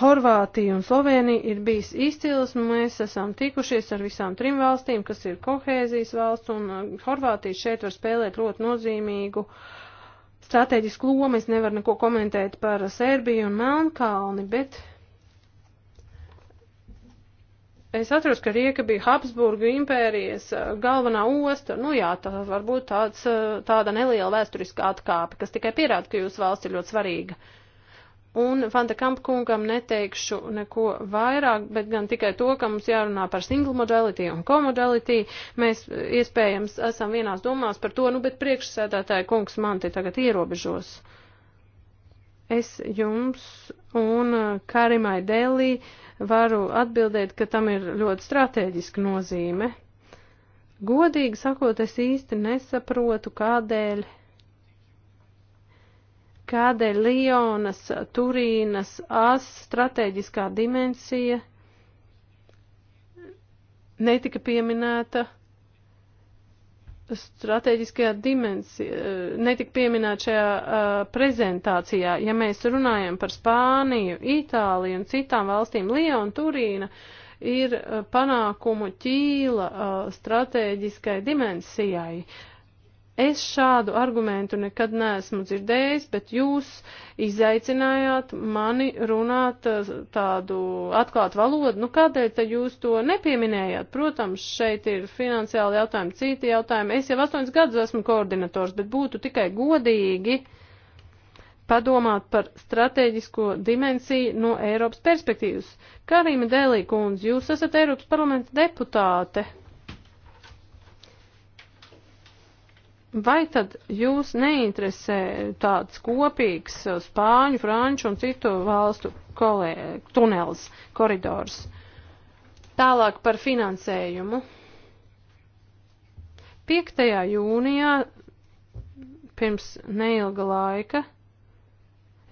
Horvātiju un Sloveniju ir bijis izcils. Mēs esam tikušies ar visām trim valstīm, kas ir kohēzijas valsts, un uh, Horvātija šeit var spēlēt ļoti nozīmīgu strateģisku lomu. Es nevaru neko komentēt par Serbiju un Melnkalni, bet Es atceros, ka Rieka bija Habsburgu impērijas eh, galvenā osta. Nu jā, tā varbūt tāds, eh, tāda neliela vēsturiska atkāpe, kas tikai pierāda, ka jūsu valsts ir ļoti svarīga. Un Fanta Kampkungam neteikšu neko vairāk, bet gan tikai to, ka mums jārunā par single modality un comodality. Mēs eh, iespējams esam vienās domās par to, nu bet priekšsēdētāja kungs man te tagad ierobežos. Uh, es jums un uh, Karimai Delī varu atbildēt, ka tam ir ļoti strateģiska nozīme. Godīgi sakot, es īsti nesaprotu, kādēļ, kādēļ Lionas, Turīnas, As strateģiskā dimensija netika pieminēta strateģiskajā dimensijā, eh, netika pieminēt šajā uh, prezentācijā, ja mēs runājam par Spāniju, Itāliju un citām valstīm, Lija un Turīna ir uh, panākumu ķīla uh, strateģiskai dimensijai. Uh, Es šādu argumentu nekad neesmu dzirdējis, bet jūs izaicinājāt mani runāt eh, tādu atklātu valodu. Nu, kādēļ tad jūs to nepieminējāt? Protams, šeit ir finansiāli jautājumi, citi jautājumi. Es jau astoņas gadus esmu koordinators, bet būtu tikai godīgi padomāt par strateģisko dimensiju no Eiropas perspektīvas. Karīma Delī kundze, jūs esat Eiropas parlamenta deputāte. Vai tad jūs neinteresē tāds kopīgs uh, spāņu, franču un citu valstu kolē, tunels, koridors? Tālāk par finansējumu. 5. jūnijā pirms neilga laika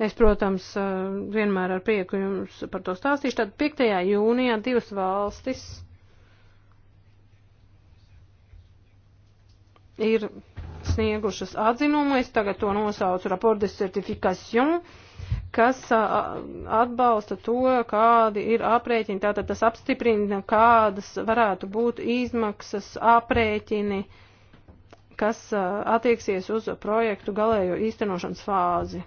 Es, protams, uh, vienmēr ar prieku jums par to stāstīšu. Tad 5. jūnijā divas valstis ir sniegušas atzinumu, es tagad to nosaucu rapport de certification, kas atbalsta to, kādi ir aprēķini, tātad tas apstiprina, kādas varētu būt izmaksas aprēķini, kas attieksies uz projektu galējo īstenošanas fāzi.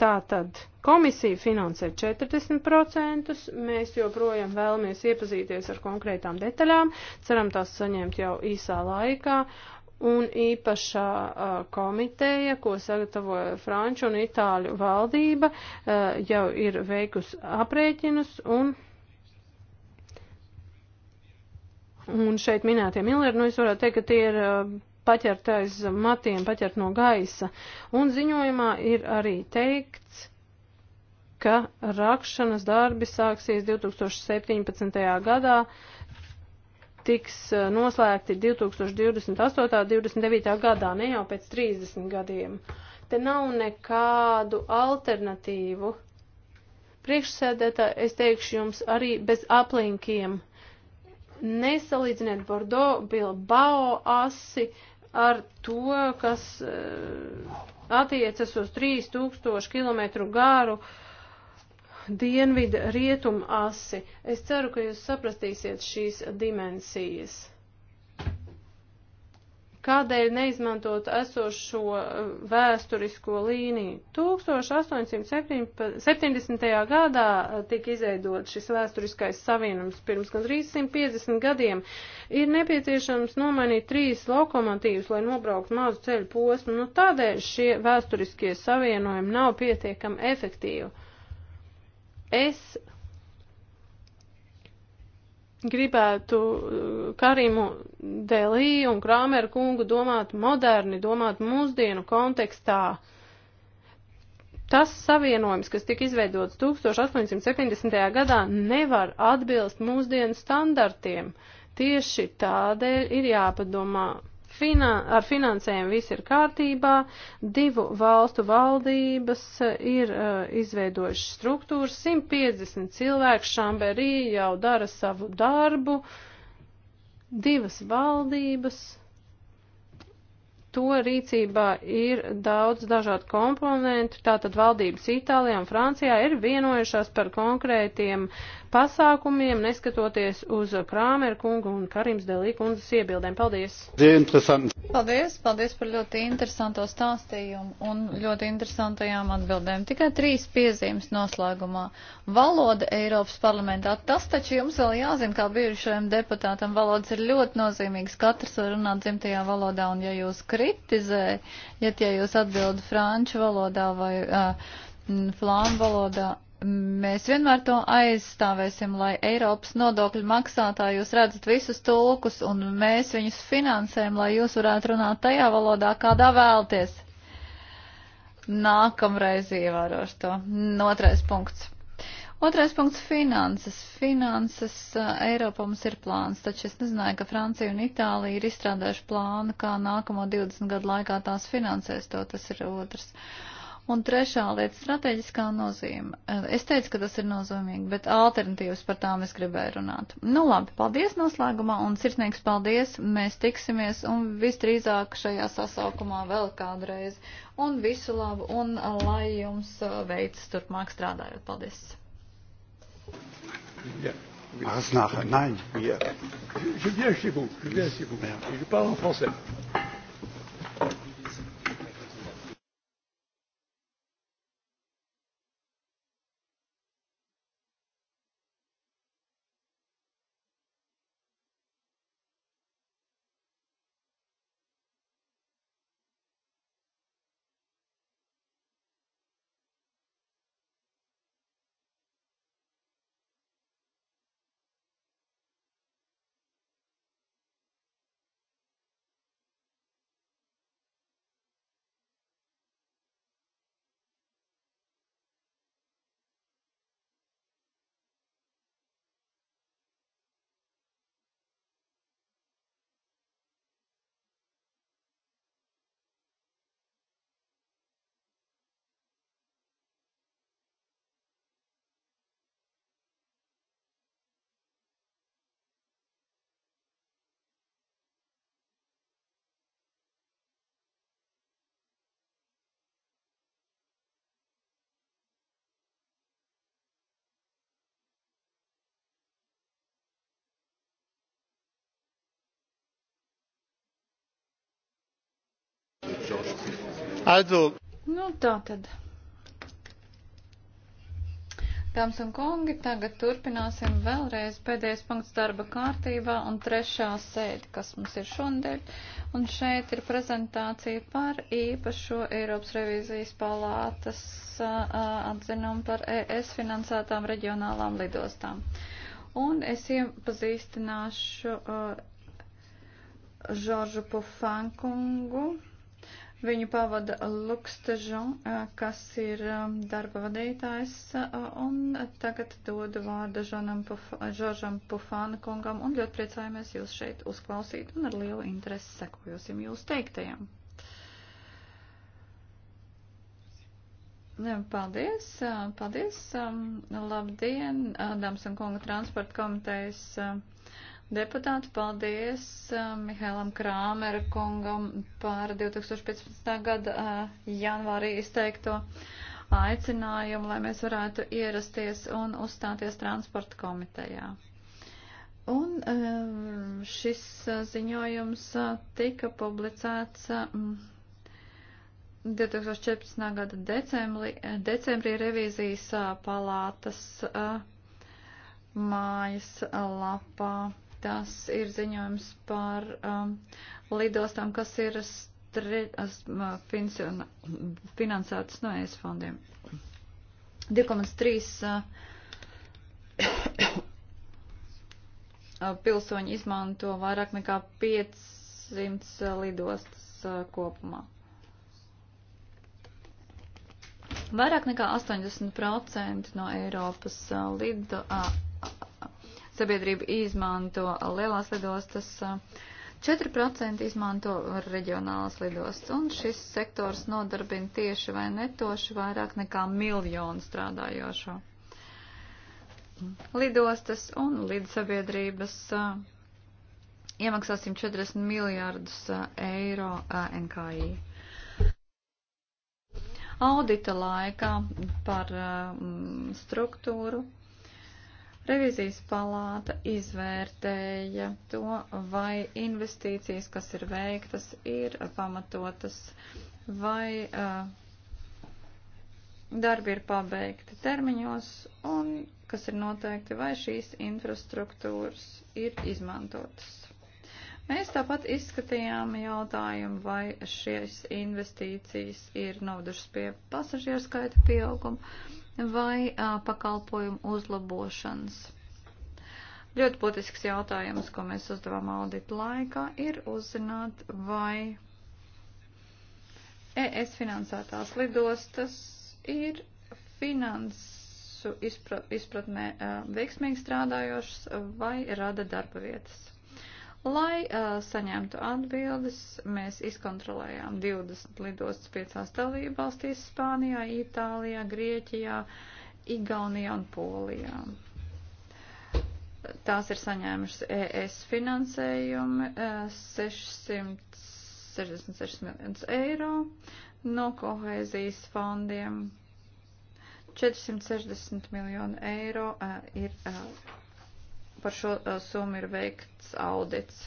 Tātad komisija finansē 40%, mēs joprojām vēlamies iepazīties ar konkrētām detaļām, ceram tās saņemt jau īsā laikā, un īpašā uh, komiteja, ko sagatavoja Franču un Itāļu valdība, uh, jau ir veikus aprēķinus un. Un šeit minētie miljardi, nu es varētu teikt, ka tie ir uh, paķert aiz matiem, paķert no gaisa. Un ziņojumā ir arī teikts, ka rakšanas darbi sāksies 2017. gadā. Uh, tiks eh, noslēgti 2028. 29. gadā, ne jau pēc 30 gadiem. Te nav nekādu alternatīvu. Priekšsēdētā es teikšu jums arī bez aplinkiem. Nesalīdziniet Bordeaux, Bilbao asi ar to, kas uh, attiecas uz 3000 km garu uh, dienvida rietum asi. Es ceru, ka jūs saprastīsiet šīs dimensijas. Kādēļ neizmantot esošo eh, vēsturisko līniju? 1870. gadā eh, tika izveidot šis vēsturiskais savienums pirms gandrīz 150 gadiem. Ir nepieciešams nomainīt trīs lokomotīvas, lai nobrauktu mazu ceļu posmu, nu tādēļ šie vēsturiskie savienojumi nav pietiekami efektīvi. Es gribētu uh, Karimu Delī un Krāmeru kungu domāt moderni, domāt mūsdienu kontekstā. Tas savienojums, kas tika izveidots 1870. gadā, nevar atbilst mūsdienu standartiem. Tieši tādēļ ir jāpadomā finan ar finansēm viss ir kārtībā, divu valstu valdības ir uh, izveidojušas struktūras, 150 cilvēku Šamberī jau dara savu darbu, divas valdības to rīcībā ir daudz dažādu komponentu, tātad valdības Itālijā un Francijā ir vienojušās par konkrētiem pasākumiem, neskatoties uz Krāmer kungu un Karims Delī kundzes iebildēm. Paldies! Paldies! Paldies par ļoti interesanto stāstījumu un ļoti interesantajām atbildēm. Tikai trīs piezīmes noslēgumā. Valoda Eiropas parlamentā. Tas taču jums vēl jāzina, kā bijušajam deputātam. Valodas ir ļoti nozīmīgas. Katrs var runāt dzimtajā valodā un ja jūs kritizē, ja, ja jūs atbildi franču valodā vai uh, flānu valodā, Mēs vienmēr to aizstāvēsim, lai Eiropas nodokļu maksātāji jūs redzat visus tulkus, un mēs viņus finansējam, lai jūs varētu runāt tajā valodā, kādā vēlties. Nākamreiz ievērošu to. Otrais punkts. Otrais punkts - finanses. Finanses eh, Eiropā mums ir plāns, taču es nezināju, ka Francija un Itālija ir izstrādājuši plānu, kā nākamo 20 gadu laikā tās finansēs to. Tas ir otrs. Uh, Un trešā lieta - strateģiskā nozīme. Es teicu, ka tas ir nozīmīgi, bet alternatīvas par tām es gribēju runāt. Nu labi, paldies noslēgumā un sirsnīgs paldies. Mēs tiksimies un visdrīzāk šajā sasaukumā vēl kādreiz. Un visu labu un lai jums veicas turpmāk strādājot. Paldies! Yeah. Ars nachher. Nein, wir. Je viens chez vous, je viens chez vous. Je parle en français. Also. Nu, tā tad. Dāmas un kungi, tagad turpināsim vēlreiz pēdējais punkts darba kārtībā un trešā sēde, kas mums ir šonadēļ. Un šeit ir prezentācija par īpašo Eiropas revīzijas palātas atzinumu par ES finansētām reģionālām lidostām. Un es iepazīstināšu uh, Žoržu Pufankungu Viņu pavada Luks Težon, kas ir darba vadītājs, un tagad dodu vārdu Žoržam Pufāna kungam, un ļoti priecājamies jūs šeit uzklausīt, un ar lielu interesi sekojosim jūs teiktajam. Paldies, paldies, labdien, dāmas un kunga transporta komitejas deputāti, paldies uh, Mihēlam Krāmera kungam par 2015. gada uh, janvārī izteikto aicinājumu, lai mēs varētu ierasties un uzstāties transporta komitejā. Un um, uh, šis ziņojums uh, tika publicēts 2014. Um, gada decembrī, uh, decembrī revīzijas uh, palātas mājas lapā. Tas ir ziņojums par um, lidostām, kas ir stre, as, fins, finansētas no ES fondiem. 2,3 uh, pilsoņi izmanto vairāk nekā 500 uh, lidostas uh, kopumā. Vairāk nekā 80% no Eiropas uh, lido, uh, sabiedrība izmanto lielās lidostas, 4% izmanto reģionālas lidostas, un šis sektors nodarbina tieši vai netoši vairāk nekā miljonu strādājošo. Lidostas un lidsabiedrības eh, iemaksāsim 40 miljārdus eh, eiro eh, NKI audita laikā par um, struktūru Revizijas palāta izvērtēja to, vai investīcijas, kas ir veiktas, ir pamatotas, vai uh, darbi ir pabeigti termiņos un, kas ir noteikti, vai šīs infrastruktūras ir izmantotas. Mēs tāpat izskatījām jautājumu, vai šīs investīcijas ir novedušas pie pasažieru skaita pieauguma vai pakalpojumu uzlabošanas. Ļoti būtisks jautājums, ko mēs uzdevām audita laikā, ir uzzināt, vai ES finansētās lidostas ir finansu izpratnē veiksmīgi strādājošas vai rada darba vietas. Lai uh, saņemtu atbildes, mēs izkontrolējām 20 lidostas piecās dalībvalstīs - Spānijā, Itālijā, Grieķijā, Igaunijā un Polijā. Tās ir saņēmušas ES finansējumi uh, 666 miljonus eiro no kohēzijas fondiem. 460 miljonu eiro uh, ir uh, par šo eh, summu ir veikts audits.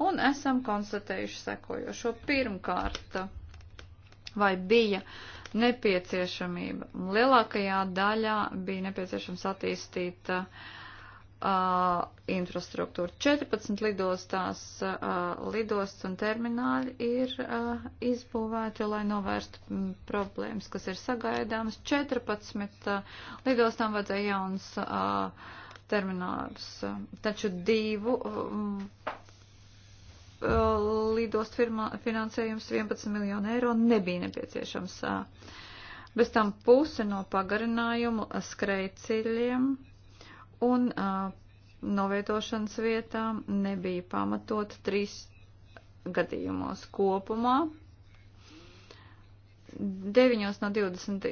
Un esam konstatējuši sekojošo. Pirmkārt, vai bija nepieciešamība? Lielākajā daļā bija nepieciešams attīstīt uh, infrastruktūru. 14 lidostās uh, eh, lidostas un termināļi ir uh, izbūvēti, lai novērstu problēmas, kas ir sagaidāmas. 14 uh, lidostām vajadzēja jauns. Uh, terminālus. Taču divu um, uh, lidostu finansējums 11 miljonu eiro nebija nepieciešams. Uh, bez tam puse no pagarinājumu uh, skrejceļiem un novietošanas vietām nebija pamatot trīs gadījumos kopumā Deviņos no 20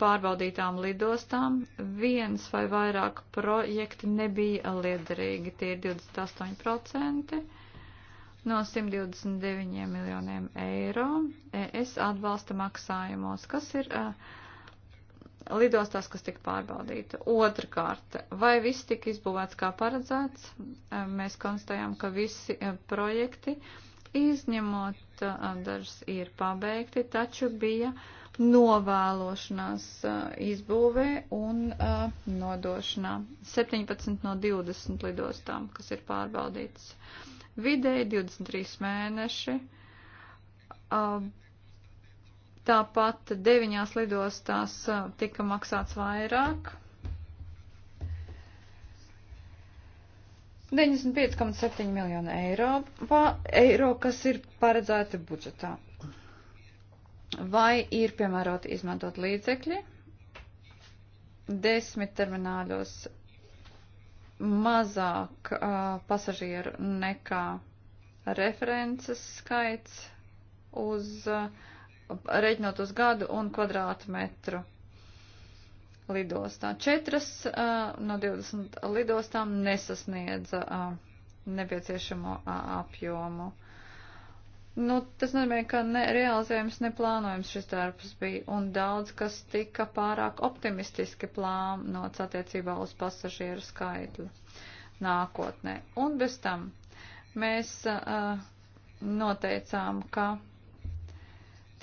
pārbaudītām lidostām viens vai vairāk projekti nebija liederīgi, tie ir 28% no 129 miljoniem eiro. Es atbalsta maksājumos, kas ir uh, lidostās, kas tika pārbaudīta. Otrakārt, vai viss tika izbūvēts kā paredzēts? Mēs konstatējām, ka visi projekti izņemot dažas ir pabeigti, taču bija novēlošanās izbūvē un nodošanā. 17 no 20 lidostām, kas ir pārbaudīts. Vidēji 23 mēneši. Tāpat deviņās lidostās tika maksāts vairāk 95,7 miljonu eiro, pa, eiro, kas ir paredzēti budžetā. Vai ir piemēroti izmantot līdzekļi desmit termināļos mazāk uh, pasažieru nekā references skaits uz, uh, reģinot uz gadu un kvadrātmetru? lidostā. Četras uh, no 20 lidostām nesasniedza uh, nepieciešamo uh, apjomu. Nu, tas nozīmē, ka ne realizējums, ne plānojums šis darbs bija, un daudz kas tika pārāk optimistiski plānots attiecībā uz pasažieru skaitli nākotnē. Un bez tam mēs uh, noteicām, ka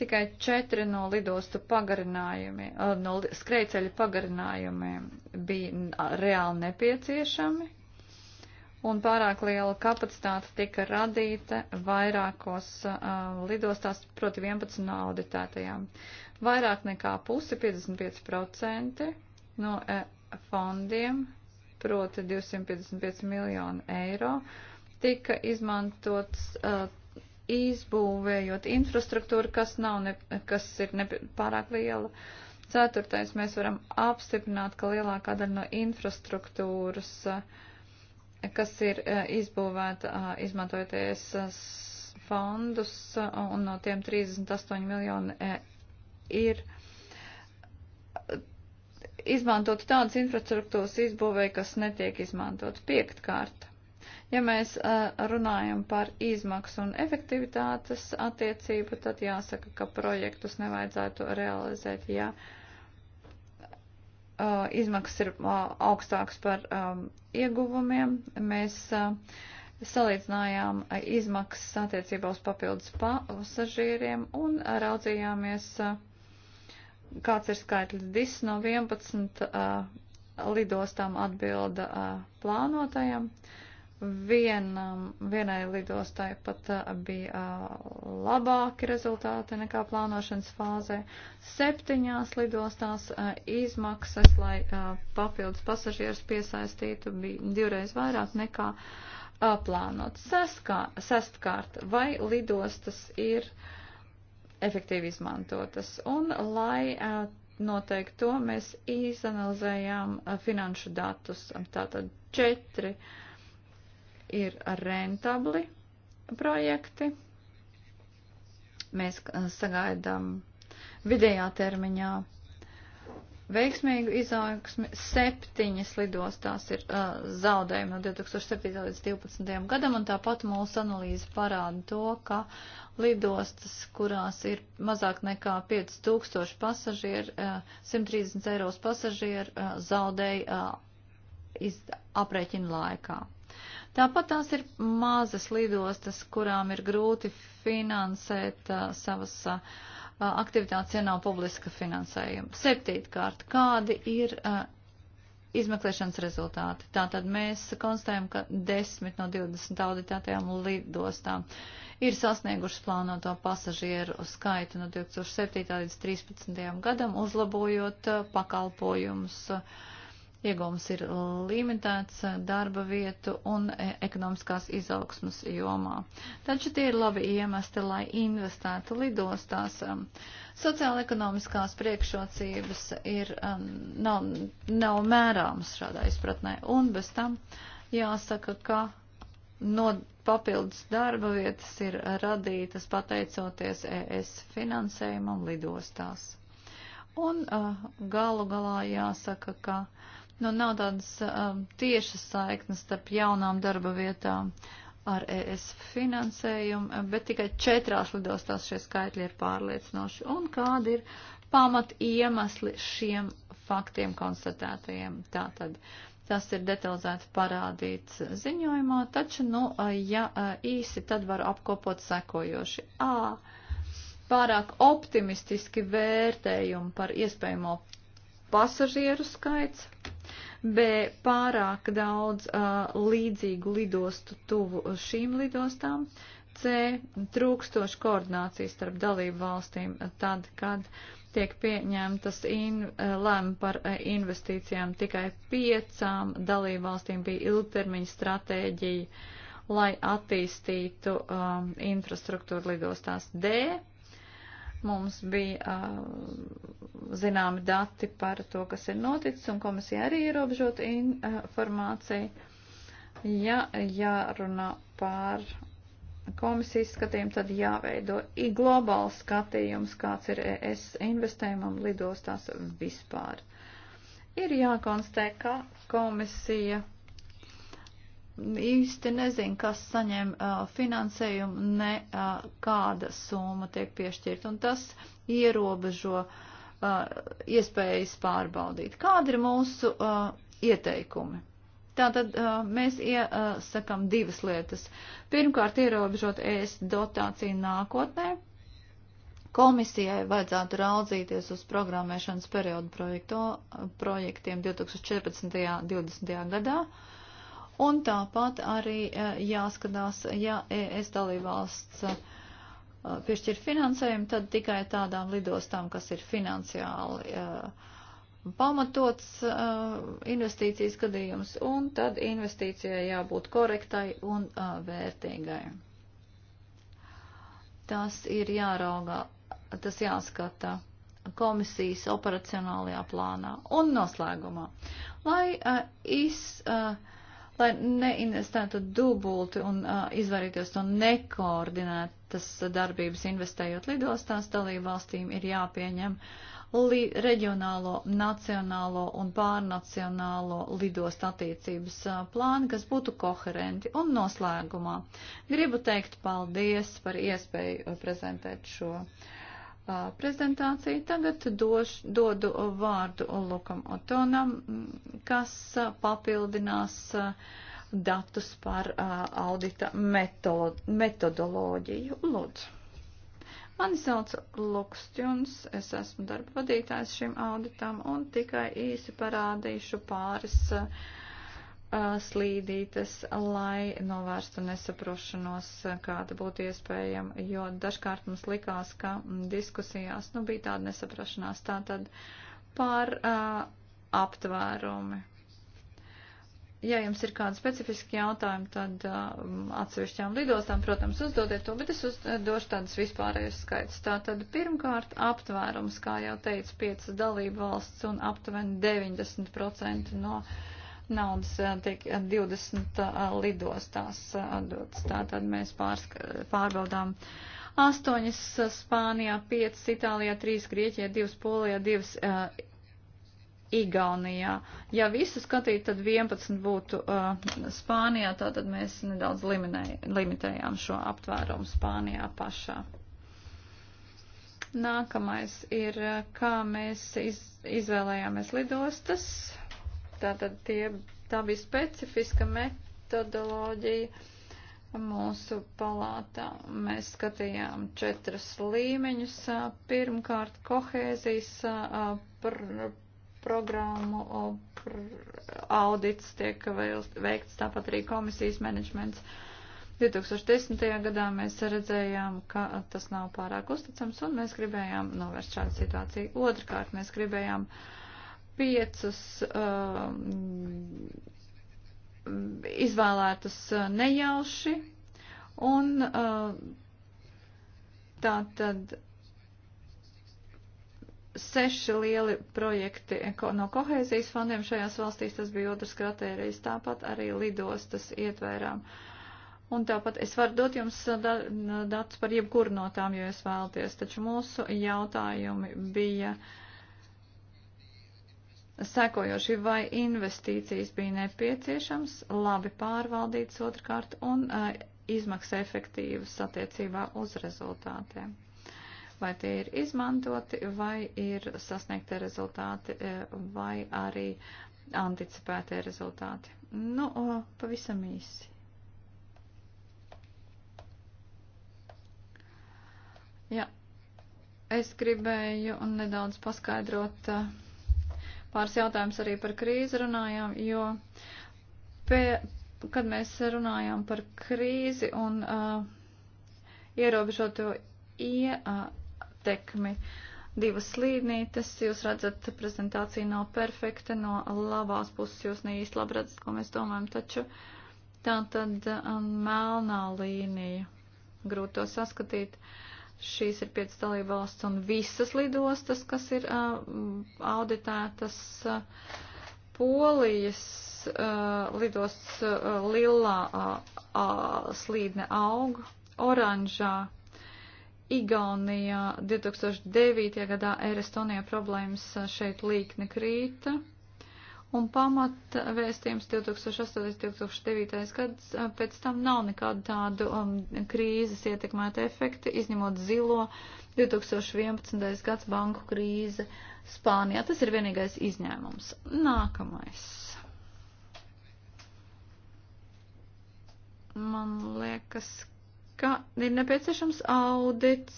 Tikai četri no lidostu pagarinājumi, eh, no skrejceļa pagarinājumi bija reāli nepieciešami, un pārāk liela kapacitāte tika radīta vairākos uh, lidostās, proti 11 no auditētajām. Vairāk nekā pusi, 55% no uh, fondiem, proti 255 miljonu eiro, tika izmantots uh, izbūvējot infrastruktūru, kas, nav ne, kas ir ne, pārāk liela. Ceturtais, mēs varam apstiprināt, ka lielākā daļa no infrastruktūras, eh, kas ir eh, izbūvēta, eh, izmantojoties fondus, un no tiem 38 miljoni ir izmantot tādas infrastruktūras izbūvē, kas netiek izmantot. Piektkārt Ja mēs runājam par izmaksu un efektivitātes attiecību, tad jāsaka, ka projektus nevajadzētu realizēt, ja izmaksas ir augstāks par ieguvumiem. Mēs salīdzinājām izmaksas attiecībā uz papildus pasažieriem un raudzījāmies, kāds ir skaitlis dis no 11 lidostām atbilda plānotajam. Uh, vienam, vienai lidostai pat uh, bija uh, labāki rezultāti nekā plānošanas fāzē. Septiņās lidostās uh, izmaksas, lai papildus pasažierus piesaistītu, bija divreiz vairāk nekā plānot. Sestkā, sestkārt, vai lidostas ir efektīvi izmantotas? Un lai noteikti to mēs izanalizējām finanšu datus, tātad četri. Uh, ir rentabli projekti. Mēs eh, sagaidām vidējā termiņā veiksmīgu izaugsmi. Septiņas lidostās ir uh, zaudējumi no 2007. līdz 2012. gadam, un tāpat mūsu analīze parāda to, ka lidostas, kurās ir mazāk nekā 5000 pasažieru, uh, 130 eiros pasažieru uh, eh, zaudēja uh, aprēķina laikā. Tāpat tās ir mazas lidostas, kurām ir grūti finansēt uh, savas uh, aktivitātes, ja nav publiska finansējuma. Septītkārt, kādi ir uh, izmeklēšanas rezultāti. Tātad mēs konstatējam, ka 10 no 20 auditētajām lidostām ir sasniegušas plānoto pasažieru skaitu no 2007. līdz 2013. gadam, uzlabojot pakalpojumus. Uh, Iegums ir limitēts darba vietu un e, ekonomiskās izaugsmas jomā. Taču tie ir labi iemesti, lai investētu lidostās. Um, Sociāla-ekonomiskās priekšrocības ir, um, nav, nav mērāmas šādā izpratnē. Un bez tam jāsaka, ka no papildus darba vietas ir radītas pateicoties ES finansējumam lidostās. Un uh, galu galā jāsaka, ka Nu, nav tādas um, tiešas saiknes starp jaunām darba vietām ar ES finansējumu, eh, bet tikai četrās lidostās šie skaitļi ir pārliecinoši. Un kādi ir pamat iemesli šiem faktiem konstatētajiem? Tātad. Tas ir detalizēti parādīts ziņojumā, taču, nu, ja īsi, tad var apkopot sekojoši. A. Pārāk optimistiski vērtējumi par iespējamo pasažieru skaits. B. Pārāk daudz uh, līdzīgu lidostu tuvu šīm lidostām. C. Trūkstoši koordinācijas starp dalību valstīm tad, kad tiek pieņemtas in, lēma par investīcijām tikai piecām dalību valstīm bija ilgtermiņa stratēģija, lai attīstītu um, infrastruktūru lidostās. D Mums bija uh, zināmi dati par to, kas ir noticis, un komisija arī ierobežota informācija. Ja jārunā par komisijas skatījumu, tad jāveido i globāls skatījums, kāds ir ES investējumam lidostās vispār. Ir jākonstatē, ka komisija īsti nezinu, kas saņem uh, finansējumu, ne uh, kāda summa tiek piešķirta, un tas ierobežo uh, iespējas pārbaudīt. Kādi ir mūsu uh, ieteikumi? Tātad uh, mēs iesakam divas lietas. Pirmkārt, ierobežot ES dotāciju nākotnē. Komisijai vajadzētu raudzīties uz programmēšanas periodu projekto, projektiem 2014. un 2020. gadā. Uh, Un tāpat arī e, jāskatās, ja es dalībvalsts e, piešķir finansējumu, tad tikai tādām lidostām, kas ir finansiāli e, pamatots investīcijas gadījums, un tad investīcijai jābūt korektai un vērtīgai. Tas ir jāraugā, tas jāskata komisijas operacionālajā plānā un noslēgumā. Lai uh, iz, uh, lai neinvestētu dubulti un uh, izvairīties no nekoordinētas darbības investējot lidostās, dalību valstīm ir jāpieņem li reģionālo, nacionālo un pārnacionālo lidostu attīstības uh, plāni, kas būtu koherenti un noslēgumā. Gribu teikt paldies par iespēju prezentēt šo uh, prezentāciju. Tagad doš, dodu vārdu Lukam Otonam, kas papildinās datus par audita metodoloģiju. Lūdzu. Mani sauc Luks Tjuns, es esmu darba vadītājs šim auditam un tikai īsi parādīšu pāris uh, slīdītas, lai novērstu nesaprošanos, kāda būtu iespējama, jo dažkārt mums likās, ka diskusijās nu, bija tāda nesaprašanās tātad par uh, aptvērumi. Ja jums ir kādi specifiski jautājumi, tad uh, atsevišķām lidostām, protams, uzdodiet to, bet es uzdošu tādus vispārējus skaidrs. Tātad pirmkārt aptvērums, kā jau teicu, piecas dalību valsts un aptuveni 90% no uh, naudas eh, tiek 20 eh, eh, lidostās dots. Tātad mēs pārska, pārbaudām 8 Spānijā, 5 Itālijā, 3 Grieķijā, 2 Polijā, 2 uh, Igaunijā. Ja visu skatītu, tad 11 būtu uh, Spānijā, tātad mēs nedaudz liminēj, limitējām šo aptvērumu Spānijā pašā. Nākamais ir, kā mēs iz, izvēlējāmies lidostas. Tātad tie, tā bija specifiska metodoloģija mūsu palātā. Mēs skatījām četras līmeņus. Pirmkārt, kohēzijas pr programmu pr audits tiek veikts, tāpat arī komisijas menedžments. 2010. gadā mēs redzējām, ka tas nav pārāk uzticams, un mēs gribējām novērst šādu situāciju. Otrkārt, mēs gribējām uh, piecas um, uh, izvēlētas nejauši, un uh, tā tad seši lieli projekti no kohēzijas fondiem šajās valstīs, tas bija otrs kratērijs, tāpat arī lidostas ietvērām. Un tāpat es varu dot jums uh, datus par jebkuru no tām, jo es vēlties, taču mūsu jautājumi bija. Uh, sekojoši, vai investīcijas bija nepieciešams, labi pārvaldīts otrkārt un uh, izmaksa efektīvas attiecībā uz rezultātiem. Vai tie ir izmantoti, vai ir sasniegtie rezultāti, eh, vai arī anticipētie rezultāti. Nu, o, pavisam īsi. Jā, es gribēju nedaudz paskaidrot. Uh, pāris jautājumus arī par krīzi runājām, jo pie, kad mēs runājām par krīzi un uh, ierobežoto ietekmi, divas slīdnītes, jūs redzat, prezentācija nav perfekta, no labās puses jūs ne īsti labi redzat, ko mēs domājam, taču tā tad um, melnā līnija, grūti to saskatīt. Uh, Šīs ir piecas dalība valsts un visas lidostas, kas ir uh, auditētas. Uh, Polijas uh, lidostas uh, lilā uh, uh, slīdne aug, oranžā Igaunijā 2009. gadā Erestonijā problēmas šeit līkne krīta. Un pamat vēstījums 2008-2009. gads pēc tam nav nekādu tādu um, krīzes ietekmēta efekta, izņemot zilo 2011. gads banku krīze Spānijā. Tas ir vienīgais izņēmums. Nākamais. Man liekas, ka ir nepieciešams audits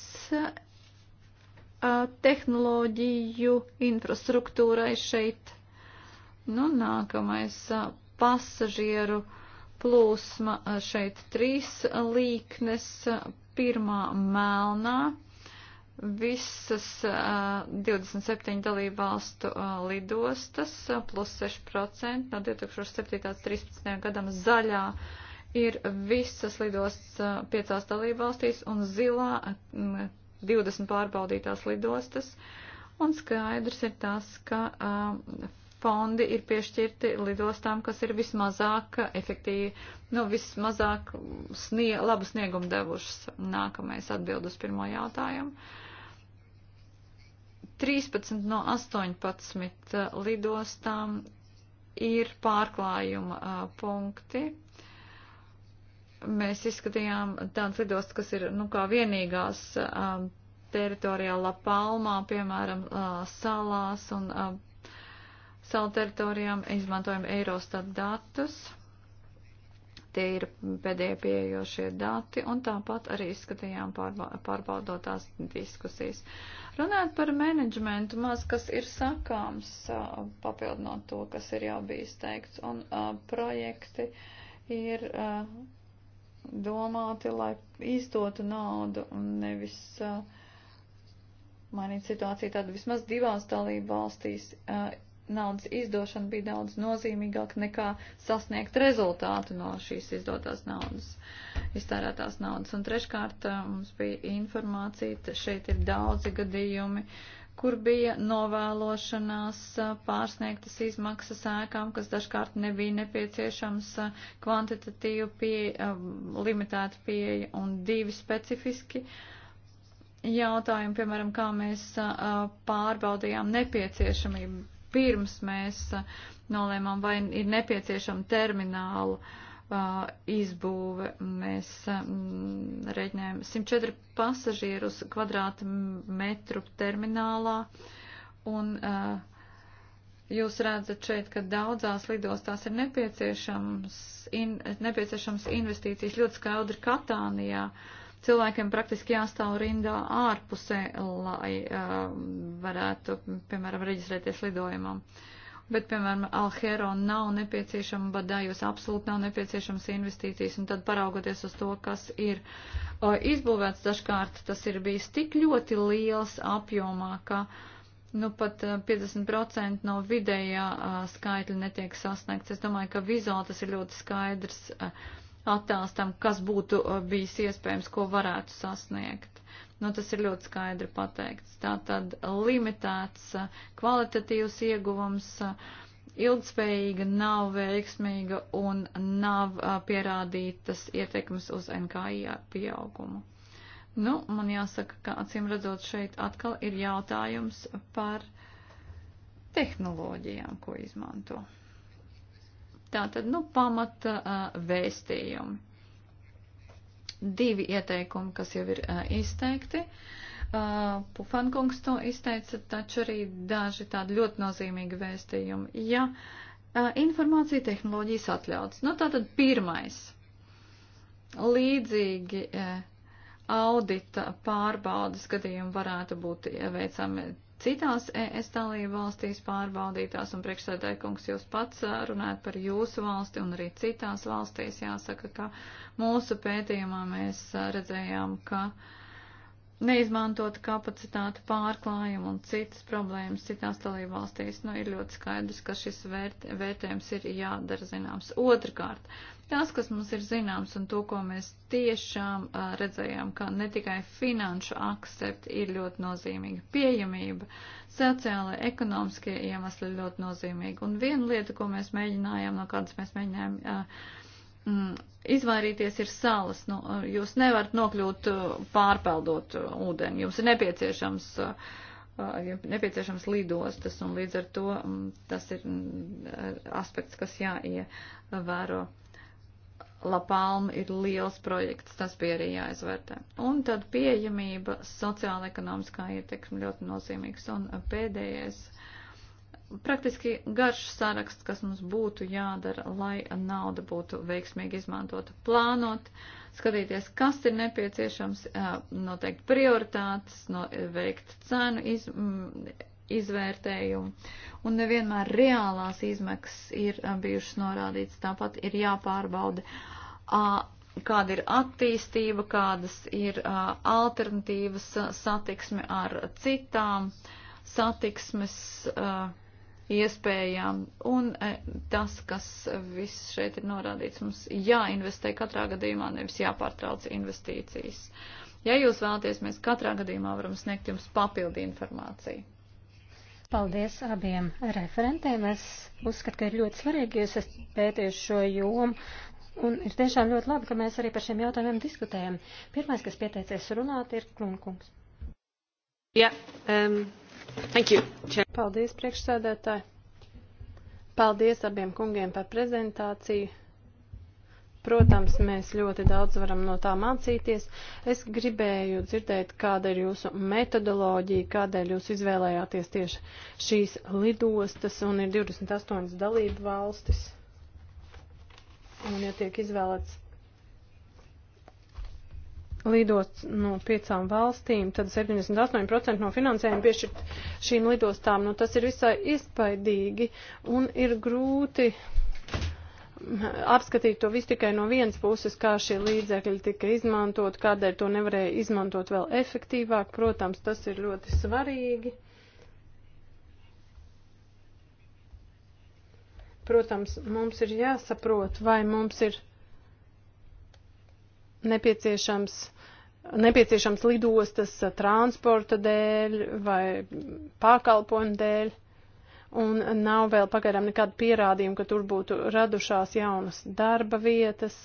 tehnoloģiju infrastruktūrai šeit Nu, nākamais pasažieru plūsma šeit trīs līknes. Pirmā melnā visas 27 dalībvalstu lidostas plus 6% no 2007. līdz 2013. gadam zaļā ir visas lidostas piecās dalībvalstīs un zilā 20 pārbaudītās lidostas. Un skaidrs ir tas, ka uh, fondi ir piešķirti lidostām, kas ir vismazāk efektīvi, nu, vismazāk snie, labu sniegumu devušas. Nākamais atbild uz pirmo jautājumu. 13 no 18 eh, lidostām ir pārklājuma eh, punkti. Mēs izskatījām tādas lidostas, kas ir, nu, kā vienīgās eh, teritorijā La Palmā, piemēram, salās un salu teritorijām, izmantojam Eurostat datus, tie ir pēdējie pieejošie dati, un tāpat arī izskatījām pārba pārbaudotās diskusijas. Runājot par menedžmentu, maz kas ir sakāms, papildinot to, kas ir jau bijis teikts, un uh, projekti ir. Uh, domāti, lai izdotu naudu un nevis uh, mainīt situāciju. Tad vismaz divās dalību valstīs uh, naudas izdošana bija daudz nozīmīgāk nekā sasniegt rezultātu no šīs izdotās naudas, iztērētās naudas. Un treškārt mums bija informācija, šeit ir daudzi gadījumi, kur bija novēlošanās pārsniegtas izmaksas ēkām, kas dažkārt nebija nepieciešams kvantitatīvu pieeja, limitētu pieeja un divi specifiski jautājumu, piemēram, kā mēs pārbaudījām nepieciešamību pirms mēs uh, nolēmām, vai ir nepieciešama terminālu uh, izbūve. Mēs uh, reiķinājām 104 pasažierus kvadrātmetru terminālā un uh, Jūs redzat šeit, ka daudzās lidostās ir nepieciešams, in, nepieciešams investīcijas ļoti skaudri Katānijā. Uh, cilvēkiem praktiski jāstāv rindā ārpusē, lai uh, varētu, piemēram, reģistrēties lidojumam. Bet, piemēram, Alhero nav nepieciešama, Badājus absolūti nav nepieciešamas investīcijas, un tad paraugoties uz to, kas ir uh, izbūvēts dažkārt, tas ir bijis tik ļoti liels apjomā, ka nu pat 50% eh, no vidējā uh, skaitļa netiek sasniegts. Es domāju, ka vizuāli tas ir ļoti skaidrs. Uh, attēlstam, kas būtu uh, bijis iespējams, ko varētu sasniegt. Nu, tas ir ļoti skaidri pateikts. Tā tad limitēts uh, kvalitatīvs ieguvums, uh, ilgspējīga nav veiksmīga un nav pierādītas ietekmes uz NKI pieaugumu. Nu, man jāsaka, ka acīm redzot šeit atkal ir jautājums par tehnoloģijām, ko izmanto. Tā tad, nu, pamata uh, vēstījumi. Divi ieteikumi, kas jau ir uh, izteikti. Uh, Pufankungs to izteica, taču arī daži tādi ļoti nozīmīgi vēstījumi. Ja uh, informācija tehnoloģijas atļauts. Nu, tā tad pirmais. Līdzīgi. Uh, audita pārbaudas gadījumi varētu būt veicami citās ES dalību valstīs pārbaudītās, un priekšsēdētāji kungs jūs pats runājat par jūsu valsti un arī citās valstīs jāsaka, ka mūsu pētījumā mēs redzējām, ka uh, neizmantot kapacitātu pārklājumu un citas problēmas citās dalībvalstīs, nu ir ļoti skaidrs, ka šis vērt, vērtējums ir jādara zināms. Otrakārt, tas, kas mums ir zināms un to, ko mēs tiešām uh, redzējām, ka ne tikai finanšu akcepti ir ļoti nozīmīga, pieejamība, sociālai, ekonomiskie iemesli ļoti nozīmīgi. Un viena lieta, ko mēs mēģinājām, no kādas mēs mēģinājām. Uh, mm, izvairīties ir salas. Nu, jūs nevarat nokļūt uh, pārpeldot uh, ūdeni. Jums ir nepieciešams, uh, nepieciešams lidostas, un līdz ar to mm, tas ir mm, aspekts, kas jāievēro. La Palma ir liels projekts, tas bija arī jāizvērtē. Un tad pieejamība, sociāla ekonomiskā ietekme ļoti nozīmīgs. Un pēdējais. Uh, praktiski garš saraksts, kas mums būtu jādara, lai nauda būtu veiksmīgi izmantota. Plānot, skatīties, kas ir nepieciešams, noteikt prioritātes, no, veikt cenu iz, izvērtējumu. Un nevienmēr reālās izmaksas ir bijušas norādītas. Tāpat ir jāpārbauda, kāda ir attīstība, kādas ir alternatīvas satiksme ar citām satiksmes. Uh, iespējām. Un e, tas, kas viss šeit ir norādīts, mums jāinvestē katrā gadījumā, nevis jāpārtrauc investīcijas. Ja jūs vēlaties, mēs katrā gadījumā varam sniegt jums papildi informāciju. Paldies abiem referentiem. Es uzskatu, ka ir ļoti svarīgi, jūs esat pētījis šo jomu Un ir tiešām ļoti labi, ka mēs arī par šiem jautājumiem diskutējam. Pirmais, kas pieteicies runāt, ir Klunkungs. Jā, yeah, um, Paldies, priekšsēdētāji. Paldies abiem kungiem par prezentāciju. Protams, mēs ļoti daudz varam no tā mācīties. Es gribēju dzirdēt, kāda ir jūsu metodoloģija, kādēļ jūs izvēlējāties tieši šīs lidostas un ir 28 dalību valstis. Un, ja tiek izvēlēts lidosts no nu, piecām valstīm, tad 78% no finansējuma piešķirt šīm lidostām. Nu, tas ir visai izpaidīgi un ir grūti apskatīt to visu tikai no vienas puses, kā šie līdzekļi tika izmantot, kādēļ to nevarēja izmantot vēl efektīvāk. Protams, tas ir ļoti svarīgi. Protams, mums ir jāsaprot, vai mums ir nepieciešams nepieciešams lidostas eh, transporta dēļ vai pārkalpojumu dēļ, un nav vēl pagaidām nekāda pierādījuma, ka tur būtu radušās jaunas darba vietas.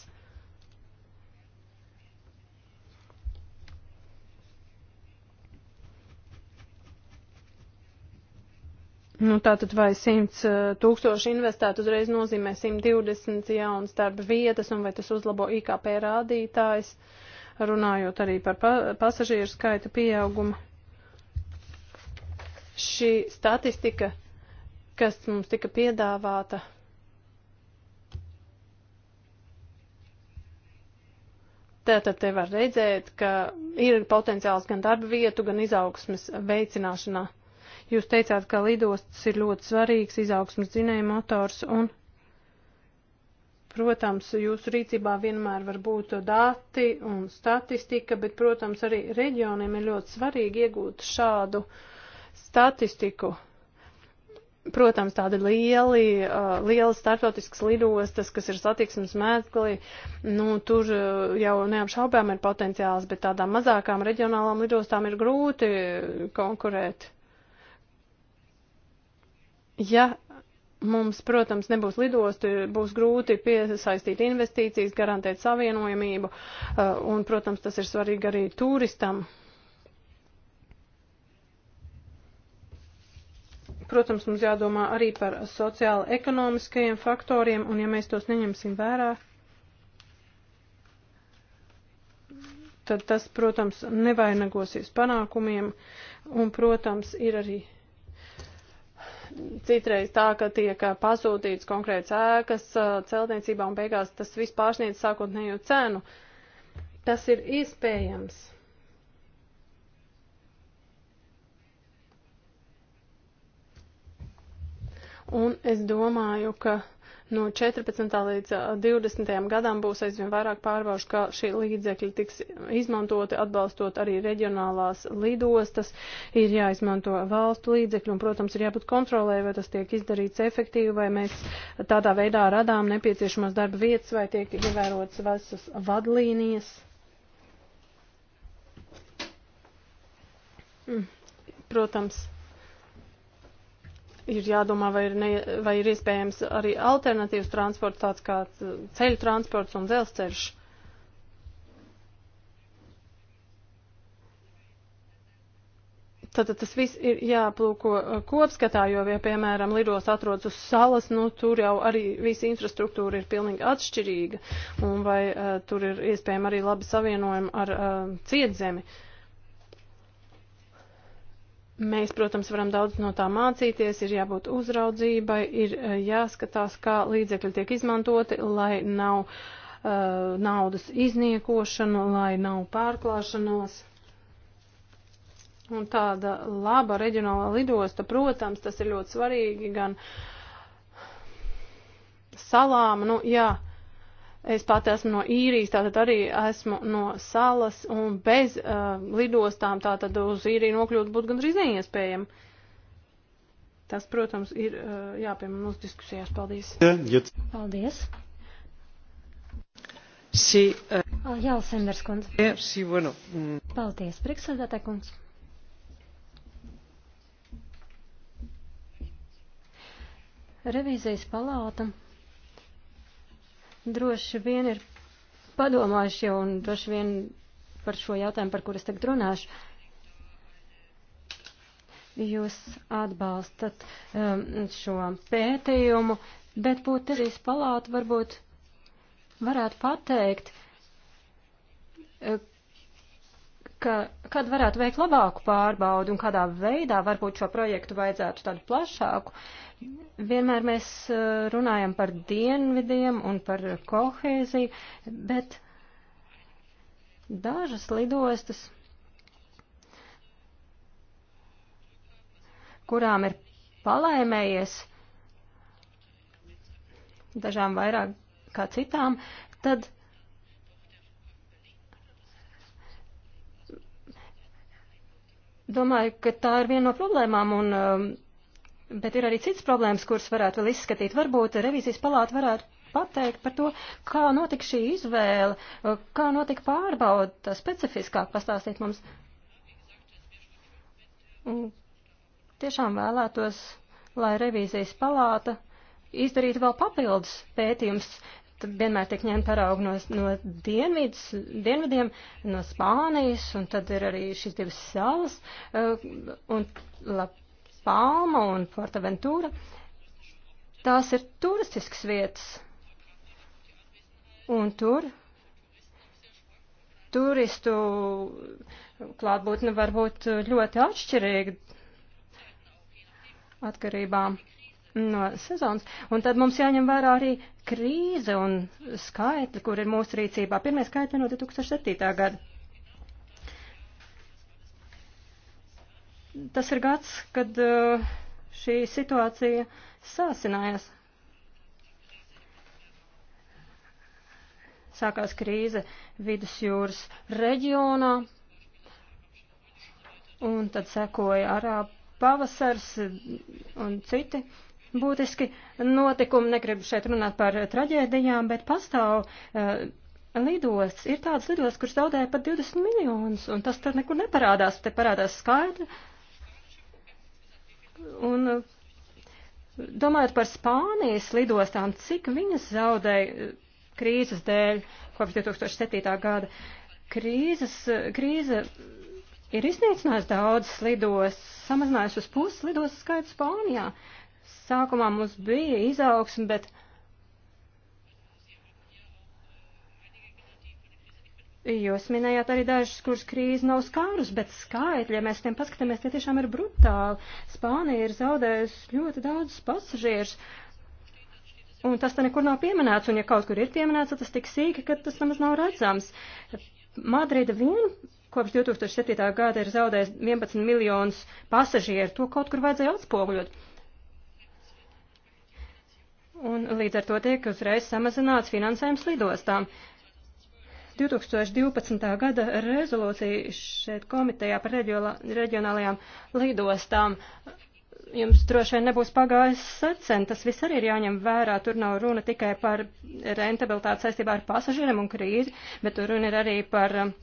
Nu, tātad vai 100 eh, tūkstoši investēt uzreiz nozīmē 120 jaunas darba vietas un vai tas uzlabo IKP rādītājs. Uh, runājot arī par pa pasažieru skaita pieaugumu. Šī statistika, kas mums tika piedāvāta, Tātad te var redzēt, ka ir potenciāls gan darba vietu, gan izaugsmes veicināšanā. Jūs teicāt, ka lidostas ir ļoti svarīgs izaugsmes zinēja motors un Protams, jūsu rīcībā vienmēr var būt dati un statistika, bet, protams, arī reģioniem ir ļoti svarīgi iegūt šādu statistiku. Protams, tādi lieli, uh, lieli startautiskas lidostas, kas ir satiksmes mēdzgli, nu, tur uh, jau neapšaubām ir potenciāls, bet tādām mazākām reģionālām lidostām ir grūti konkurēt. Ja Mums, protams, nebūs lidosti, būs grūti piesaistīt investīcijas, garantēt savienojamību, uh, un, protams, tas ir svarīgi arī turistam. Protams, mums jādomā arī par sociāli ekonomiskajiem faktoriem, un ja mēs tos neņemsim vērā, tad tas, protams, nevainagosies panākumiem, un, protams, ir arī citreiz tā, ka tiek pasūtīts konkrēts ēkas celtniecībā un beigās tas viss pārsniedz sākotnējo cenu. Tas ir iespējams. Un es domāju, ka no 14. līdz 20. gadam būs aizvien vairāk pārbaušu, ka šie līdzekļi tiks izmantoti, atbalstot arī reģionālās lidostas, ir jāizmanto valstu līdzekļi un, protams, ir jābūt kontrolē, vai tas tiek izdarīts efektīvi, vai mēs tādā veidā radām nepieciešamos darba vietas, vai tiek ievērotas visas vadlīnijas. Mm. Protams, ir jādomā, vai ir, ne, vai ir iespējams arī alternatīvs transports, tāds kā uh, ceļu transports un dzelzceļš. Tātad tas viss ir jāplūko uh, kopskatā, jo, ja, piemēram, lidos atrodas uz salas, nu, tur jau arī visa infrastruktūra ir pilnīgi atšķirīga, un vai uh, tur ir iespējami arī labi savienojumi ar uh, cietzemi. Uh, Mēs, protams, varam daudz no tā mācīties, ir jābūt uzraudzībai, ir eh, jāskatās, kā līdzekļi tiek izmantoti, lai nav uh, naudas izniekošana, lai nav pārklāšanās. Un tāda laba reģionāla lidosta, protams, tas ir ļoti svarīgi gan salām, nu jā. Uh, Es pati esmu no īrijas, tātad arī esmu no salas, un bez uh, lidostām tātad uz īriju nokļūt būtu gandrīz neiespējami. Tas, protams, ir uh, jāpiemina mūsu diskusijās. Paldies. Jā, Paldies. Si, uh, eh, ah, Jā, Sanders kundze. Jā, eh, si, bueno. Mm. Paldies, priekšsēdētāj kungs. Revīzijas palāta droši vien ir padomājuši un droši vien par šo jautājumu, par kur es tagad runāšu. Jūs atbalstat um, šo pētījumu, bet būtu arī palāta varbūt varētu pateikt, uh, ka, kad varētu veikt labāku pārbaudu un kādā veidā varbūt šo projektu vajadzētu tādu plašāku. Vienmēr mēs eh, runājam par dienvidiem un par kohēziju, bet dažas lidostas, kurām ir palaimējies, dažām vairāk kā citām, tad Domāju, ka tā ir viena no problēmām, un, um, bet ir arī cits problēmas, kuras varētu vēl izskatīt. Varbūt revīzijas palāta varētu pateikt par to, kā notika šī izvēle, uh, kā notika pārbauda, specifiskāk pastāstīt mums. Un tiešām vēlētos, lai revīzijas palāta izdarītu vēl papildus pētījums, vienmēr tiek ņemta parauga no, no dienvids, dienvidiem, no Spānijas, un tad ir arī šīs divas salas, uh, un La Palma un Fortaventūra. Tās ir turistiskas vietas, un tur turistu klātbūtne var būt ļoti atšķirīga atkarībā no sezonas. Un tad mums jāņem vērā arī krīze un skaitļi, kur ir mūsu rīcībā. Pirmie skaitļi no 2007. gada. Tas ir gads, kad uh, šī situācija sāsinājās. Sākās krīze vidusjūras reģionā, un tad sekoja arā pavasars un citi. Uh, būtiski notikumi. Negribu šeit runāt par traģēdijām, bet pastāv uh, eh, lidosts. Ir tāds lidosts, kurš zaudēja pat 20 miljonus, un tas tur nekur neparādās. Te parādās skaidri. Un uh, domājot par Spānijas lidostām, cik viņas zaudēja eh, krīzes dēļ kopš 2007. gada. Krīzes, krīze ir iznīcinājis daudzas lidos, samazinājis uz pusi lidos skaitu Spānijā. Uh, Sākumā mums bija izaugsme, bet jūs minējāt arī dažas, kuras krīze nav skārus, bet skaitļi, ja mēs tiem paskatāmies, tie tiešām ir brutāli. Spānija ir zaudējusi ļoti daudzus pasažierus. Un tas te nekur nav pieminēts, un ja kaut kur ir pieminēts, tad tas tik sīki, ka tas nemaz nav redzams. Madrida vien kopš 2007. gada ir zaudējis 11 miljonus pasažieru, to kaut kur vajadzēja atspoguļot un līdz ar to tiek uzreiz samazināts finansējums lidostām. 2012. gada rezolūcija šeit komitejā par reģionālajām lidostām. Jums droši vien nebūs pagājis secen, tas viss arī ir jāņem vērā. Tur nav runa tikai par rentabilitāti saistībā ar pasažieriem un krīzi, bet tur runa ir arī par um,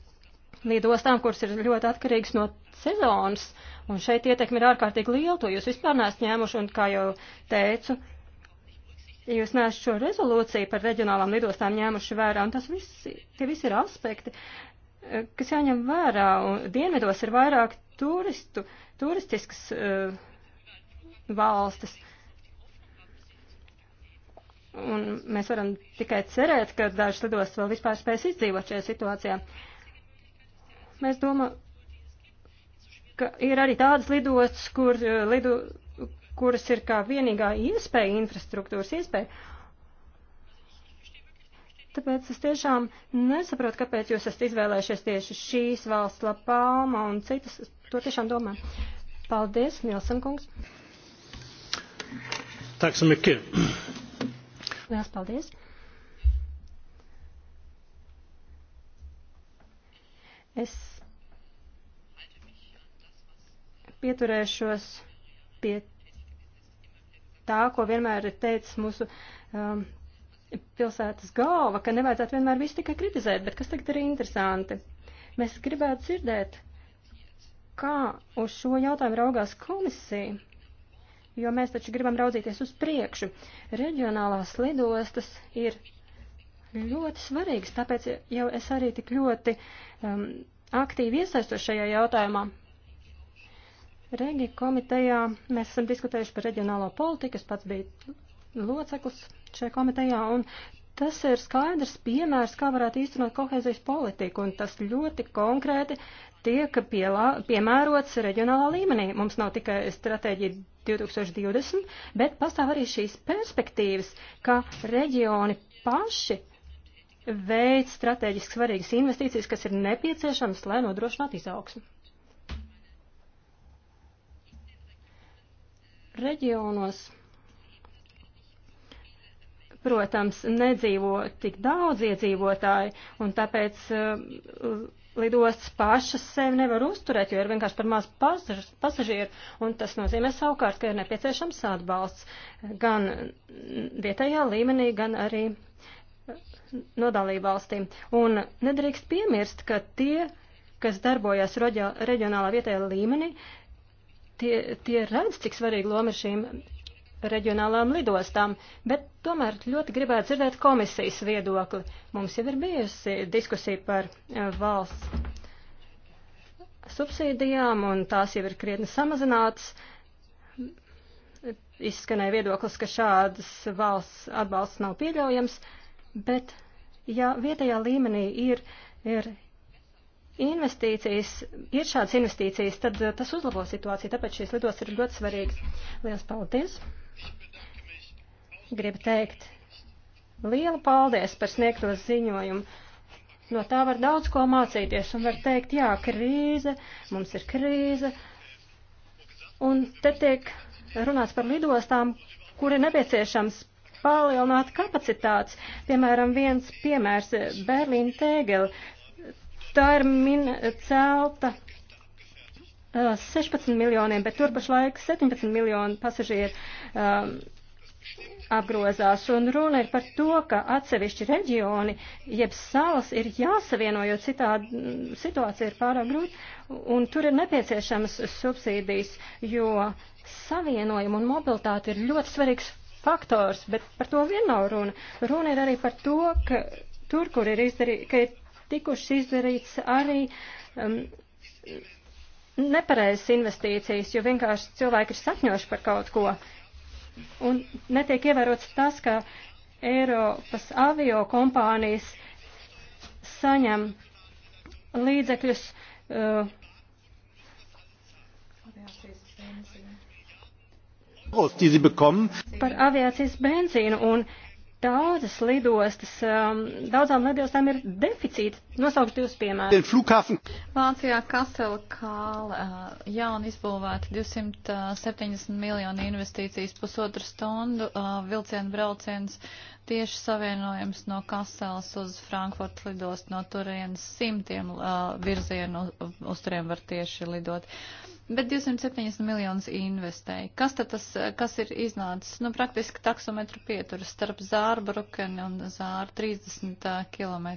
lidostām, kuras ir ļoti atkarīgas no sezonas. Un šeit ietekmi ir ārkārtīgi liela, to jūs vispār neesat ņēmuši, un kā jau teicu, uh, ja jūs neesat šo rezolūciju par reģionālām lidostām ņēmuši vērā, un tas viss, tie visi ir aspekti, eh, kas jāņem vērā, un dienvidos ir vairāk turistu, turistiskas uh, valstis. Un mēs varam tikai cerēt, ka dažas lidostas vēl vispār spēs izdzīvot šajā situācijā. Mēs domājam, ka ir arī tādas lidostas, kur, eh, lidu, kuras ir kā vienīgā iespēja, infrastruktūras iespēja. Tāpēc es tiešām nesaprotu, kāpēc jūs esat izvēlējušies tieši šīs valsts lapāma un citas. To tiešām domā. Paldies, Nilsen kungs. Tak så mycket. Liels paldies. Es pieturēšos pie tā, ko vienmēr ir teicis mūsu um, pilsētas galva, ka nevajadzētu vienmēr visu tikai kritizēt, bet kas tagad ir interesanti? Mēs gribētu dzirdēt, kā uz šo jautājumu raugās komisija, jo mēs taču gribam raudzīties uz priekšu. Reģionālās lidostas ir ļoti svarīgas, tāpēc jau es arī tik ļoti um, aktīvi iesaistu šajā jautājumā. Regi komitejā mēs esam diskutējuši par reģionālo politiku, es pats biju loceklis šajā komitejā, un tas ir skaidrs piemērs, kā varētu īstenot kohēzijas politiku, un tas ļoti konkrēti tiek pielā, piemērots reģionālā līmenī. Mums nav tikai stratēģija 2020, bet pastāv arī šīs perspektīvas, ka reģioni paši veids strateģiski svarīgas investīcijas, kas ir nepieciešamas, lai nodrošinātu izaugsmu. reģionos, protams, nedzīvo tik daudz iedzīvotāji, un tāpēc eh, lidostas pašas sevi nevar uzturēt, jo ir vienkārši par maz pasažieru, un tas nozīmē savukārt, ka ir nepieciešams atbalsts gan vietējā līmenī, gan arī eh, no dalībvalstīm. Un nedrīkst piemirst, ka tie, kas darbojas reģionālā vietējā līmenī, tie, tie redz, cik svarīga loma ir šīm reģionālām lidostām, bet tomēr ļoti gribētu dzirdēt komisijas viedokli. Mums jau ir bijusi diskusija par eh, valsts subsīdijām, un tās jau ir krietni samazinātas. Izskanēja viedoklis, ka šādas valsts atbalsts nav pieļaujams, bet ja vietējā līmenī ir, ir investīcijas, ir šādas investīcijas, tad eh, tas uzlabo situāciju, tāpēc šīs lidos ir ļoti svarīgas. Liels paldies! Gribu teikt lielu paldies par sniegto ziņojumu. No tā var daudz ko mācīties un var teikt, jā, krīze, mums ir krīze. Un te tiek runāts par lidostām, kur ir nepieciešams palielināt kapacitātes. Piemēram, viens piemērs - Berlīna Tēgela tā ir min, celta 16 miljoniem, bet tur pašlaik 17 miljoni pasažieru um, apgrozās. Un runa ir par to, ka atsevišķi reģioni, jeb salas ir jāsavieno, jo citādi situācija ir pārāk grūta, un tur ir nepieciešamas subsīdijas, jo savienojumu un mobilitāti ir ļoti svarīgs faktors, bet par to vien nav runa. Runa ir arī par to, ka tur, kur ir izdarīta, ka ir tikušas izdarīts arī um, nepareizas investīcijas, jo vienkārši cilvēki ir sapņojuši par kaut ko. Un netiek ievērots tas, ka Eiropas avio kompānijas saņem līdzekļus uh, par aviācijas benzīnu un Daudzas lidostas, um, daudzām lidostām ir deficīti. Nosaukšu divus piemērus. Vācijā Kasela kāla uh, jauna izbūvēta 270 uh, miljonu investīcijas pusotru stundu uh, vilcienu brauciens tieši savienojums no Kaselas uz Frankfurt lidost no turienes simtiem uh, virzienu uz turiem var tieši lidot. Uh, bet 270 miljonus investēja. Kas tad tas, kas ir iznācis? Nu, praktiski taksometru pietura starp Zāru, Brukeni un Zāru 30 km.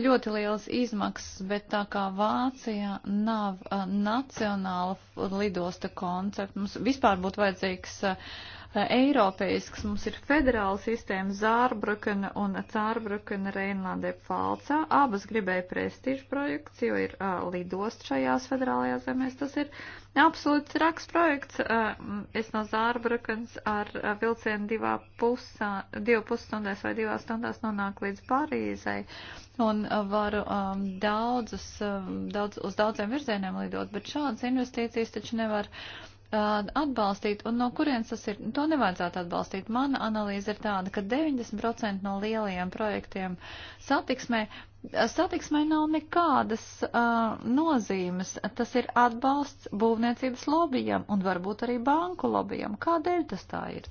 Ļoti liels izmaksas, bet tā kā Vācijā nav nacionāla lidosta koncepta, mums vispār būtu vajadzīgs uh, eiropeisks. Mums ir federāla sistēma Zārbrukena un Cārbrukena Reinlandē Falcā. Abas gribēja prestižu projekts, jo ir uh, lidost šajās federālajās zemēs. Tas ir absolūts raks projekts. Uh, es no Zārbrukens ar uh, vilcienu divā pusā, divu pusstundēs vai divās stundās nonāku līdz Parīzai un uh, varu um, daudzus, um, daudz, uz daudziem virzieniem lidot, bet šādas investīcijas taču nevar. Uh, atbalstīt un no kurienes tas ir, to nevajadzētu atbalstīt. Mana analīze ir tāda, ka 90% no lielajiem projektiem satiksmē, satiksmē nav nekādas uh, nozīmes. Tas ir atbalsts būvniecības lobijam un varbūt arī banku lobijam. Kādēļ tas tā ir?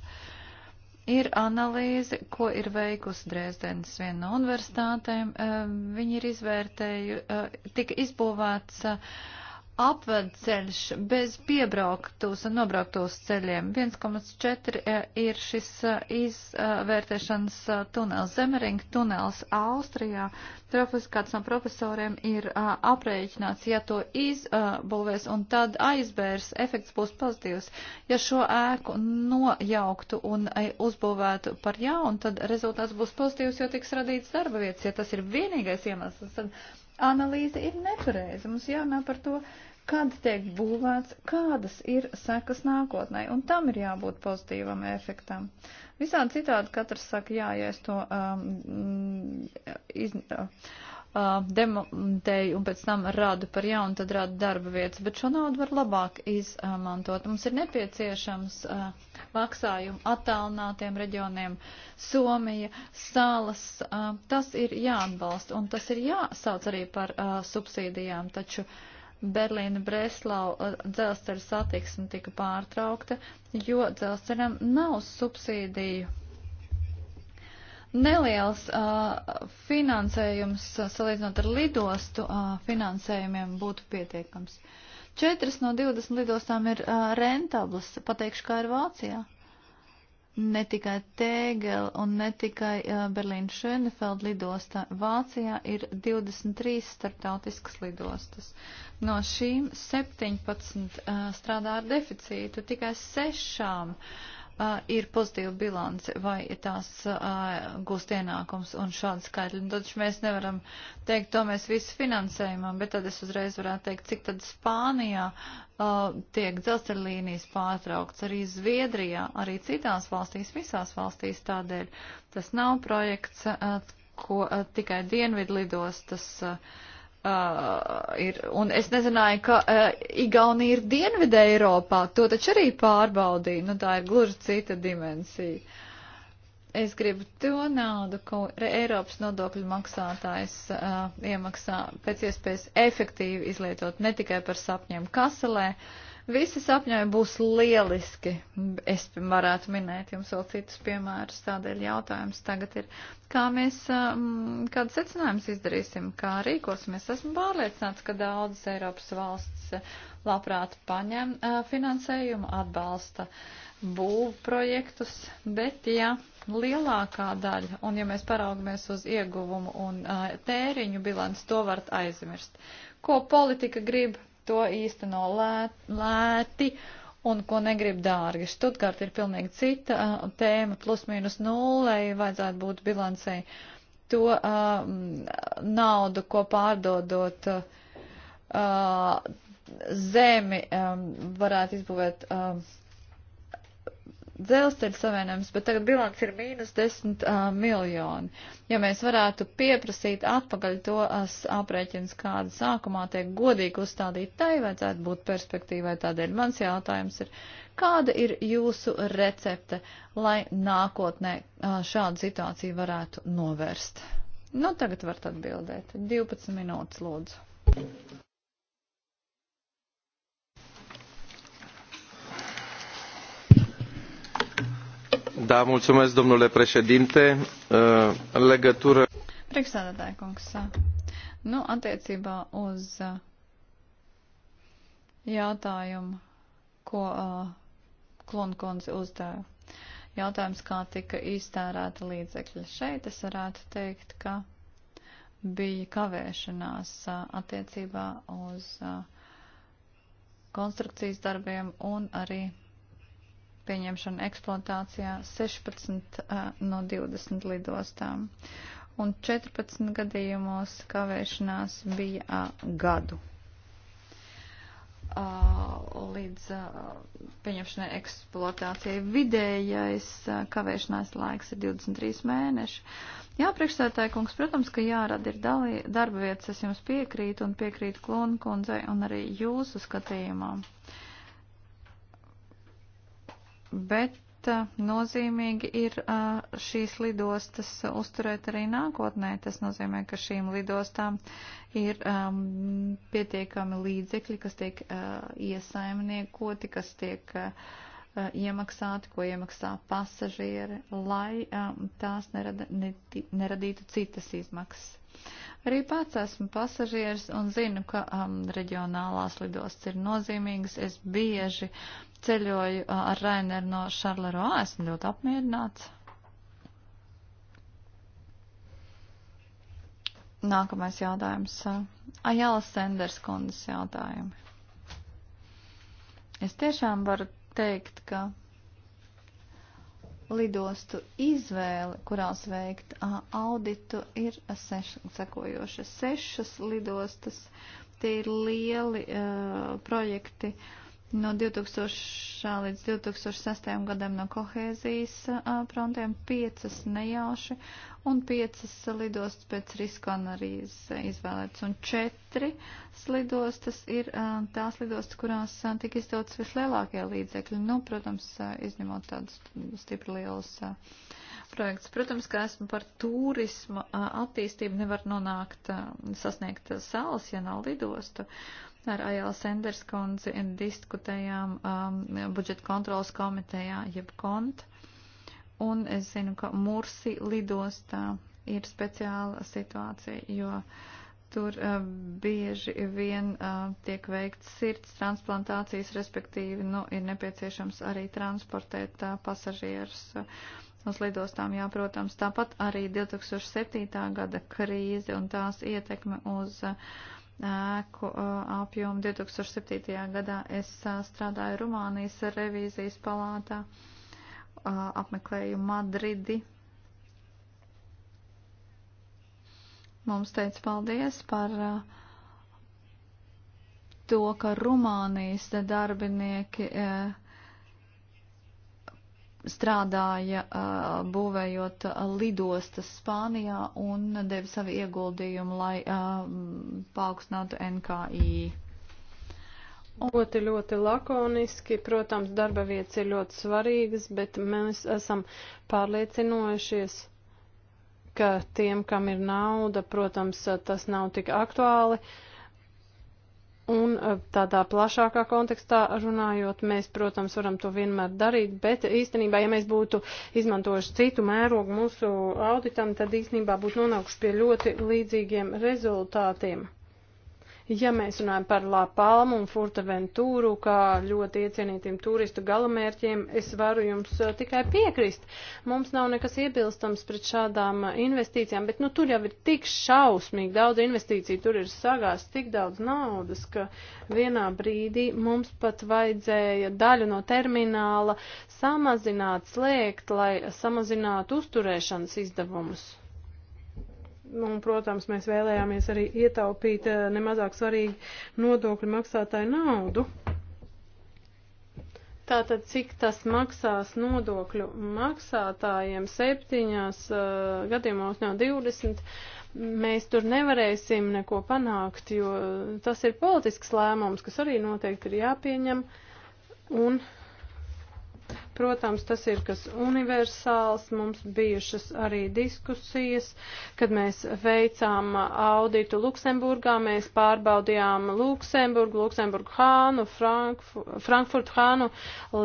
Ir analīze, ko ir veikusi Dresdenes viena no universitātēm. Uh, viņi ir izvērtēju, uh, tika izbūvēts. Uh, apvedceļš bez piebrauktos un nobrauktos ceļiem. 1,4 e, ir šis e, izvērtēšanas e, tunels, Zemeringa tunels Austrijā. Trofis kāds no profesoriem ir aprēķināts, ja to izbūvēs un tad aizbērs, efekts būs pozitīvs. Ja šo ēku nojauktu un uzbūvētu par jaunu, tad rezultāts būs pozitīvs, jo tiks radīts darba vietas. Ja tas ir vienīgais iemesls, tad analīze ir nepareiza. Mums jārunā par to, uh, kad tiek būvēts, kādas ir sekas nākotnē, un tam ir jābūt pozitīvam efektam. Visādi citādi katrs saka, jā, ja es to um, mm, iz, uh, uh, demontēju un pēc tam radu par jaunu, tad radu darba vietas, bet šo naudu var labāk izmantot. Mums ir nepieciešams uh, maksājumu attālinātiem reģioniem Somija, salas, uh, tas ir jāatbalsta un tas ir jāsauc arī par uh, subsīdijām, taču uh, Berlīna-Breslau uh, dzelzceļa satiksme tika pārtraukta, jo dzelzceļam nav subsīdiju. Neliels uh, finansējums, uh, salīdzinot ar lidostu uh, finansējumiem, būtu pietiekams. Četras no 20 lidostām ir uh, rentablas, pateikšu, kā ir Vācijā. Uh, ne tikai Tēgela un ne tikai Berlīna Šönefeld lidostā. Vācijā ir 23 startautiskas lidostas. No šīm 17 strādā ar deficītu, tikai 6 ir pozitīva bilance vai tās gūst ienākums un šādi skaitļi. Nu, tad mēs nevaram teikt, to mēs visu finansējumam, bet tad es uzreiz varētu teikt, cik tad Spānijā tiek dzelzceļa līnijas pārtraukts arī Zviedrijā, arī citās valstīs, visās valstīs tādēļ. Tas nav projekts, ko tikai dienvidlidostas. tas Uh, ir, un es nezināju, ka uh, Igaunija ir Dienvidē Eiropā. To taču arī pārbaudīju. Nu, tā ir gluži cita dimensija. Es gribu to naudu, ko Eiropas nodokļu maksātājs uh, iemaksā pēc iespējas efektīvi izlietot ne tikai par sapņiem kaselē, uh, Visas apņēmumi būs lieliski. Es varētu minēt jums vēl citus piemērus, tādēļ jautājums tagad ir, kā mēs, um, kādas secinājumus izdarīsim, kā rīkosimies. Esmu pārliecināts, ka daudzas Eiropas valsts uh, labprāt paņem uh, finansējumu, atbalsta būvprojektus, bet ja lielākā daļa, un ja mēs paraugamies uz ieguvumu un uh, tēriņu bilanci, to varat aizmirst. Ko politika grib to īsteno lēti un ko negrib dārgi. Štutgārta ir pilnīgi cita uh, tēma, plus mīnus nullei vajadzētu būt bilancei. To uh, naudu, ko pārdodot uh, zemi, um, varētu izbūvēt. Uh, dzelzceļa savienojums, bet tagad bilants ir mīnus 10 uh, miljoni. Ja mēs varētu pieprasīt atpakaļ to aprēķins, kāda sākumā tiek godīgi uzstādīt, tai vajadzētu būt perspektīvai. Tādēļ mans jautājums ir, kāda ir jūsu recepte, lai nākotnē uh, šādu situāciju varētu novērst? Nu, tagad varat atbildēt. 12 minūtes, lūdzu. Da, mulțumesc, domnule președinte. Uh, în legătură. Priekšsēdētāja kungs, nu, attiecībā uz uh, jautājumu, ko uh, Klonkons uzdeva. Jautājums, kā tika iztērēta līdzekļa. Šeit es varētu teikt, ka bija kavēšanās uh, attiecībā uz konstrukcijas darbiem un arī pieņemšanu eksploatācijā 16 no 20 lidostām. Un 14 gadījumos kavēšanās bija gadu līdz pieņemšanai eksploatācijai. Vidējais kavēšanās laiks ir 23 mēneši. Jā, priekšstādātāji kungs, protams, ka jārada ir dalī, darba vietas, es jums piekrītu un piekrītu Klūna kundzei un arī jūsu skatījumam bet uh, nozīmīgi ir uh, šīs lidostas uzturēt arī nākotnē. Tas nozīmē, ka šīm lidostām ir um, pietiekami līdzekļi, kas tiek uh, iesaimniekoti, kas tiek iemaksāti, ko iemaksā pasažieri, lai um, tās nerada, neradītu citas izmaksas. Arī pats esmu pasažieris un zinu, ka um, reģionālās lidostas ir nozīmīgas. Es bieži ceļoju ar Raineru no Šarlero. Esmu ļoti apmierināts. Nākamais jautājums. Ajala Sanders kundas jautājumi. Es tiešām varu teikt, ka lidostu izvēle, kurās veikt auditu, ir sekojoša. Sešas lidostas, tie ir lieli uh, projekti. Uh, No 2000 līdz 2006 gadam no kohēzijas frontēm piecas nejauši un piecas lidostas pēc riska analīzes izvēlētas. Un četri lidostas ir tās lidostas, kurās tika izdotas vislielākie līdzekļi. Nu, protams, izņemot tādus stipri lielus projekts. Protams, ka esmu par turisma attīstību nevar nonākt, sasniegt salas, ja nav lidostu. Ar Ajāla Senders kundzi diskutējām um, budžeta kontrolas komitejā, jeb kont. Un es zinu, ka Mursi lidostā ir speciāla situācija, jo tur uh, bieži vien uh, tiek veikts sirds transplantācijas, respektīvi, nu, ir nepieciešams arī transportēt uh, pasažierus. Uh, uz lidostām, jā, protams, tāpat arī 2007. gada krīze un tās ietekme uz uh, ēku apjomu. 2007. gadā es strādāju Rumānijas revīzijas palātā, apmeklēju Madridi. Mums teica paldies par to, ka Rumānijas darbinieki. Eh, strādāja būvējot lidostas Spānijā un deva savu ieguldījumu, lai paaugstinātu NKI. Ļoti, ļoti lakoniski, protams, darba vietas ir ļoti svarīgas, bet mēs esam pārliecinojušies, ka tiem, kam ir nauda, protams, tas nav tik aktuāli. Uh, Un eh, tādā plašākā kontekstā runājot, mēs, protams, varam to vienmēr darīt, bet īstenībā, ja mēs būtu izmantojuši citu mērogu mūsu auditam, tad īstenībā būtu nonākuši pie ļoti līdzīgiem rezultātiem. Ja mēs runājam par La Palmu un Furtaventūru kā ļoti iecienītiem turistu galamērķiem, es varu jums eh, tikai piekrist. Mums nav nekas iebilstams pret šādām eh, investīcijām, bet nu tur jau ir tik šausmīgi daudz investīciju, tur ir sagās tik daudz naudas, ka vienā brīdī mums pat vajadzēja daļu no termināla samazināt, slēgt, lai samazinātu uzturēšanas izdevumus. Nu, un, protams, mēs vēlējāmies arī ietaupīt eh, nemazāk svarīgi nodokļu maksātāju naudu. Tātad, cik tas maksās nodokļu maksātājiem septiņās uh, gadījumos no 20, mēs tur nevarēsim neko panākt, jo tas ir politisks lēmums, kas arī noteikti ir jāpieņem. Un uh, Protams, tas ir kas universāls. Mums bijušas arī diskusijas, kad mēs veicām auditu Luksemburgā. Mēs pārbaudījām Luksemburgu, Luksemburgu Hānu, Frankfu, Frankfurtu Hānu,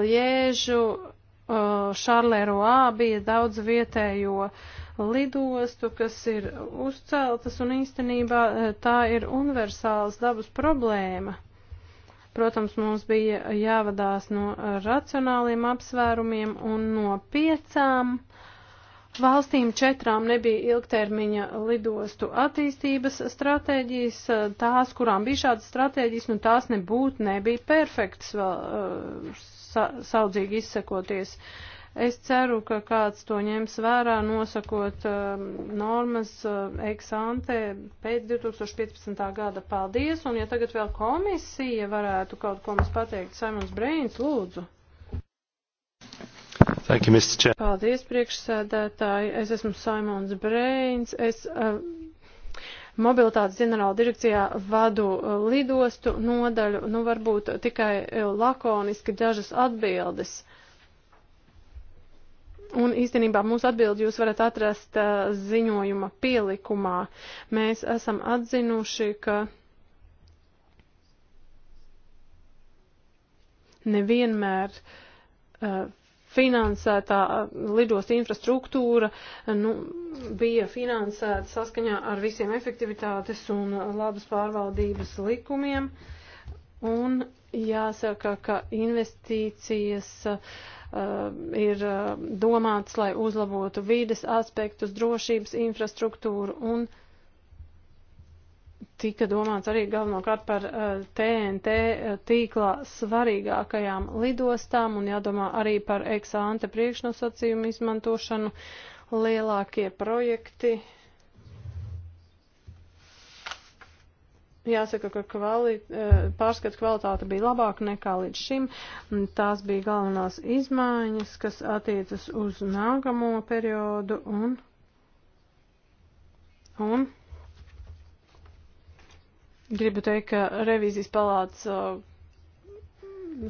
Liežu, uh, Šarleroā bija daudz vietējo lidostu, kas ir uzceltas un īstenībā uh, tā ir universāls dabas problēma. Protams, mums bija jāvadās no racionāliem apsvērumiem un no piecām. Valstīm četrām nebija ilgtermiņa lidostu attīstības stratēģijas, tās, kurām bija šādas stratēģijas, nu tās nebūtu, nebija perfektas vēl uh, sa saudzīgi izsekoties. Uh, Es ceru, ka kāds to ņems vērā, nosakot uh, normas uh, um, eksante pēc 2015. gada. Paldies! Un ja tagad vēl komisija varētu kaut ko mums pateikt, Simons Breins, lūdzu. Thank you, Mr. Chair. Paldies, priekšsēdētāji. Es esmu Simons Breins. Es, uh, mobilitātes ģenerāla direkcijā vadu uh, lidostu nodaļu, nu varbūt tikai uh, lakoniski dažas atbildes. Un īstenībā mūsu atbildi jūs varat atrast uh, ziņojuma pielikumā. Mēs esam atzinuši, ka nevienmēr uh, finansētā uh, lidosta infrastruktūra uh, nu, bija finansēta saskaņā ar visiem efektivitātes un uh, labas pārvaldības likumiem. Un jāsaka, ka investīcijas uh, Um, ir um, domāts, lai uzlabotu vīdes aspektus, drošības infrastruktūru un tika domāts arī galvenokārt par TNT uh, uh, tīklā svarīgākajām lidostām un jādomā arī par eksāante priekšnosacījumu izmantošanu lielākie projekti Jāsaka, ka kvali, e, pārskatu kvalitāte bija labāka nekā līdz šim. Tās bija galvenās izmaiņas, kas attiecas uz nākamo periodu un. un Gribu teikt, ka revīzijas palāts e,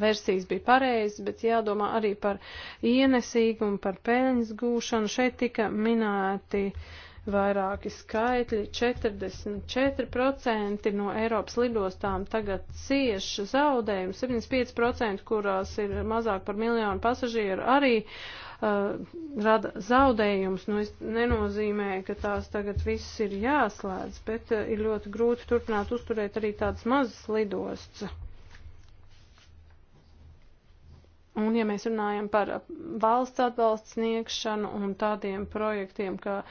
versijas bija pareizas, bet jādomā arī par ienesīgumu, par peļņas gūšanu. Šeit tika minēti uh, vairāki skaitļi. 44% no Eiropas lidostām tagad cieš zaudējumu, 75%, kurās ir mazāk par miljonu pasažieru, arī uh, rada zaudējumus. Nu, es nenozīmē, ka tās tagad viss ir jāslēdz, bet uh, ir ļoti grūti turpināt uzturēt arī tādas mazas lidostas. Un, ja mēs runājam par valsts atbalstu sniegšanu un tādiem projektiem, kā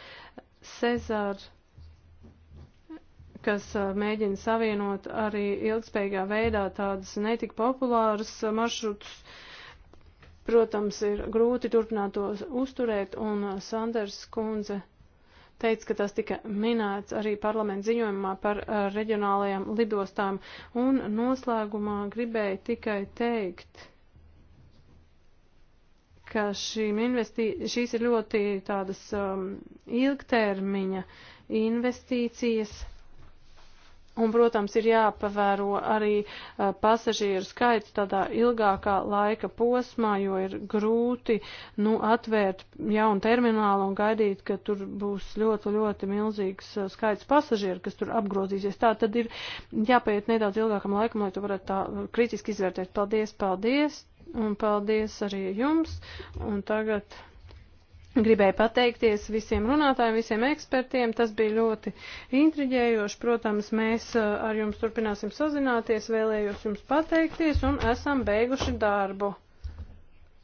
Cezāra, kas mēģina savienot arī ilgspējīgā veidā tādas netik populāras maršrutus. Protams, ir grūti turpināt tos uzturēt, un Sanders kundze teica, ka tas tika minēts arī parlamenta ziņojumā par reģionālajām lidostām, un noslēgumā gribēju tikai teikt, ka šīs ir ļoti tādas um, ilgtermiņa investīcijas. Un, protams, ir jāpavēro arī uh, pasažieru skaits tādā ilgākā laika posmā, jo ir grūti, nu, atvērt jaunu terminālu un gaidīt, ka tur būs ļoti, ļoti milzīgs uh, skaits pasažieru, kas tur apgrozīsies. Tā tad ir jāpaiet nedaudz ilgākam laikam, lai to varētu tā kritiski izvērtēt. Paldies, paldies! Un paldies arī jums. Un tagad gribēju pateikties visiem runātājiem, visiem ekspertiem. Tas bija ļoti intriģējoši. Protams, mēs uh, ar jums turpināsim sazināties. Vēlējos jums pateikties un esam beiguši darbu.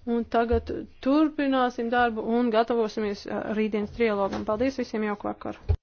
Un tagad turpināsim darbu un gatavosimies uh, rītdienas trialogam. Paldies visiem, jauku vakaru!